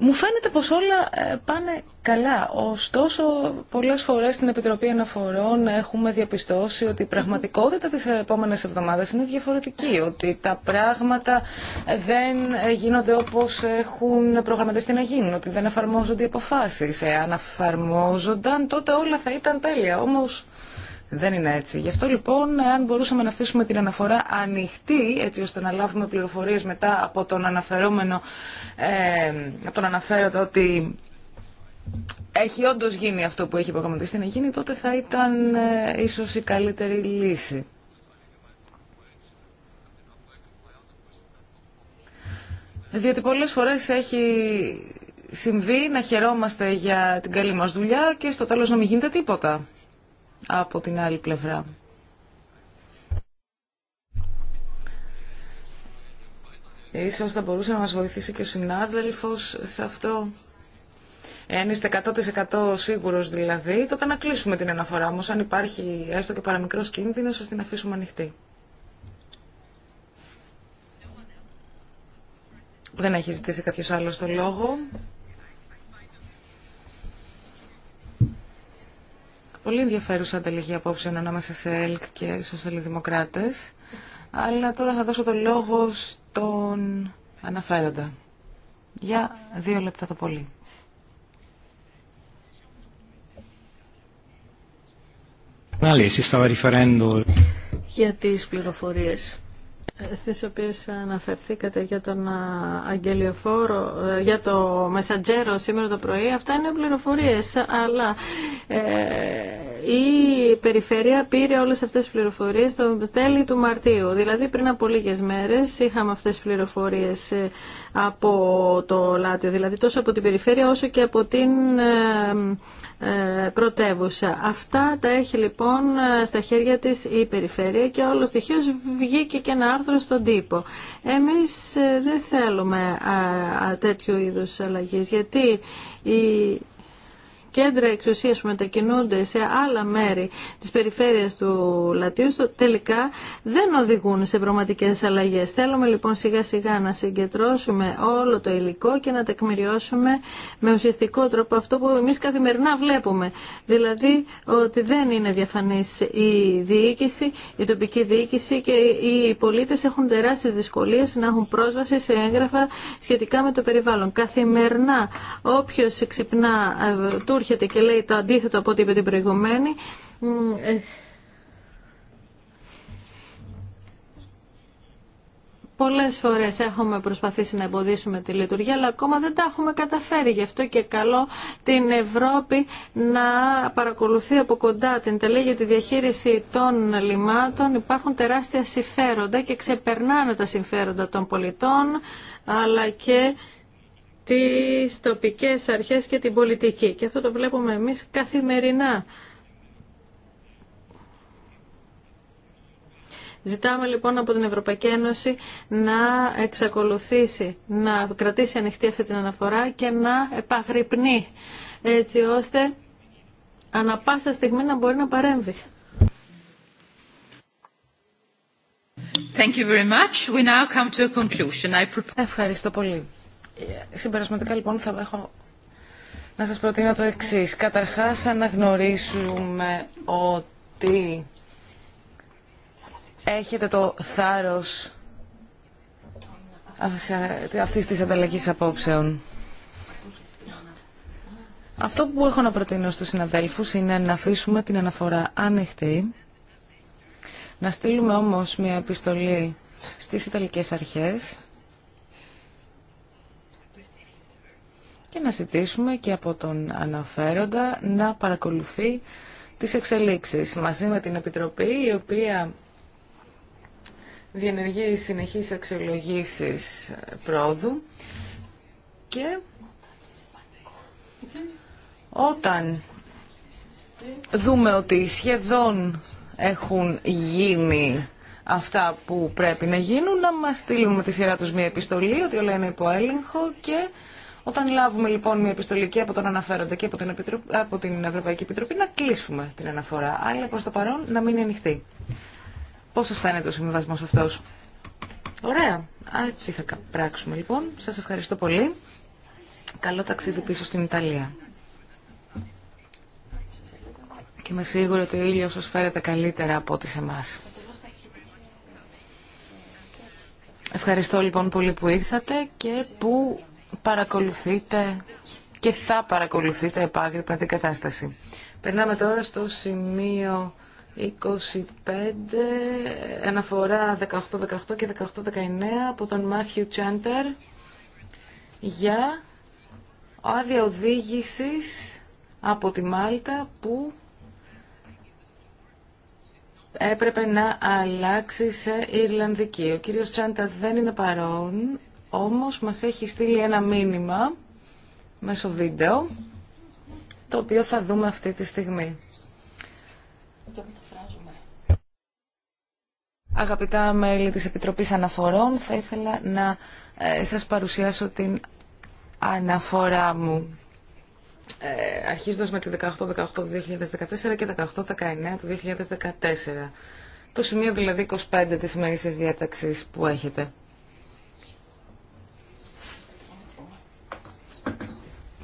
Μου φαίνεται πως όλα ε, πάνε καλά, ωστόσο πολλές φορές στην Επιτροπή Αναφορών έχουμε διαπιστώσει ότι η πραγματικότητα της επόμενης εβδομάδας είναι διαφορετική, ότι τα πράγματα δεν γίνονται όπως έχουν προγραμματιστεί να γίνουν, ότι δεν εφαρμόζονται οι αποφάσεις. Εάν εφαρμόζονταν τότε όλα θα ήταν τέλεια, δεν είναι έτσι. Γι' αυτό λοιπόν, αν μπορούσαμε να αφήσουμε την αναφορά ανοιχτή, έτσι ώστε να λάβουμε πληροφορίες μετά από τον αναφερόμενο, ε, από τον αναφέροντα ότι έχει όντως γίνει αυτό που έχει προγραμματιστεί να γίνει, τότε θα ήταν ε, ίσως η καλύτερη λύση. Διότι πολλές φορές έχει συμβεί να χαιρόμαστε για την καλή μας δουλειά και στο τέλος να μην γίνεται τίποτα από την άλλη πλευρά. Ίσως θα μπορούσε να μας βοηθήσει και ο συνάδελφος σε αυτό. Εάν είστε 100% σίγουρος δηλαδή, τότε να κλείσουμε την αναφορά. μας. αν υπάρχει έστω και παραμικρός κίνδυνος, ας την αφήσουμε ανοιχτή. Δεν έχει ζητήσει κάποιος άλλος το λόγο. Πολύ ενδιαφέρουσα ανταλλαγή απόψεων ανάμεσα σε ΕΛΚ και σοσιαλδημοκράτε. Αλλά τώρα θα δώσω το λόγο στον αναφέροντα. Για δύο λεπτά το πολύ. Για τις πληροφορίες στις οποίες αναφερθήκατε για τον αγγελιοφόρο, ε, για το μεσαντζέρο σήμερα το πρωί, αυτά είναι πληροφορίες, αλλά ε, η Περιφέρεια πήρε όλες αυτές τις πληροφορίες το τέλη του Μαρτίου. Δηλαδή πριν από λίγες μέρες είχαμε αυτές τις πληροφορίες ε, από το Λάτιο, δηλαδή τόσο από την Περιφέρεια όσο και από την ε, πρωτεύουσα. Αυτά τα έχει λοιπόν στα χέρια της η περιφέρεια και όλο στοιχείως βγήκε και ένα άρθρο στον τύπο. Εμείς ε, δεν θέλουμε τέτοιου είδους αλλαγής γιατί η κέντρα εξουσία που μετακινούνται σε άλλα μέρη τη περιφέρειας του Λατίου τελικά δεν οδηγούν σε πραγματικέ αλλαγέ. Θέλουμε λοιπόν σιγά σιγά να συγκεντρώσουμε όλο το υλικό και να τεκμηριώσουμε με ουσιαστικό τρόπο αυτό που εμεί καθημερινά βλέπουμε. Δηλαδή ότι δεν είναι διαφανή η διοίκηση, η τοπική διοίκηση και οι πολίτε έχουν τεράστιε δυσκολίε να έχουν πρόσβαση σε έγγραφα σχετικά με το περιβάλλον. Καθημερινά όποιο ξυπνά ε, έρχεται και λέει τα αντίθετο από ό,τι είπε την προηγουμένη. Πολλές φορές έχουμε προσπαθήσει να εμποδίσουμε τη λειτουργία, αλλά ακόμα δεν τα έχουμε καταφέρει. Γι' αυτό και καλό την Ευρώπη να παρακολουθεί από κοντά την τελεία για τη διαχείριση των λιμάτων. Υπάρχουν τεράστια συμφέροντα και ξεπερνάνε τα συμφέροντα των πολιτών, αλλά και τις τοπικές αρχές και την πολιτική. Και αυτό το βλέπουμε εμείς καθημερινά. Ζητάμε λοιπόν από την Ευρωπαϊκή Ένωση να εξακολουθήσει, να κρατήσει ανοιχτή αυτή την αναφορά και να επαγρυπνεί έτσι ώστε ανα πάσα στιγμή να μπορεί να παρέμβει. Thank you very much. We now come Ευχαριστώ πολύ. Συμπερασματικά λοιπόν θα έχω να σας προτείνω το εξής. Καταρχάς αναγνωρίσουμε ότι έχετε το θάρρος αυτής της ανταλλαγής απόψεων. Αυτό που έχω να προτείνω στους συναδέλφους είναι να αφήσουμε την αναφορά ανοιχτή, να στείλουμε όμως μια επιστολή στις Ιταλικές Αρχές, να ζητήσουμε και από τον αναφέροντα να παρακολουθεί τις εξελίξεις μαζί με την Επιτροπή η οποία διενεργεί συνεχείς αξιολογήσεις πρόοδου και όταν δούμε ότι σχεδόν έχουν γίνει αυτά που πρέπει να γίνουν, να μας στείλουν με τη σειρά τους μια επιστολή ότι όλα είναι υπό έλεγχο και όταν λάβουμε λοιπόν μια επιστολή και από τον αναφέροντα και από την, από την Ευρωπαϊκή Επιτροπή να κλείσουμε την αναφορά, αλλά προς το παρόν να μείνει ανοιχτή. Πώς σα φαίνεται ο συμβιβασμό αυτό, Ωραία. Έτσι θα πράξουμε λοιπόν. Σας ευχαριστώ πολύ. Καλό ταξίδι πίσω στην Ιταλία. Και είμαι σίγουρη ότι ο ήλιος σας φέρεται καλύτερα από ό,τι σε εμάς. Ευχαριστώ λοιπόν πολύ που ήρθατε και που παρακολουθείτε και θα παρακολουθείτε επάγρυπνα την κατάσταση. Περνάμε τώρα στο σημείο 25, αναφορά 18-18 και 18-19 από τον Μάθιου Τσάντερ για άδεια οδήγηση από τη Μάλτα που έπρεπε να αλλάξει σε Ιρλανδική. Ο κύριος Τσάντα δεν είναι παρόν, όμως μας έχει στείλει ένα μήνυμα μέσω βίντεο, το οποίο θα δούμε αυτή τη στιγμή. Αγαπητά μέλη της Επιτροπής Αναφορών, θα ήθελα να ε, σας παρουσιάσω την αναφορά μου. Ε, αρχίζοντας με τη 18-18 2014 και 18-19 2014. Το σημείο δηλαδή 25 της ημερήσιας διάταξης που έχετε.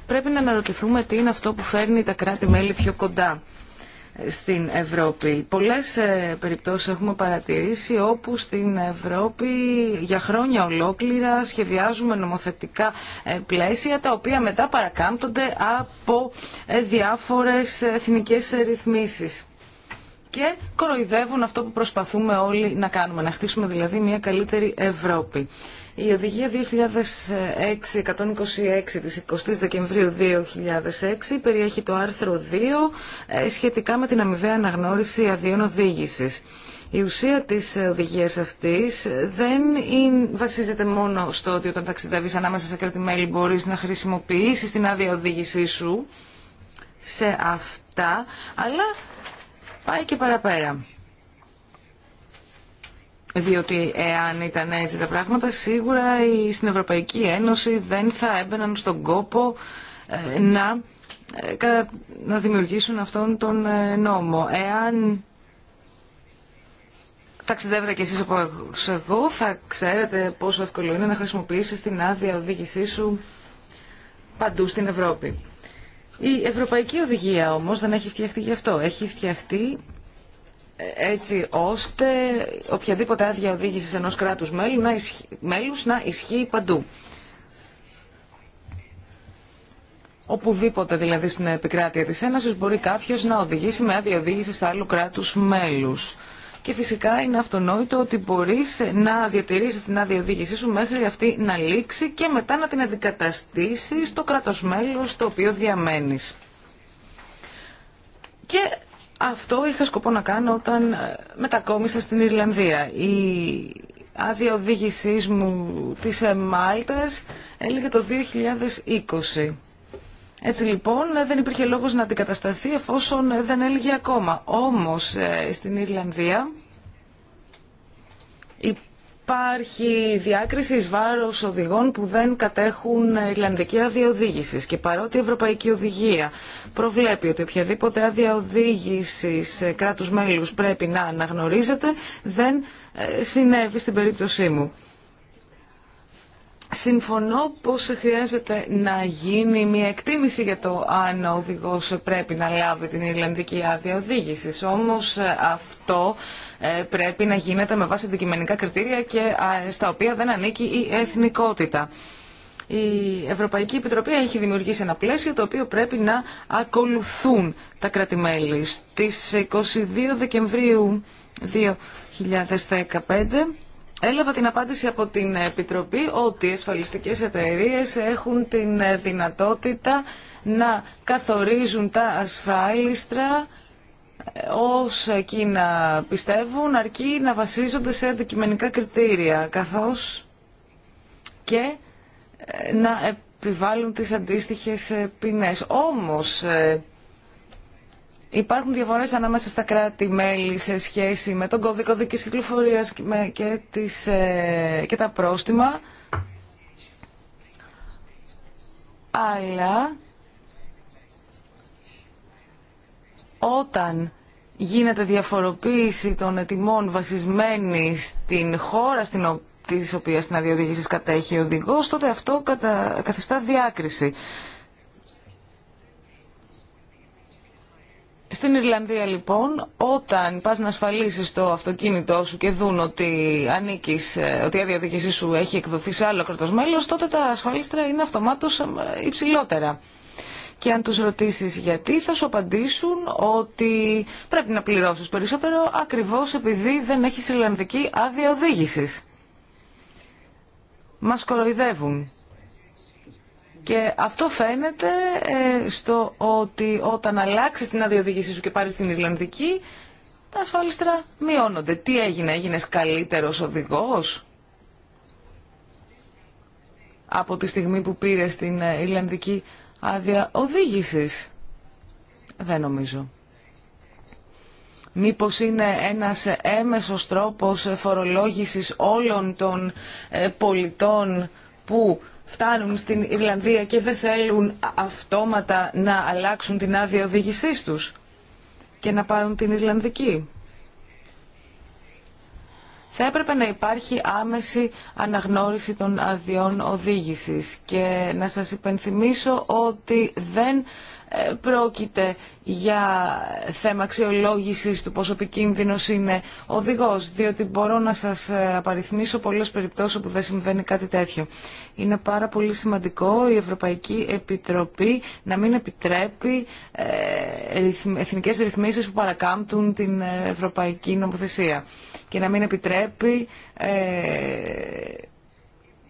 πρέπει να αναρωτηθούμε τι είναι αυτό που φέρνει τα κράτη-μέλη πιο κοντά στην Ευρώπη. Πολλές ε, περιπτώσεις έχουμε παρατηρήσει όπου στην Ευρώπη για χρόνια ολόκληρα σχεδιάζουμε νομοθετικά ε, πλαίσια τα οποία μετά παρακάμπτονται από ε, διάφορες εθνικές ρυθμίσεις και κοροϊδεύουν αυτό που προσπαθούμε όλοι να κάνουμε, να χτίσουμε δηλαδή μια καλύτερη Ευρώπη. Η Οδηγία 2006-126 της 20 Δεκεμβρίου 2006 περιέχει το άρθρο 2 ε, σχετικά με την αμοιβαία αναγνώριση αδειών οδήγησης. Η ουσία της οδηγίας αυτής δεν βασίζεται μόνο στο ότι όταν ταξιδεύεις ανάμεσα σε κράτη-μέλη μπορείς να χρησιμοποιήσεις την άδεια οδήγησή σου σε αυτά, αλλά πάει και παραπέρα διότι εάν ήταν έτσι τα πράγματα, σίγουρα στην Ευρωπαϊκή Ένωση δεν θα έμπαιναν στον κόπο ε, να, ε, να δημιουργήσουν αυτόν τον ε, νόμο. Εάν ταξιδεύετε κι εσείς από εγώ, θα ξέρετε πόσο εύκολο είναι να χρησιμοποιήσεις την άδεια οδήγησή σου παντού στην Ευρώπη. Η Ευρωπαϊκή Οδηγία όμως δεν έχει φτιαχτεί γι' αυτό. Έχει φτιαχτεί έτσι ώστε οποιαδήποτε άδεια οδήγηση ενό κράτου μέλου να μέλους να ισχύει παντού. Οπουδήποτε δηλαδή στην επικράτεια της Ένωσης μπορεί κάποιος να οδηγήσει με άδεια οδήγηση άλλου κράτους μέλους. Και φυσικά είναι αυτονόητο ότι μπορείς να διατηρήσει την άδεια οδήγησή σου μέχρι αυτή να λήξει και μετά να την αντικαταστήσεις στο κράτος μέλος στο οποίο διαμένεις. Και αυτό είχα σκοπό να κάνω όταν ε, μετακόμισα στην Ιρλανδία. Η άδεια οδήγησή μου της ε, Μάλτας έλεγε το 2020. Έτσι λοιπόν ε, δεν υπήρχε λόγος να αντικατασταθεί εφόσον δεν έλεγε ακόμα. Όμως στην Ιρλανδία υπάρχει διάκριση εις βάρος οδηγών που δεν κατέχουν Ιρλανδική άδεια οδήγηση. Και παρότι η Ευρωπαϊκή Οδηγία προβλέπει ότι οποιαδήποτε άδεια οδήγηση κράτους μέλους πρέπει να αναγνωρίζεται, δεν ε, συνέβη στην περίπτωσή μου. Συμφωνώ πως χρειάζεται να γίνει μια εκτίμηση για το αν ο οδηγός πρέπει να λάβει την Ιρλανδική άδεια οδήγησης. Όμως ε, αυτό ε, πρέπει να γίνεται με βάση αντικειμενικά κριτήρια και στα οποία δεν ανήκει η εθνικότητα. Η Ευρωπαϊκή Επιτροπή έχει δημιουργήσει ένα πλαίσιο το οποίο πρέπει να ακολουθούν τα κράτη-μέλη. Στις 22 Δεκεμβρίου 2015 έλαβα την απάντηση από την Επιτροπή ότι οι ασφαλιστικές εταιρείες έχουν την δυνατότητα να καθορίζουν τα ασφάλιστρα ως εκείνα πιστεύουν αρκεί να βασίζονται σε αντικειμενικά κριτήρια καθώς και ε, να επιβάλλουν τις αντίστοιχες ε, ποινές. Όμως ε, υπάρχουν διαφορές ανάμεσα στα κράτη-μέλη σε σχέση με τον κώδικο δικής κυκλοφορίας και, τις, και τα πρόστιμα αλλά όταν γίνεται διαφοροποίηση των ετοιμών βασισμένη στην χώρα στην οποία της οποίας την κατέχει ο οδηγός, τότε αυτό κατα... καθιστά διάκριση. Στην Ιρλανδία λοιπόν, όταν πας να ασφαλίσεις το αυτοκίνητό σου και δουν ότι, ανήκεις, ε, ότι η αδειοδήγησή σου έχει εκδοθεί σε άλλο κρατος τότε τα ασφαλίστρα είναι αυτομάτως ε, υψηλότερα και αν τους ρωτήσεις γιατί θα σου απαντήσουν ότι πρέπει να πληρώσεις περισσότερο ακριβώς επειδή δεν έχει Ιρλανδική άδεια οδήγησης. Μας κοροϊδεύουν. Και αυτό φαίνεται ε, στο ότι όταν αλλάξεις την άδεια σου και πάρεις την Ιρλανδική, τα ασφάλιστρα μειώνονται. Τι έγινε, έγινες καλύτερος οδηγός από τη στιγμή που πήρες την ε, Ιρλανδική άδεια οδήγησης. Δεν νομίζω. Μήπως είναι ένας έμεσος τρόπος φορολόγησης όλων των ε, πολιτών που φτάνουν στην Ιρλανδία και δεν θέλουν αυτόματα να αλλάξουν την άδεια οδήγησής τους και να πάρουν την Ιρλανδική θα έπρεπε να υπάρχει άμεση αναγνώριση των αδειών οδήγησης. Και να σας υπενθυμίσω ότι δεν ε, πρόκειται για θέμα αξιολόγηση του πόσο επικίνδυνο είναι ο οδηγό, διότι μπορώ να σα ε, απαριθμίσω πολλέ περιπτώσει όπου δεν συμβαίνει κάτι τέτοιο. Είναι πάρα πολύ σημαντικό η Ευρωπαϊκή Επιτροπή να μην επιτρέπει ε, εθνικέ ρυθμίσει που παρακάμπτουν την ευρωπαϊκή νομοθεσία και να μην επιτρέπει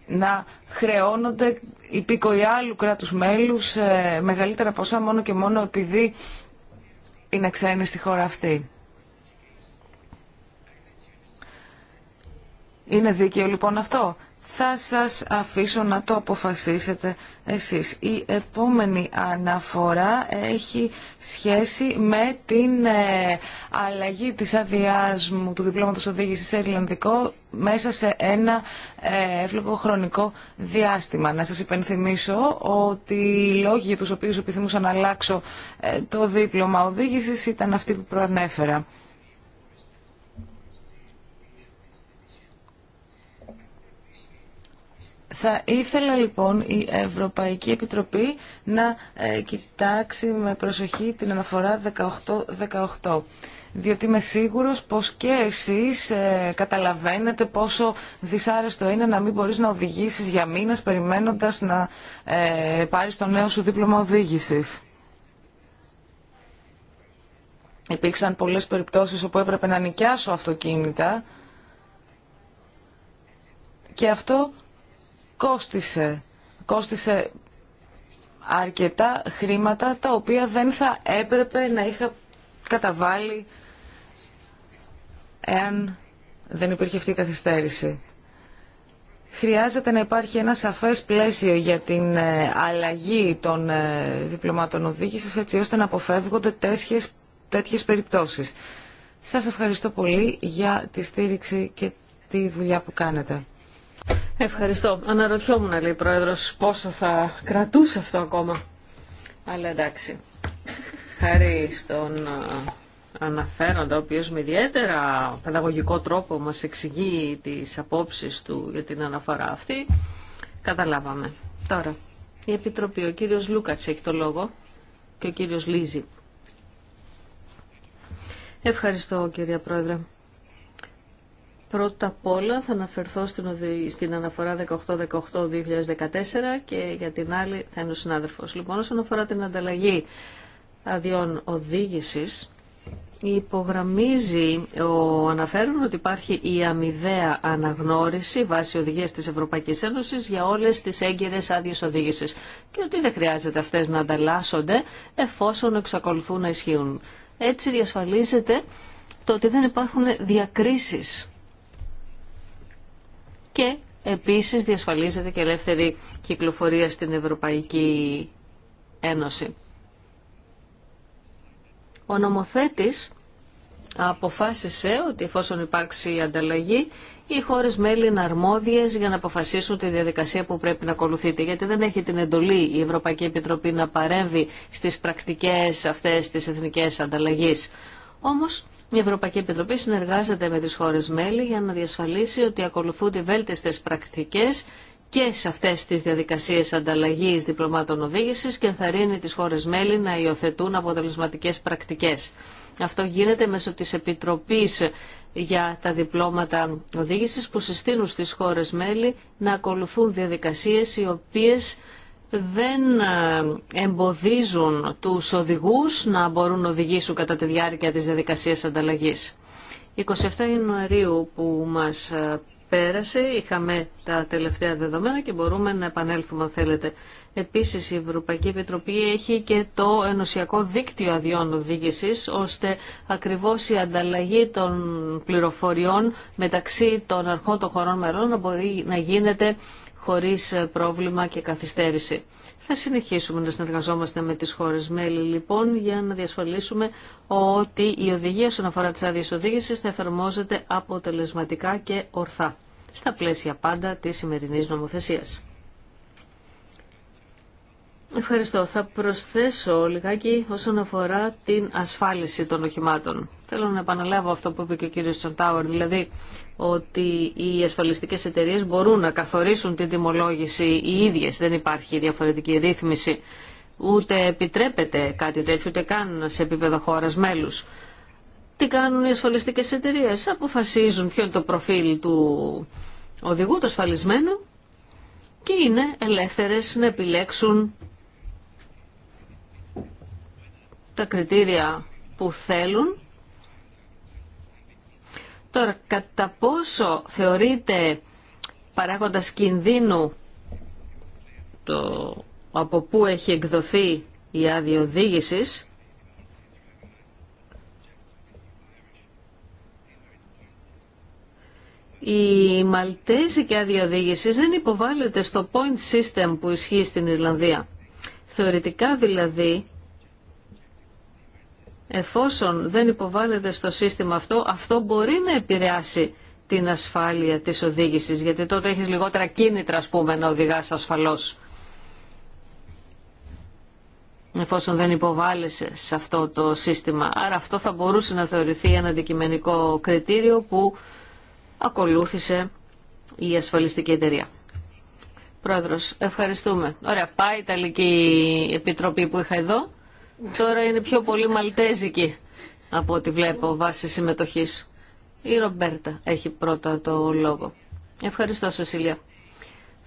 να χρεώνονται υπήκοοι άλλου κράτους μέλους ε, μεγαλύτερα ποσά μόνο και μόνο επειδή είναι ξένοι στη χώρα αυτή. Είναι δίκαιο λοιπόν αυτό θα σας αφήσω να το αποφασίσετε εσείς. Η επόμενη αναφορά έχει σχέση με την ε, αλλαγή της αδειάς μου του διπλώματος οδήγησης σε Ιρλανδικό μέσα σε ένα ε, εύλογο χρονικό διάστημα. Να σας υπενθυμίσω ότι οι λόγοι για τους οποίους επιθυμούσα να αλλάξω ε, το δίπλωμα οδήγησης ήταν αυτοί που προανέφερα. Θα ήθελα λοιπόν η Ευρωπαϊκή Επιτροπή να ε, κοιτάξει με προσοχή την αναφορά 18-18, διότι είμαι σίγουρος πως και εσείς ε, καταλαβαίνετε πόσο δυσάρεστο είναι να μην μπορείς να οδηγήσεις για μήνες περιμένοντας να ε, πάρεις το νέο σου δίπλωμα οδήγησης. Υπήρξαν πολλές περιπτώσεις όπου έπρεπε να νοικιάσω αυτοκίνητα και αυτό κόστισε. Κόστισε αρκετά χρήματα τα οποία δεν θα έπρεπε να είχα καταβάλει εάν δεν υπήρχε αυτή η καθυστέρηση. Χρειάζεται να υπάρχει ένα σαφές πλαίσιο για την ε, αλλαγή των ε, διπλωμάτων οδήγησης έτσι ώστε να αποφεύγονται τέτοιες, τέτοιες περιπτώσεις. Σας ευχαριστώ πολύ για τη στήριξη και τη δουλειά που κάνετε. Ευχαριστώ. Αναρωτιόμουν, λέει η Πρόεδρος, πόσο θα κρατούσε αυτό ακόμα. Αλλά εντάξει. Χάρη στον αναφέροντα, ο οποίο με ιδιαίτερα παιδαγωγικό τρόπο μας εξηγεί τι απόψεις του για την αναφορά αυτή, καταλάβαμε. Τώρα, η Επιτροπή, ο κύριος Λούκατ έχει το λόγο και ο κύριος Λίζη. Ευχαριστώ, κυρία Πρόεδρε. Πρώτα απ' όλα θα αναφερθώ στην, αναφορά 18-18-2014 και για την άλλη θα είναι ο συνάδελφος. Λοιπόν, όσον αφορά την ανταλλαγή αδειών οδήγησης, υπογραμμίζει ο αναφέρον ότι υπάρχει η αμοιβαία αναγνώριση βάσει οδηγίας της Ευρωπαϊκής Ένωσης για όλες τις έγκυρες άδειες οδήγησης και ότι δεν χρειάζεται αυτές να ανταλλάσσονται εφόσον εξακολουθούν να ισχύουν. Έτσι διασφαλίζεται το ότι δεν υπάρχουν διακρίσεις και επίσης διασφαλίζεται και ελεύθερη κυκλοφορία στην Ευρωπαϊκή Ένωση. Ο νομοθέτης αποφάσισε ότι εφόσον υπάρξει ανταλλαγή, οι χώρε μέλη είναι αρμόδιες για να αποφασίσουν τη διαδικασία που πρέπει να ακολουθείται... γιατί δεν έχει την εντολή η Ευρωπαϊκή Επιτροπή να παρέμβει στις πρακτικές αυτές τη εθνικές ανταλλαγή. Όμω, η Ευρωπαϊκή Επιτροπή συνεργάζεται με τις χώρες μέλη για να διασφαλίσει ότι ακολουθούνται βέλτιστες πρακτικές και σε αυτές τις διαδικασίες ανταλλαγής διπλωμάτων οδήγησης και ενθαρρύνει τις χώρες μέλη να υιοθετούν αποτελεσματικές πρακτικές. Αυτό γίνεται μέσω της Επιτροπής για τα διπλώματα οδήγησης που συστήνουν στις χώρες μέλη να ακολουθούν διαδικασίες οι οποίες δεν ε, εμποδίζουν τους οδηγούς να μπορούν να οδηγήσουν κατά τη διάρκεια της διαδικασίας ανταλλαγής. 27 Ιανουαρίου που μας ε, πέρασε είχαμε τα τελευταία δεδομένα και μπορούμε να επανέλθουμε αν θέλετε. Επίσης η Ευρωπαϊκή Επιτροπή έχει και το ενωσιακό δίκτυο αδειών οδήγησης ώστε ακριβώς η ανταλλαγή των πληροφοριών μεταξύ των αρχών των χωρών μερών να μπορεί να γίνεται χωρίς ε, πρόβλημα και καθυστέρηση. Θα συνεχίσουμε να συνεργαζόμαστε με τις χώρες μέλη λοιπόν για να διασφαλίσουμε ότι η οδηγία όσον αφορά τις άδειες οδήγησης θα εφαρμόζεται αποτελεσματικά και ορθά στα πλαίσια πάντα της σημερινής νομοθεσίας. Ευχαριστώ. Θα προσθέσω λιγάκι όσον αφορά την ασφάλιση των οχημάτων. Θέλω να επαναλάβω αυτό που είπε και ο κύριος Τσαντάουρ, δηλαδή ότι οι ασφαλιστικές εταιρείες μπορούν να καθορίσουν την τιμολόγηση οι ίδιες. Δεν υπάρχει διαφορετική ρύθμιση. Ούτε επιτρέπεται κάτι τέτοιο, ούτε καν σε επίπεδο χώρας μέλους. Τι κάνουν οι ασφαλιστικές εταιρείες. Αποφασίζουν ποιο είναι το προφίλ του οδηγού, του ασφαλισμένου και είναι ελεύθερες να επιλέξουν τα κριτήρια που θέλουν. Τώρα, κατά πόσο θεωρείται παράγοντας κινδύνου το από πού έχει εκδοθεί η άδεια οδήγηση. Η Μαλτέζικη άδεια οδήγηση δεν υποβάλλεται στο point system που ισχύει στην Ιρλανδία. Θεωρητικά δηλαδή εφόσον δεν υποβάλλεται στο σύστημα αυτό, αυτό μπορεί να επηρεάσει την ασφάλεια της οδήγησης, γιατί τότε έχεις λιγότερα κίνητρα, ας πούμε, να οδηγάς ασφαλώς. Εφόσον δεν υποβάλλεσαι σε αυτό το σύστημα. Άρα αυτό θα μπορούσε να θεωρηθεί ένα αντικειμενικό κριτήριο που ακολούθησε η ασφαλιστική εταιρεία. Πρόεδρος, ευχαριστούμε. Ωραία, πάει η Ιταλική Επιτροπή που είχα εδώ. Τώρα είναι πιο πολύ μαλτέζικη από ό,τι βλέπω βάσει συμμετοχή. Η Ρομπέρτα έχει πρώτα το λόγο. Ευχαριστώ Σεσίλια.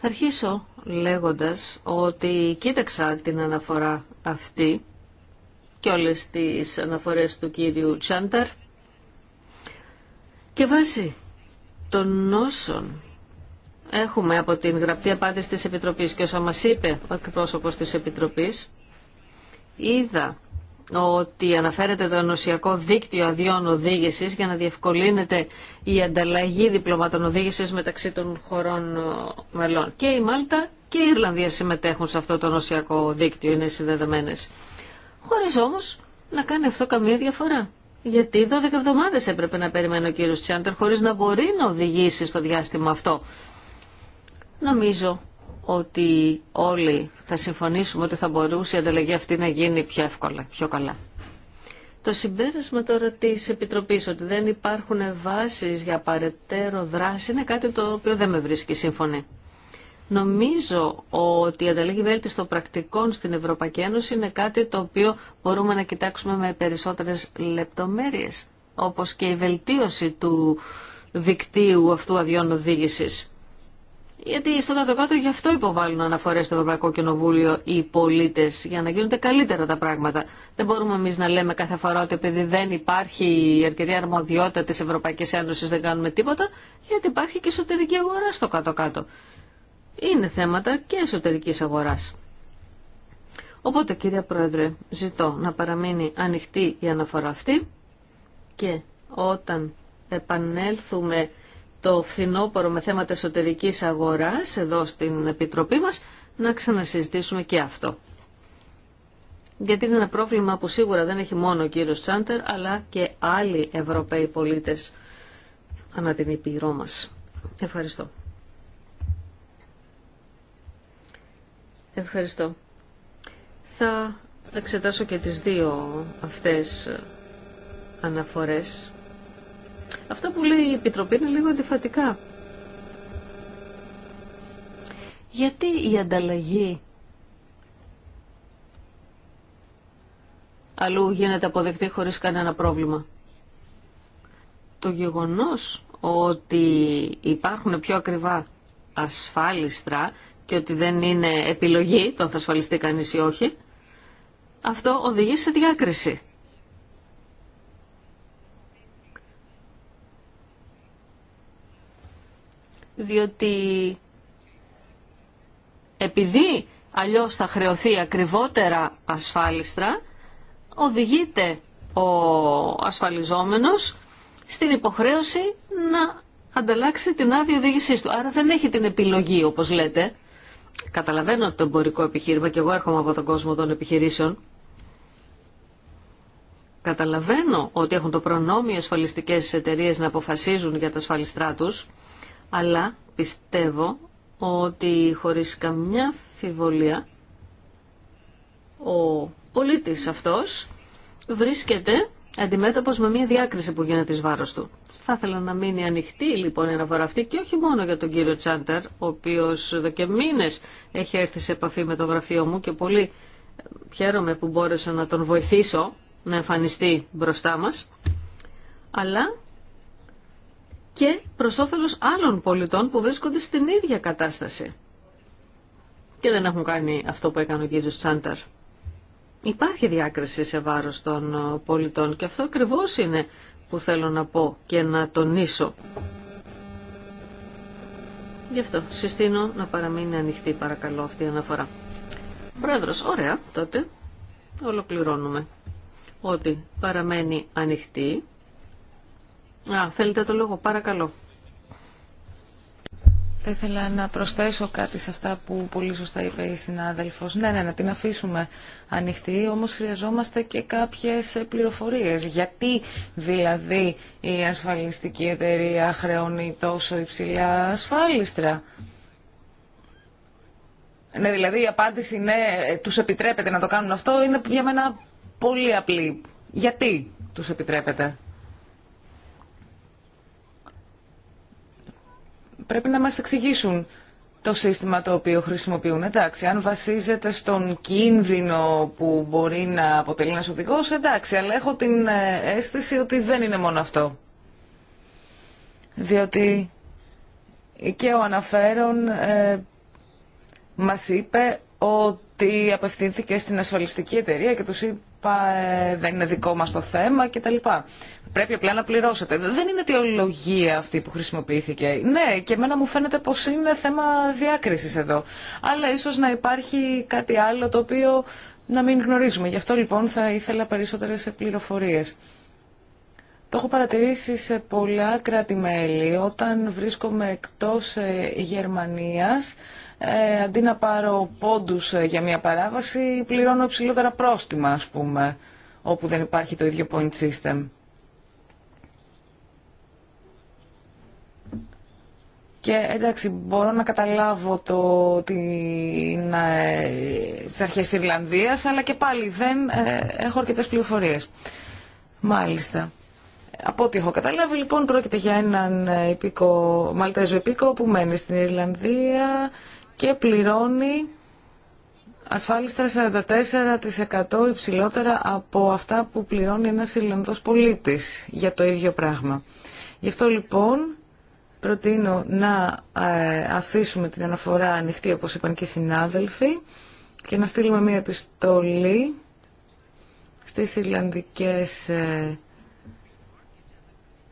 Θα αρχίσω λέγοντας ότι κοίταξα την αναφορά αυτή και όλες τις αναφορές του κύριου Τσάνταρ και βάσει των όσων έχουμε από την γραπτή απάντηση της Επιτροπής και όσα μας είπε ο εκπρόσωπος της Επιτροπής Είδα ότι αναφέρεται το ενωσιακό δίκτυο αδειών οδήγηση για να διευκολύνεται η ανταλλαγή διπλωμάτων οδήγηση μεταξύ των χωρών ε, μελών. Και η Μάλτα και η Ιρλανδία συμμετέχουν σε αυτό το ενωσιακό δίκτυο, είναι συνδεδεμένε. Χωρί όμω να κάνει αυτό καμία διαφορά. Γιατί 12 εβδομάδε έπρεπε να περιμένει ο κύριο Τσάντερ χωρί να μπορεί να οδηγήσει στο διάστημα αυτό. Νομίζω ότι όλοι θα συμφωνήσουμε ότι θα μπορούσε η ανταλλαγή αυτή να γίνει πιο εύκολα, πιο καλά. Το συμπέρασμα τώρα τη επιτροπή, ότι δεν υπάρχουν βάσεις για παρετέρω δράση είναι κάτι το οποίο δεν με βρίσκει σύμφωνη. Νομίζω ότι η ανταλλαγή βέλτιση των πρακτικών στην Ευρωπαϊκή Ένωση είναι κάτι το οποίο μπορούμε να κοιτάξουμε με περισσότερε λεπτομέρειε όπως και η βελτίωση του δικτύου αυτού αδειών οδήγηση. Γιατί στο κάτω-κάτω γι' αυτό υποβάλλουν αναφορέ στο Ευρωπαϊκό Κοινοβούλιο οι πολίτε για να γίνονται καλύτερα τα πράγματα. Δεν μπορούμε εμεί να λέμε κάθε φορά ότι επειδή δεν υπάρχει η αρκετή αρμοδιότητα τη Ευρωπαϊκή Ένωση δεν κάνουμε τίποτα, γιατί υπάρχει και εσωτερική αγορά στο κάτω-κάτω. Είναι θέματα και εσωτερική αγορά. Οπότε κύριε Πρόεδρε, ζητώ να παραμείνει ανοιχτή η αναφορά αυτή και όταν επανέλθουμε το φθινόπωρο με θέματα εσωτερικής αγοράς εδώ στην Επιτροπή μας να ξανασυζητήσουμε και αυτό. Γιατί είναι ένα πρόβλημα που σίγουρα δεν έχει μόνο ο κύριος Τσάντερ αλλά και άλλοι Ευρωπαίοι πολίτες ανά την Ήπειρό μας. Ευχαριστώ. Ευχαριστώ. Θα εξετάσω και τις δύο αυτές αναφορές αυτό που λέει η Επιτροπή είναι λίγο αντιφατικά. Γιατί η ανταλλαγή αλλού γίνεται αποδεκτή χωρίς κανένα πρόβλημα. Το γεγονός ότι υπάρχουν πιο ακριβά ασφάλιστρα και ότι δεν είναι επιλογή το αν θα ασφαλιστεί κανείς ή όχι, αυτό οδηγεί σε διάκριση. διότι επειδή αλλιώς θα χρεωθεί ακριβότερα ασφάλιστρα, οδηγείται ο ασφαλιζόμενος στην υποχρέωση να ανταλλάξει την άδεια οδήγησή του. Άρα δεν έχει την επιλογή, όπως λέτε. Καταλαβαίνω το εμπορικό επιχείρημα και εγώ έρχομαι από τον κόσμο των επιχειρήσεων. Καταλαβαίνω ότι έχουν το προνόμιο ασφαλιστικές εταιρείες να αποφασίζουν για τα ασφαλιστρά τους, αλλά πιστεύω ότι χωρίς καμιά φιβολία ο πολίτης αυτός βρίσκεται αντιμέτωπος με μια διάκριση που γίνεται εις βάρος του. Θα ήθελα να μείνει ανοιχτή λοιπόν η αναφορά αυτή και όχι μόνο για τον κύριο Τσάντερ, ο οποίος εδώ και μήνες έχει έρθει σε επαφή με το γραφείο μου και πολύ χαίρομαι που μπόρεσα να τον βοηθήσω να εμφανιστεί μπροστά μας, αλλά και προς όφελος άλλων πολιτών που βρίσκονται στην ίδια κατάσταση και δεν έχουν κάνει αυτό που έκανε ο κύριος Τσάνταρ. Υπάρχει διάκριση σε βάρος των ε, πολιτών και αυτό ακριβώ είναι που θέλω να πω και να τονίσω. Γι' αυτό συστήνω να παραμείνει ανοιχτή παρακαλώ αυτή η αναφορά. Πρόεδρος, ωραία, τότε ολοκληρώνουμε ότι παραμένει ανοιχτή Α, θέλετε το λόγο. Παρακαλώ. Θα ήθελα να προσθέσω κάτι σε αυτά που πολύ σωστά είπε η συνάδελφος. Ναι, ναι, να την αφήσουμε ανοιχτή, όμως χρειαζόμαστε και κάποιες πληροφορίες. Γιατί δηλαδή η ασφαλιστική εταιρεία χρεώνει τόσο υψηλά ασφάλιστρα. Ναι, δηλαδή η απάντηση είναι ε, τους επιτρέπεται να το κάνουν αυτό, είναι για μένα πολύ απλή. Γιατί τους επιτρέπεται. πρέπει να μας εξηγήσουν το σύστημα το οποίο χρησιμοποιούν. Εντάξει, αν βασίζεται στον κίνδυνο που μπορεί να αποτελεί να οδηγό. εντάξει, αλλά έχω την ε, αίσθηση ότι δεν είναι μόνο αυτό. Διότι και ο αναφέρον ε, μας είπε ότι απευθύνθηκε στην ασφαλιστική εταιρεία και τους είπε ε, δεν είναι δικό μας το θέμα κτλ. Πρέπει απλά να πληρώσετε. Δεν είναι αιτιολογία αυτή που χρησιμοποιήθηκε. Ναι, και εμένα μου φαίνεται πως είναι θέμα διάκρισης εδώ. Αλλά ίσως να υπάρχει κάτι άλλο το οποίο να μην γνωρίζουμε. Γι' αυτό λοιπόν θα ήθελα περισσότερες πληροφορίες. Το έχω παρατηρήσει σε πολλά κράτη-μέλη. Όταν βρίσκομαι εκτός ε, Γερμανίας, ε, αντί να πάρω πόντους ε, για μια παράβαση, πληρώνω υψηλότερα πρόστιμα, ας πούμε, όπου δεν υπάρχει το ίδιο point system. Και εντάξει, μπορώ να καταλάβω το, την, ε, τις αρχές Ιρλανδίας, αλλά και πάλι δεν ε, έχω αρκετές πληροφορίες. Μάλιστα. Από ό,τι έχω καταλάβει, λοιπόν, πρόκειται για έναν υπήκο, Μαλτέζο υπήκο που μένει στην Ιρλανδία, και πληρώνει ασφάλιστρα 44% υψηλότερα από αυτά που πληρώνει ένας Ιλλανδός πολίτης για το ίδιο πράγμα. Γι' αυτό λοιπόν προτείνω να ε, αφήσουμε την αναφορά ανοιχτή όπως είπαν και οι συνάδελφοι και να στείλουμε μια επιστολή στις Ιρλανδικές ε,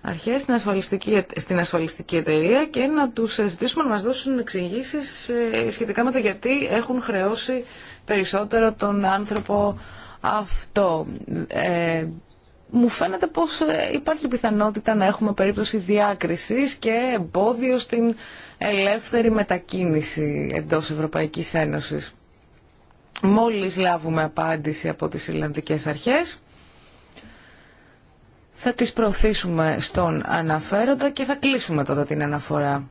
αρχές στην ασφαλιστική, στην ασφαλιστική εταιρεία και να τους ζητήσουμε να μα δώσουν εξηγήσει ε, σχετικά με το γιατί έχουν χρεώσει περισσότερο τον άνθρωπο αυτό. Ε, μου φαίνεται πως ε, υπάρχει πιθανότητα να έχουμε περίπτωση διάκρισης και εμπόδιο στην ελεύθερη μετακίνηση εντός Ευρωπαϊκής Ένωσης. Μόλις λάβουμε απάντηση από τις Αρχές, θα τις προωθήσουμε στον αναφέροντα και θα κλείσουμε τότε την αναφορά.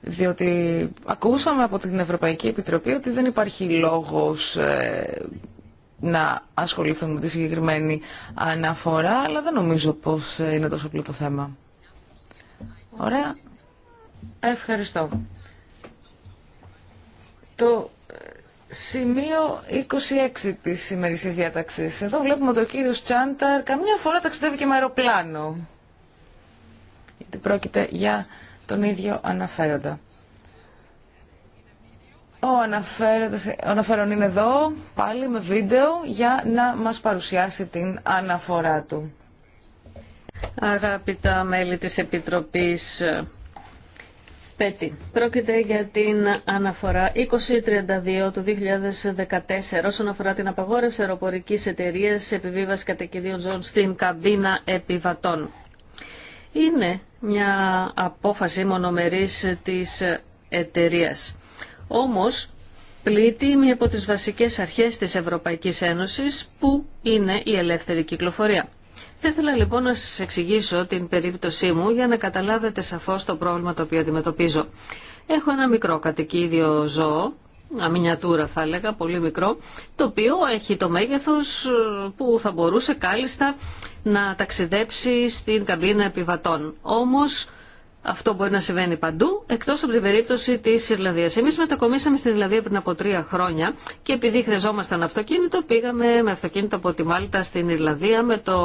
Διότι ακούσαμε από την Ευρωπαϊκή Επιτροπή ότι δεν υπάρχει λόγος ε, να ασχοληθούμε με τη συγκεκριμένη αναφορά, αλλά δεν νομίζω πως ε, είναι τόσο απλό το θέμα. Ωραία. Ευχαριστώ. Το Σημείο 26 της σημερισής διάταξης. Εδώ βλέπουμε ότι ο κύριος καμιά φορά ταξιδεύει και με αεροπλάνο. Γιατί πρόκειται για τον ίδιο αναφέροντα. Ο, ο αναφέρον είναι εδώ, πάλι με βίντεο, για να μας παρουσιάσει την αναφορά του. Αγαπητά μέλη της Επιτροπής Πέτη. Πρόκειται για την αναφορά 2032 του 2014 όσον αφορά την απαγόρευση αεροπορική εταιρεία επιβίβαση κατοικιδίων ζώων στην καμπίνα επιβατών. Είναι μια απόφαση μονομερής της εταιρεία. Όμως πλήττει μία από τις βασικές αρχές της Ευρωπαϊκής Ένωσης που είναι η ελεύθερη κυκλοφορία. Θα ήθελα λοιπόν να σας εξηγήσω την περίπτωσή μου για να καταλάβετε σαφώς το πρόβλημα το οποίο αντιμετωπίζω. Έχω ένα μικρό κατοικίδιο ζώο, αμυνιατούρα θα έλεγα, πολύ μικρό, το οποίο έχει το μέγεθος ε, που θα μπορούσε κάλλιστα να ταξιδέψει στην καμπίνα επιβατών. Όμως αυτό μπορεί να συμβαίνει παντού, εκτός από την περίπτωση της Ιρλανδίας. Εμείς μετακομίσαμε στην Ιρλανδία πριν από τρία χρόνια και επειδή χρειαζόμασταν αυτοκίνητο, πήγαμε με αυτοκίνητο από τη Μάλτα στην Ιρλανδία με το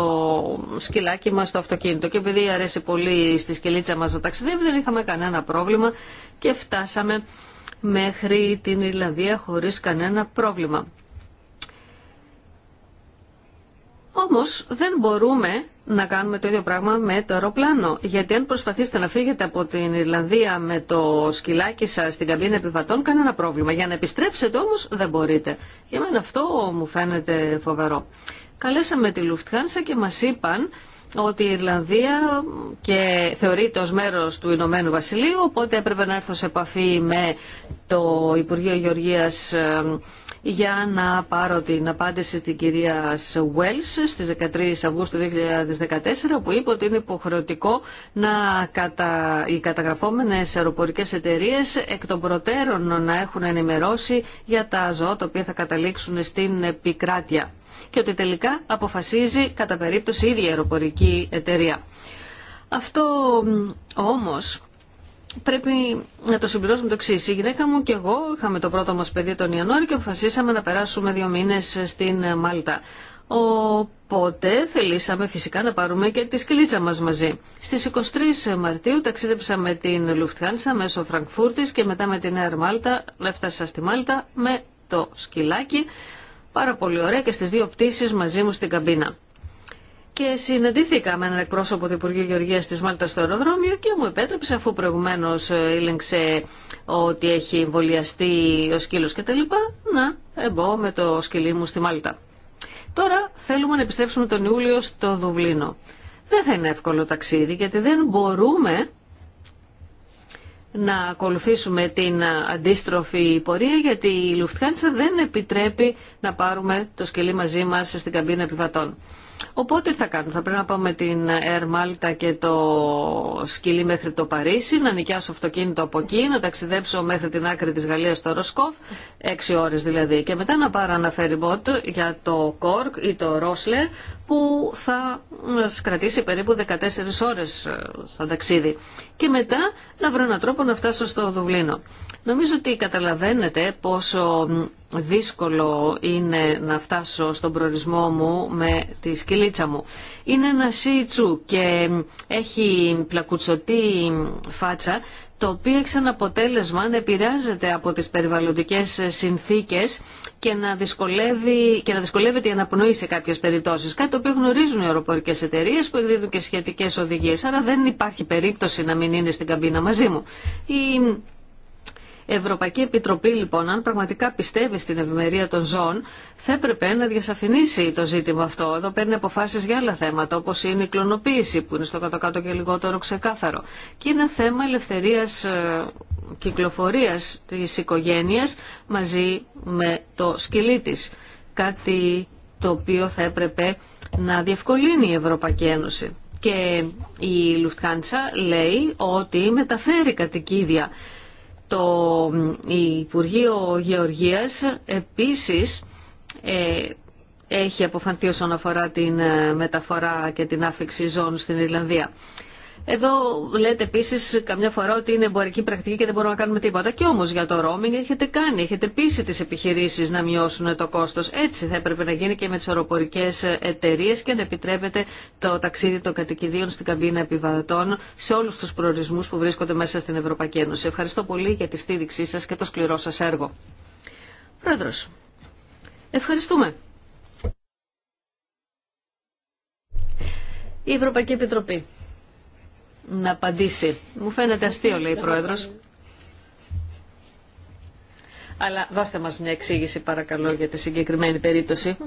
σκυλάκι μας στο αυτοκίνητο. Και επειδή αρέσει πολύ στη σκελίτσα μας να ταξιδεύει, δεν είχαμε κανένα πρόβλημα και φτάσαμε μέχρι την Ιρλανδία χωρί κανένα πρόβλημα. Όμως δεν μπορούμε να κάνουμε το ίδιο πράγμα με το αεροπλάνο. Γιατί αν προσπαθήσετε να φύγετε από την Ιρλανδία με το σκυλάκι σα στην καμπίνα επιβατών, κανένα πρόβλημα. Για να επιστρέψετε όμω, δεν μπορείτε. Για μένα αυτό μου φαίνεται φοβερό. Καλέσαμε τη Λουφτχάνσα και μα είπαν ότι η Ιρλανδία και θεωρείται ως μέρος του Ηνωμένου Βασιλείου, οπότε έπρεπε να έρθω σε επαφή με το Υπουργείο Γεωργίας ε, για να πάρω την απάντηση στην κυρία Wells στις 13 Αυγούστου 2014 που είπε ότι είναι υποχρεωτικό να κατα... οι καταγραφόμενες αεροπορικές εταιρείες εκ των προτέρων να έχουν ενημερώσει για τα ζώα τα οποία θα καταλήξουν στην επικράτεια και ότι τελικά αποφασίζει κατά περίπτωση η ίδια αεροπορική εταιρεία. Αυτό όμως πρέπει να το συμπληρώσουμε το εξή. Η γυναίκα μου και εγώ είχαμε το πρώτο μας παιδί τον Ιανουάριο και αποφασίσαμε να περάσουμε δύο μήνες στην Μάλτα. Οπότε θελήσαμε φυσικά να πάρουμε και τη σκλίτσα μας μαζί. Στις 23 Μαρτίου ταξίδεψα με την Λουφτχάνσα μέσω Φραγκφούρτης και μετά με την Air Malta έφτασα στη Μάλτα με το σκυλάκι πάρα πολύ ωραία και στις δύο πτήσεις μαζί μου στην καμπίνα. Και συναντήθηκα με έναν εκπρόσωπο του Υπουργείου Γεωργίας της Μάλτας στο αεροδρόμιο και μου επέτρεψε αφού προηγουμένως ε, ήλεγξε ότι έχει εμβολιαστεί ο σκύλος λοιπά. Να εμπώ με το σκυλί μου στη Μάλτα. Τώρα θέλουμε να επιστρέψουμε τον Ιούλιο στο Δουβλίνο. Δεν θα είναι εύκολο ταξίδι γιατί δεν μπορούμε να ακολουθήσουμε την αντίστροφη πορεία γιατί η Λουφτχάνσα δεν επιτρέπει να πάρουμε το σκελί μαζί μας στην καμπίνα επιβατών. Οπότε τι θα κάνω, θα πρέπει να πάω με την Air Malta και το σκυλί μέχρι το Παρίσι, να νοικιάσω αυτοκίνητο από εκεί, να ταξιδέψω μέχρι την άκρη της Γαλλίας στο Ροσκόφ, έξι ώρες δηλαδή, και μετά να πάρω ένα φεριμπότ για το Κόρκ ή το Ρόσλερ που θα μας κρατήσει περίπου 14 ώρες ε, στο ταξίδι. Και μετά να βρω έναν τρόπο να φτάσω στο Δουβλίνο. Νομίζω ότι καταλαβαίνετε πόσο δύσκολο είναι να φτάσω στον προορισμό μου με τη σκυλίτσα μου. Είναι ένα σίτσου και έχει πλακουτσωτή φάτσα, το οποίο έχει σαν αποτέλεσμα να επηρεάζεται από τις περιβαλλοντικές ε, συνθήκες και να, δυσκολεύει, και να δυσκολεύεται η αναπνοή σε κάποιες περιπτώσεις. Κάτι το οποίο γνωρίζουν οι αεροπορικές εταιρείε που εκδίδουν και σχετικές οδηγίες. Άρα δεν υπάρχει περίπτωση να μην είναι στην καμπίνα μαζί μου. Ευρωπαϊκή Επιτροπή λοιπόν, αν πραγματικά πιστεύει στην ευημερία των ζώων, θα έπρεπε να διασαφηνίσει το ζήτημα αυτό. Εδώ παίρνει αποφάσεις για άλλα θέματα, όπως είναι η κλωνοποίηση, που είναι στο κάτω-κάτω και λιγότερο ξεκάθαρο. Και είναι θέμα ελευθερίας ε, κυκλοφορίας της οικογένειας μαζί με το σκυλί τη. Κάτι το οποίο θα έπρεπε να διευκολύνει η Ευρωπαϊκή Ένωση. Και η Λουφτχάντσα λέει ότι μεταφέρει κατοικίδια το Υπουργείο Γεωργίας επίσης ε, έχει αποφανθεί όσον αφορά την ε, μεταφορά και την άφηξη ζών στην Ιρλανδία. Εδώ λέτε επίση καμιά φορά ότι είναι εμπορική πρακτική και δεν μπορούμε να κάνουμε τίποτα. Και όμω για το roaming έχετε κάνει, έχετε πείσει τι επιχειρήσει να μειώσουν το κόστο. Έτσι θα έπρεπε να γίνει και με τι αεροπορικέ εταιρείε και να επιτρέπετε το ταξίδι των κατοικιδίων στην καμπίνα επιβατών σε όλου του προορισμού που βρίσκονται μέσα στην Ευρωπαϊκή Ένωση. Ευχαριστώ πολύ για τη στήριξή σα και το σκληρό σα έργο. Πρόεδρο, ευχαριστούμε. Η Ευρωπαϊκή Επιτροπή να απαντήσει. Μου φαίνεται αστείο, λέει η Πρόεδρος. Αλλά δώστε μας μια εξήγηση παρακαλώ για τη συγκεκριμένη περίπτωση.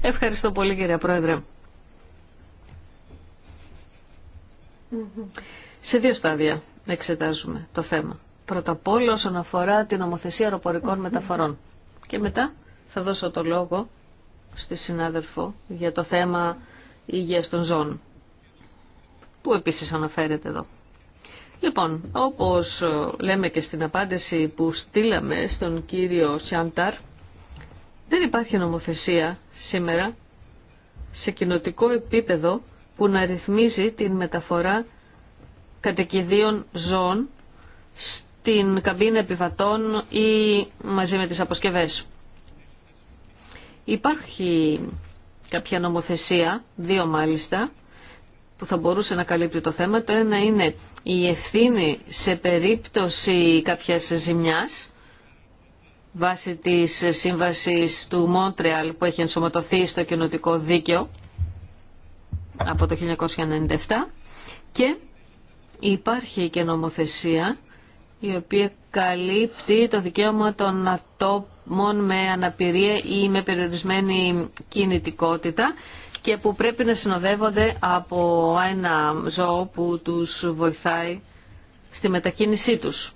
Ευχαριστώ πολύ κύριε Πρόεδρε. Σε δύο στάδια εξετάζουμε το θέμα. Πρώτα απ' όλα όσον αφορά την ομοθεσία αεροπορικών μεταφορών. Και μετά θα δώσω το λόγο στη συνάδελφο για το θέμα υγείας των ζώων, που επίσης αναφέρεται εδώ. Λοιπόν, όπως λέμε και στην απάντηση που στείλαμε στον κύριο Σιάνταρ, δεν υπάρχει νομοθεσία σήμερα σε κοινοτικό επίπεδο που να ρυθμίζει την μεταφορά κατοικιδίων ζώων στην καμπίνα επιβατών ή μαζί με τις αποσκευές. Υπάρχει κάποια νομοθεσία, δύο μάλιστα, που θα μπορούσε να καλύπτει το θέμα. Το ένα είναι η ευθύνη σε περίπτωση κάποιας ζημιάς, βάσει της σύμβασης του Μόντρεαλ που έχει ενσωματωθεί στο κοινοτικό δίκαιο από το 1997 και υπάρχει και νομοθεσία η οποία καλύπτει το δικαίωμα των ατόπων μόνο με αναπηρία ή με περιορισμένη κινητικότητα και που πρέπει να συνοδεύονται από ένα ζώο που τους βοηθάει στη μετακίνησή τους.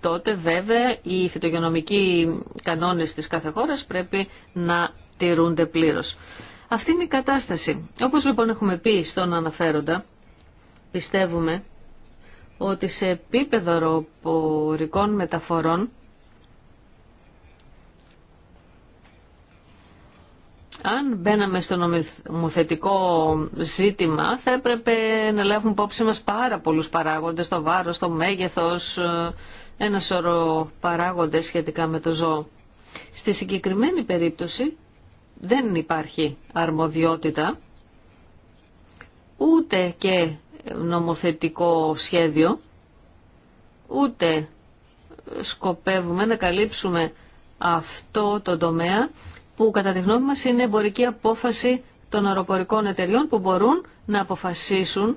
Τότε βέβαια οι φυτογενομικοί κανόνες της κάθε χώρας πρέπει να τηρούνται πλήρως. Αυτή είναι η κατάσταση. Όπως λοιπόν έχουμε πει στον αναφέροντα, πιστεύουμε ότι σε επίπεδο ροπορικών μεταφορών Αν μπαίναμε στο νομοθετικό ζήτημα θα έπρεπε να λάβουμε υπόψη μας πάρα πολλούς παράγοντες, το βάρος, το μέγεθος, ε, ένα σωρό παράγοντες σχετικά με το ζώο. Στη συγκεκριμένη περίπτωση δεν υπάρχει αρμοδιότητα ούτε και νομοθετικό σχέδιο, ούτε σκοπεύουμε να καλύψουμε αυτό το τομέα που κατά τη γνώμη μας είναι εμπορική απόφαση των αεροπορικών εταιριών που μπορούν να αποφασίσουν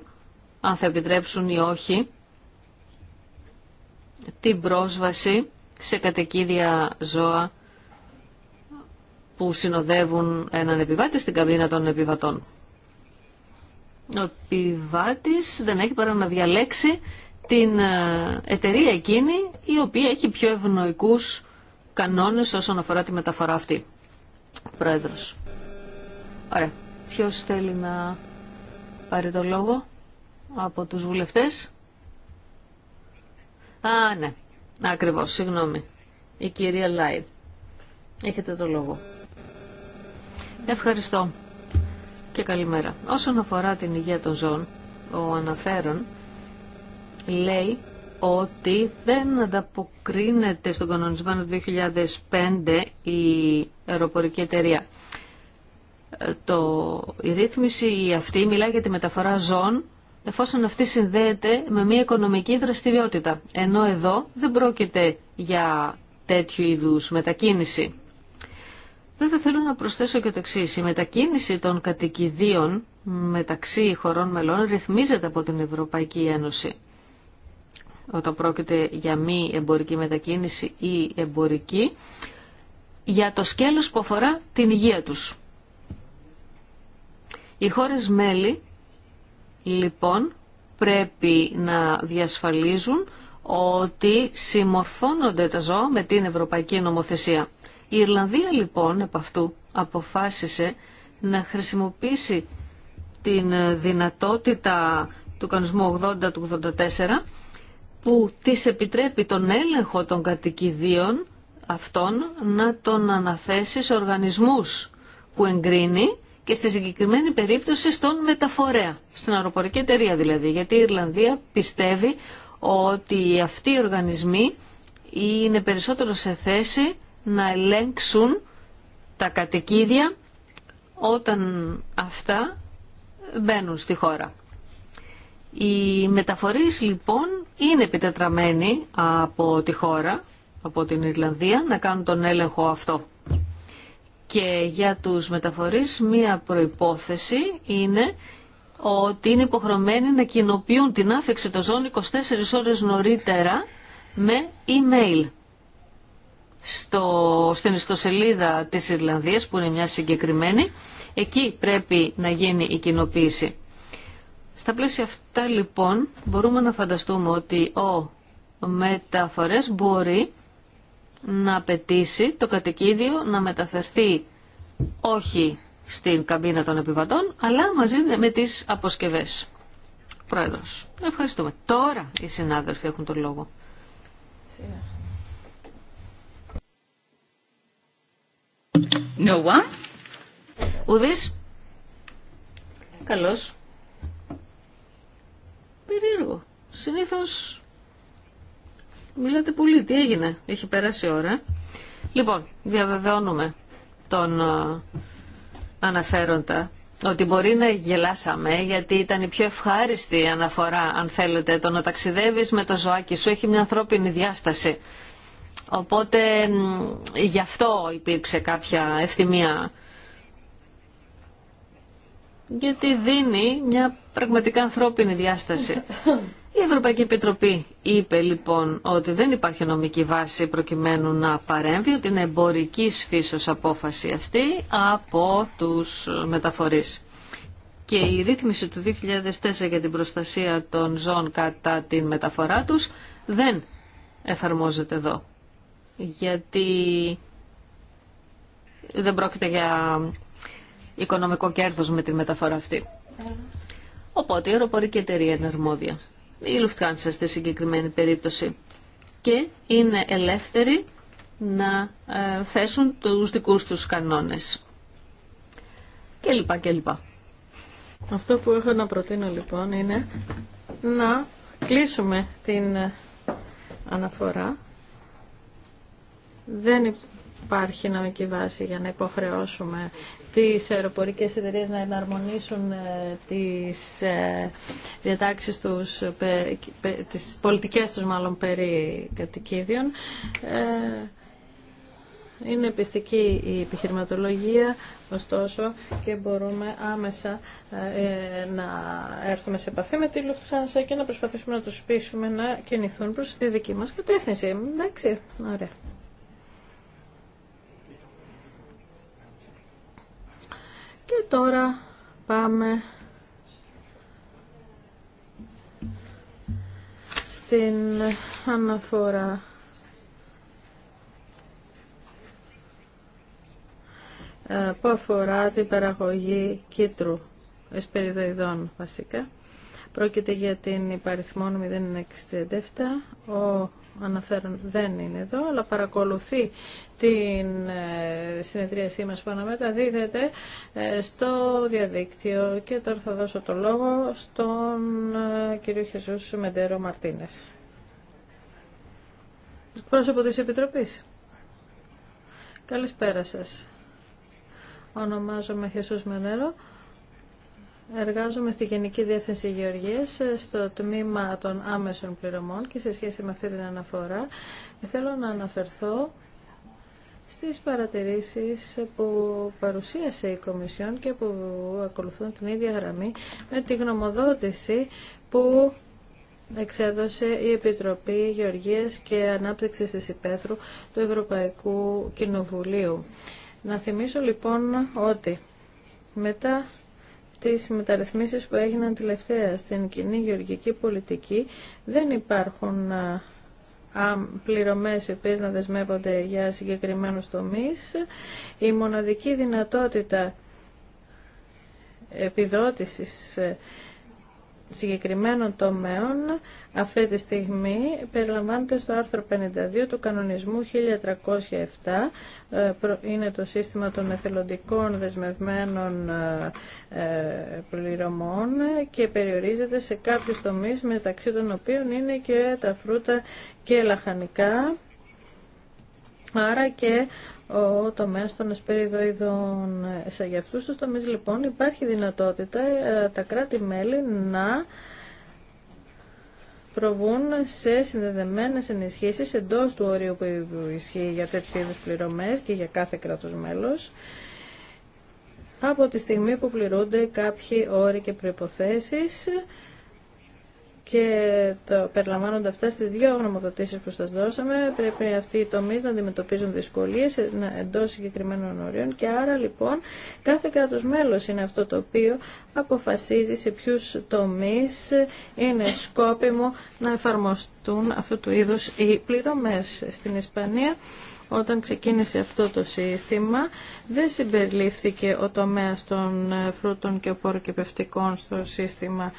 αν θα επιτρέψουν ή όχι την πρόσβαση σε κατοικίδια ζώα που συνοδεύουν έναν επιβάτη στην καμπίνα των επιβατών. Ο επιβάτης δεν έχει παρά να διαλέξει την ε, εταιρεία εκείνη η οποία έχει πιο ευνοϊκούς κανόνες όσον αφορά τη μεταφορά αυτή. Πρόεδρος. Ωραία. Ποιος θέλει να πάρει το λόγο από τους βουλευτές. Α, ναι. Ακριβώς, συγγνώμη. Η κυρία Λάιν. Έχετε το λόγο. Ευχαριστώ και καλημέρα. Όσον αφορά την υγεία των ζώων, ο αναφέρον λέει ότι δεν ανταποκρίνεται στον κανονισμό του 2005 η αεροπορική εταιρεία. Το, η ρύθμιση αυτή μιλάει για τη μεταφορά ζώων εφόσον αυτή συνδέεται με μια οικονομική δραστηριότητα. Ενώ εδώ δεν πρόκειται για τέτοιου είδους μετακίνηση. Βέβαια θέλω να προσθέσω και το εξή. Η μετακίνηση των κατοικιδίων μεταξύ χωρών μελών ρυθμίζεται από την Ευρωπαϊκή Ένωση. Όταν πρόκειται για μη εμπορική μετακίνηση ή εμπορική, για το σκέλος που αφορά την υγεία τους. Οι χώρες μέλη, λοιπόν, πρέπει να διασφαλίζουν ότι συμμορφώνονται τα ζώα με την Ευρωπαϊκή Νομοθεσία. Η Ιρλανδία, λοιπόν, από αυτού αποφάσισε να χρησιμοποιήσει την δυνατότητα του κανονισμού 80 του 84 που της επιτρέπει τον έλεγχο των κατοικιδίων αυτόν να τον αναθέσει σε οργανισμούς που εγκρίνει και στη συγκεκριμένη περίπτωση στον μεταφορέα, στην αεροπορική εταιρεία δηλαδή, γιατί η Ιρλανδία πιστεύει ότι αυτοί οι οργανισμοί είναι περισσότερο σε θέση να ελέγξουν τα κατοικίδια όταν αυτά μπαίνουν στη χώρα. Οι μεταφορείς λοιπόν είναι επιτετραμένοι από τη χώρα από την Ιρλανδία να κάνουν τον έλεγχο αυτό. Και για τους μεταφορείς μία προϋπόθεση είναι ότι είναι υποχρεωμένοι να κοινοποιούν την άφηξη των ζών 24 ώρες νωρίτερα με email στο, στην ιστοσελίδα της Ιρλανδίας που είναι μια συγκεκριμένη εκεί πρέπει να γίνει η κοινοποίηση στα πλαίσια αυτά λοιπόν μπορούμε να φανταστούμε ότι ο μεταφορές μπορεί να απαιτήσει το κατοικίδιο να μεταφερθεί όχι στην καμπίνα των επιβατών, αλλά μαζί με τις αποσκευές. Πρόεδρος, ευχαριστούμε. Τώρα οι συνάδελφοι έχουν τον λόγο. No Ουδής. Καλώς. Περίεργο. Συνήθως Μιλάτε πολύ. Τι έγινε. Έχει περάσει η ώρα. Λοιπόν, διαβεβαιώνουμε τον ε, αναφέροντα ότι μπορεί να γελάσαμε γιατί ήταν η πιο ευχάριστη αναφορά αν θέλετε το να ταξιδεύεις με το ζωάκι σου έχει μια ανθρώπινη διάσταση οπότε γι' αυτό υπήρξε κάποια ευθυμία γιατί δίνει μια πραγματικά ανθρώπινη διάσταση Η Ευρωπαϊκή Επιτροπή είπε λοιπόν ότι δεν υπάρχει νομική βάση προκειμένου να παρέμβει, ότι είναι εμπορική φύσεως απόφαση αυτή από τους μεταφορείς. Και η ρύθμιση του 2004 για την προστασία των ζώων κατά την μεταφορά τους δεν εφαρμόζεται εδώ. Γιατί δεν πρόκειται για οικονομικό κέρδος με τη μεταφορά αυτή. Οπότε η αεροπορική εταιρεία είναι αρμόδια η Lufthansa στη συγκεκριμένη περίπτωση και είναι ελεύθεροι να ε, θέσουν τους δικούς τους κανόνες. Και λοιπά και λοιπά. Αυτό που έχω να προτείνω λοιπόν είναι να κλείσουμε την ε, αναφορά. Δεν υπάρχει νομική βάση για να υποχρεώσουμε τις αεροπορικές εταιρείες να εναρμονίσουν ε, τις ε, διατάξεις τους, τις πολιτικές τους μάλλον περί κατοικίδιων. Ε, είναι πιστική η επιχειρηματολογία, ωστόσο, και μπορούμε άμεσα να έρθουμε σε επαφή με τη Lufthansa και να προσπαθήσουμε να τους πείσουμε να κινηθούν προς τη δική μας κατεύθυνση. Εντάξει, ωραία. Και τώρα πάμε στην αναφορά. Ε, που αφορά την παραγωγή κίτρου εσπεριδοειδών βασικά. Πρόκειται για την υπαριθμόν 067. Ο αναφέρον δεν είναι εδώ, αλλά παρακολουθεί την ε, συνεδρίασή μας που δίδεται ε, στο διαδίκτυο και τώρα θα δώσω το λόγο στον ε, κύριο Χεζούς Μεντέρο Μαρτίνες. Πρόσωπο της Επιτροπής. Καλησπέρα σας. Ονομάζομαι Χεσούς Μενέρο Εργάζομαι στη Γενική Διεύθυνση Γεωργίας στο τμήμα των άμεσων πληρωμών και σε σχέση με αυτή την αναφορά θέλω να αναφερθώ στις παρατηρήσεις που παρουσίασε η Κομισιόν και που ακολουθούν την ίδια γραμμή με τη γνωμοδότηση που εξέδωσε η Επιτροπή Γεωργίας και Ανάπτυξης της Υπέθρου του Ευρωπαϊκού Κοινοβουλίου. Να θυμίσω λοιπόν ότι μετά τις μεταρρυθμίσεις που έγιναν τελευταία στην κοινή γεωργική πολιτική δεν υπάρχουν πληρωμές οι οποίες να δεσμεύονται για συγκεκριμένους τομείς. Η μοναδική δυνατότητα επιδότησης ε, συγκεκριμένων τομέων αυτή τη στιγμή περιλαμβάνεται στο άρθρο 52 του κανονισμού 1307 ε, είναι το σύστημα των εθελοντικών δεσμευμένων ε, ε, πληρωμών και περιορίζεται σε κάποιους τομείς μεταξύ των οποίων είναι και τα φρούτα και λαχανικά Άρα και ο τομέας των εσπεριδοειδών. Σε για αυτούς τους λοιπόν υπάρχει δυνατότητα ε, τα κράτη-μέλη να προβούν σε συνδεδεμένες ενισχύσεις εντός του όριου που ισχύει για τέτοιου πληρωμές και για κάθε κράτος μέλος από τη στιγμή που πληρούνται κάποιοι όροι και προϋποθέσεις και το, περιλαμβάνονται αυτά στις δύο γνωμοδοτήσεις που σας δώσαμε. Πρέπει αυτοί οι τομείς να αντιμετωπίζουν δυσκολίες εντός συγκεκριμένων ορίων και άρα λοιπόν κάθε κράτος μέλος είναι αυτό το οποίο αποφασίζει σε ποιους τομείς είναι σκόπιμο να εφαρμοστούν αυτού του είδους οι πληρωμές στην Ισπανία όταν ξεκίνησε αυτό το σύστημα δεν συμπεριλήφθηκε ο τομέας των ε, φρούτων και πορκεπευτικών στο σύστημα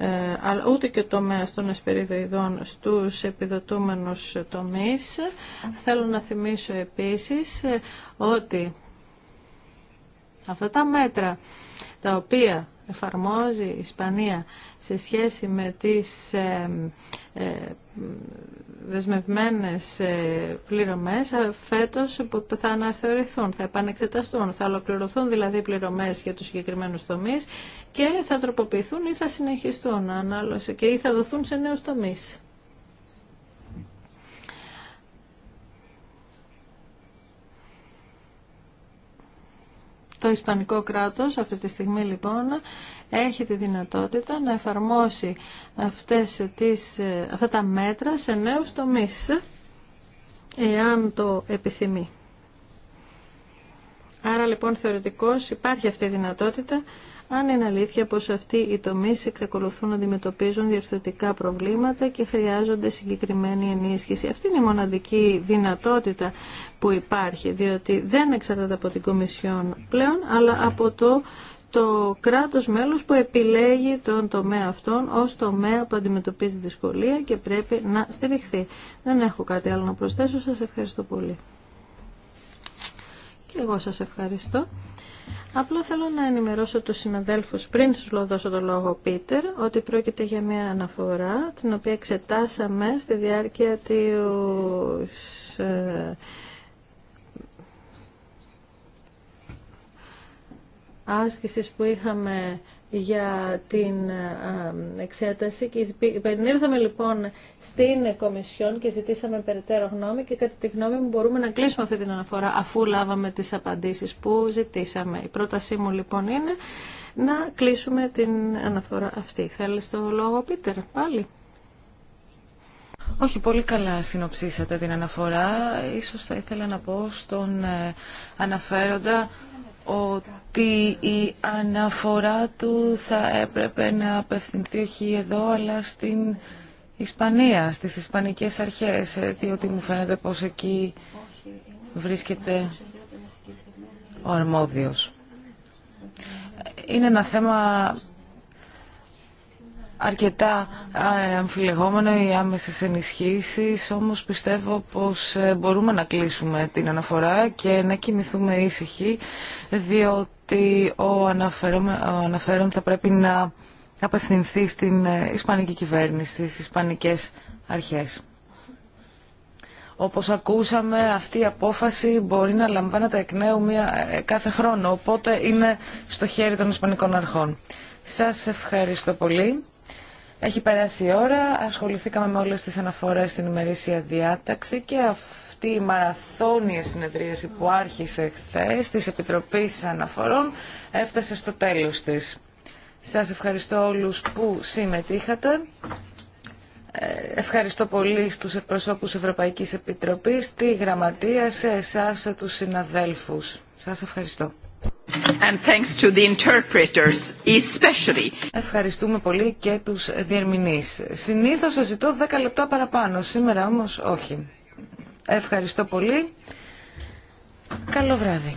ε, αλλά ούτε και τομέα των εσπεριδοειδών στους επιδοτούμενους τομείς. Θέλω να θυμίσω επίσης ε, ότι αυτά τα μέτρα τα οποία εφαρμόζει η Ισπανία σε σχέση με τις ε, ε, δεσμευμένες ε, πληρωμές φέτος θα αναθεωρηθούν, θα επανεξεταστούν, θα ολοκληρωθούν δηλαδή πληρωμές για τους συγκεκριμένους τομείς και θα τροποποιηθούν ή θα συνεχιστούν και ή θα δοθούν σε νέους τομείς. Το Ισπανικό κράτος αυτή τη στιγμή λοιπόν έχει τη δυνατότητα να εφαρμόσει αυτές τις, αυτά τα μέτρα σε νέους τομείς, εάν το επιθυμεί. Άρα λοιπόν θεωρητικώς υπάρχει αυτή η δυνατότητα αν είναι αλήθεια πως αυτοί οι τομείς εξακολουθούν να αντιμετωπίζουν διευθυντικά προβλήματα και χρειάζονται συγκεκριμένη ενίσχυση. Αυτή είναι η μοναδική δυνατότητα που υπάρχει, διότι δεν εξαρτάται από την Κομισιόν πλέον, αλλά από το το κράτος μέλος που επιλέγει τον τομέα αυτόν ως τομέα που αντιμετωπίζει δυσκολία και πρέπει να στηριχθεί. Δεν έχω κάτι άλλο να προσθέσω. Σας ευχαριστώ πολύ. Και εγώ σας ευχαριστώ απλά θέλω να ενημερώσω τους συναδέλφους πριν σας δώσω το λόγο Πίτερ ότι πρόκειται για μια αναφορά την οποία εξετάσαμε στη διάρκεια της ε, άσκησης που είχαμε για την ε, εξέταση και λοιπόν στην Κομισιόν και ζητήσαμε περαιτέρω γνώμη και κατά τη γνώμη μου μπορούμε να κλείσουμε αυτή την αναφορά αφού λάβαμε τις απαντήσεις που ζητήσαμε. Η πρότασή μου λοιπόν είναι να κλείσουμε την αναφορά αυτή. Θέλεις το λόγο Πίτερ πάλι. Όχι, πολύ καλά συνοψίσατε την αναφορά. Ίσως θα ήθελα να πω στον ε, αναφέροντα ότι η αναφορά του θα έπρεπε να απευθυνθεί όχι εδώ αλλά στην Ισπανία, στις Ισπανικές αρχές, ε, διότι μου φαίνεται πως εκεί βρίσκεται ο αρμόδιος. Είναι ένα θέμα αρκετά ε, αμφιλεγόμενο οι άμεσες ενισχύσεις, όμως πιστεύω πως ε, μπορούμε να κλείσουμε την αναφορά και να κινηθούμε ήσυχοι, διότι ο αναφέρον θα πρέπει να απευθυνθεί στην ε, Ισπανική κυβέρνηση, στις Ισπανικές αρχές. Όπως ακούσαμε, αυτή η απόφαση μπορεί να λαμβάνεται εκ νέου μια, κάθε χρόνο, οπότε είναι στο χέρι των Ισπανικών αρχών. Σας ευχαριστώ πολύ. Έχει περάσει η ώρα, ασχοληθήκαμε με όλες τις αναφορές στην ημερήσια διάταξη και αυτή η μαραθώνια συνεδρίαση που άρχισε χθε της Επιτροπής Αναφορών έφτασε στο τέλος της. Σας ευχαριστώ όλους που συμμετείχατε. Ε, ευχαριστώ πολύ στους εκπροσώπους Ευρωπαϊκής Επιτροπής, τη Γραμματεία, σε εσάς, τους συναδέλφους. Σας ευχαριστώ. Ευχαριστούμε πολύ και τους διερμηνείς. Συνήθως σας ζητώ 10 λεπτά παραπάνω, σήμερα όμως όχι. Ευχαριστώ πολύ. Καλό βράδυ.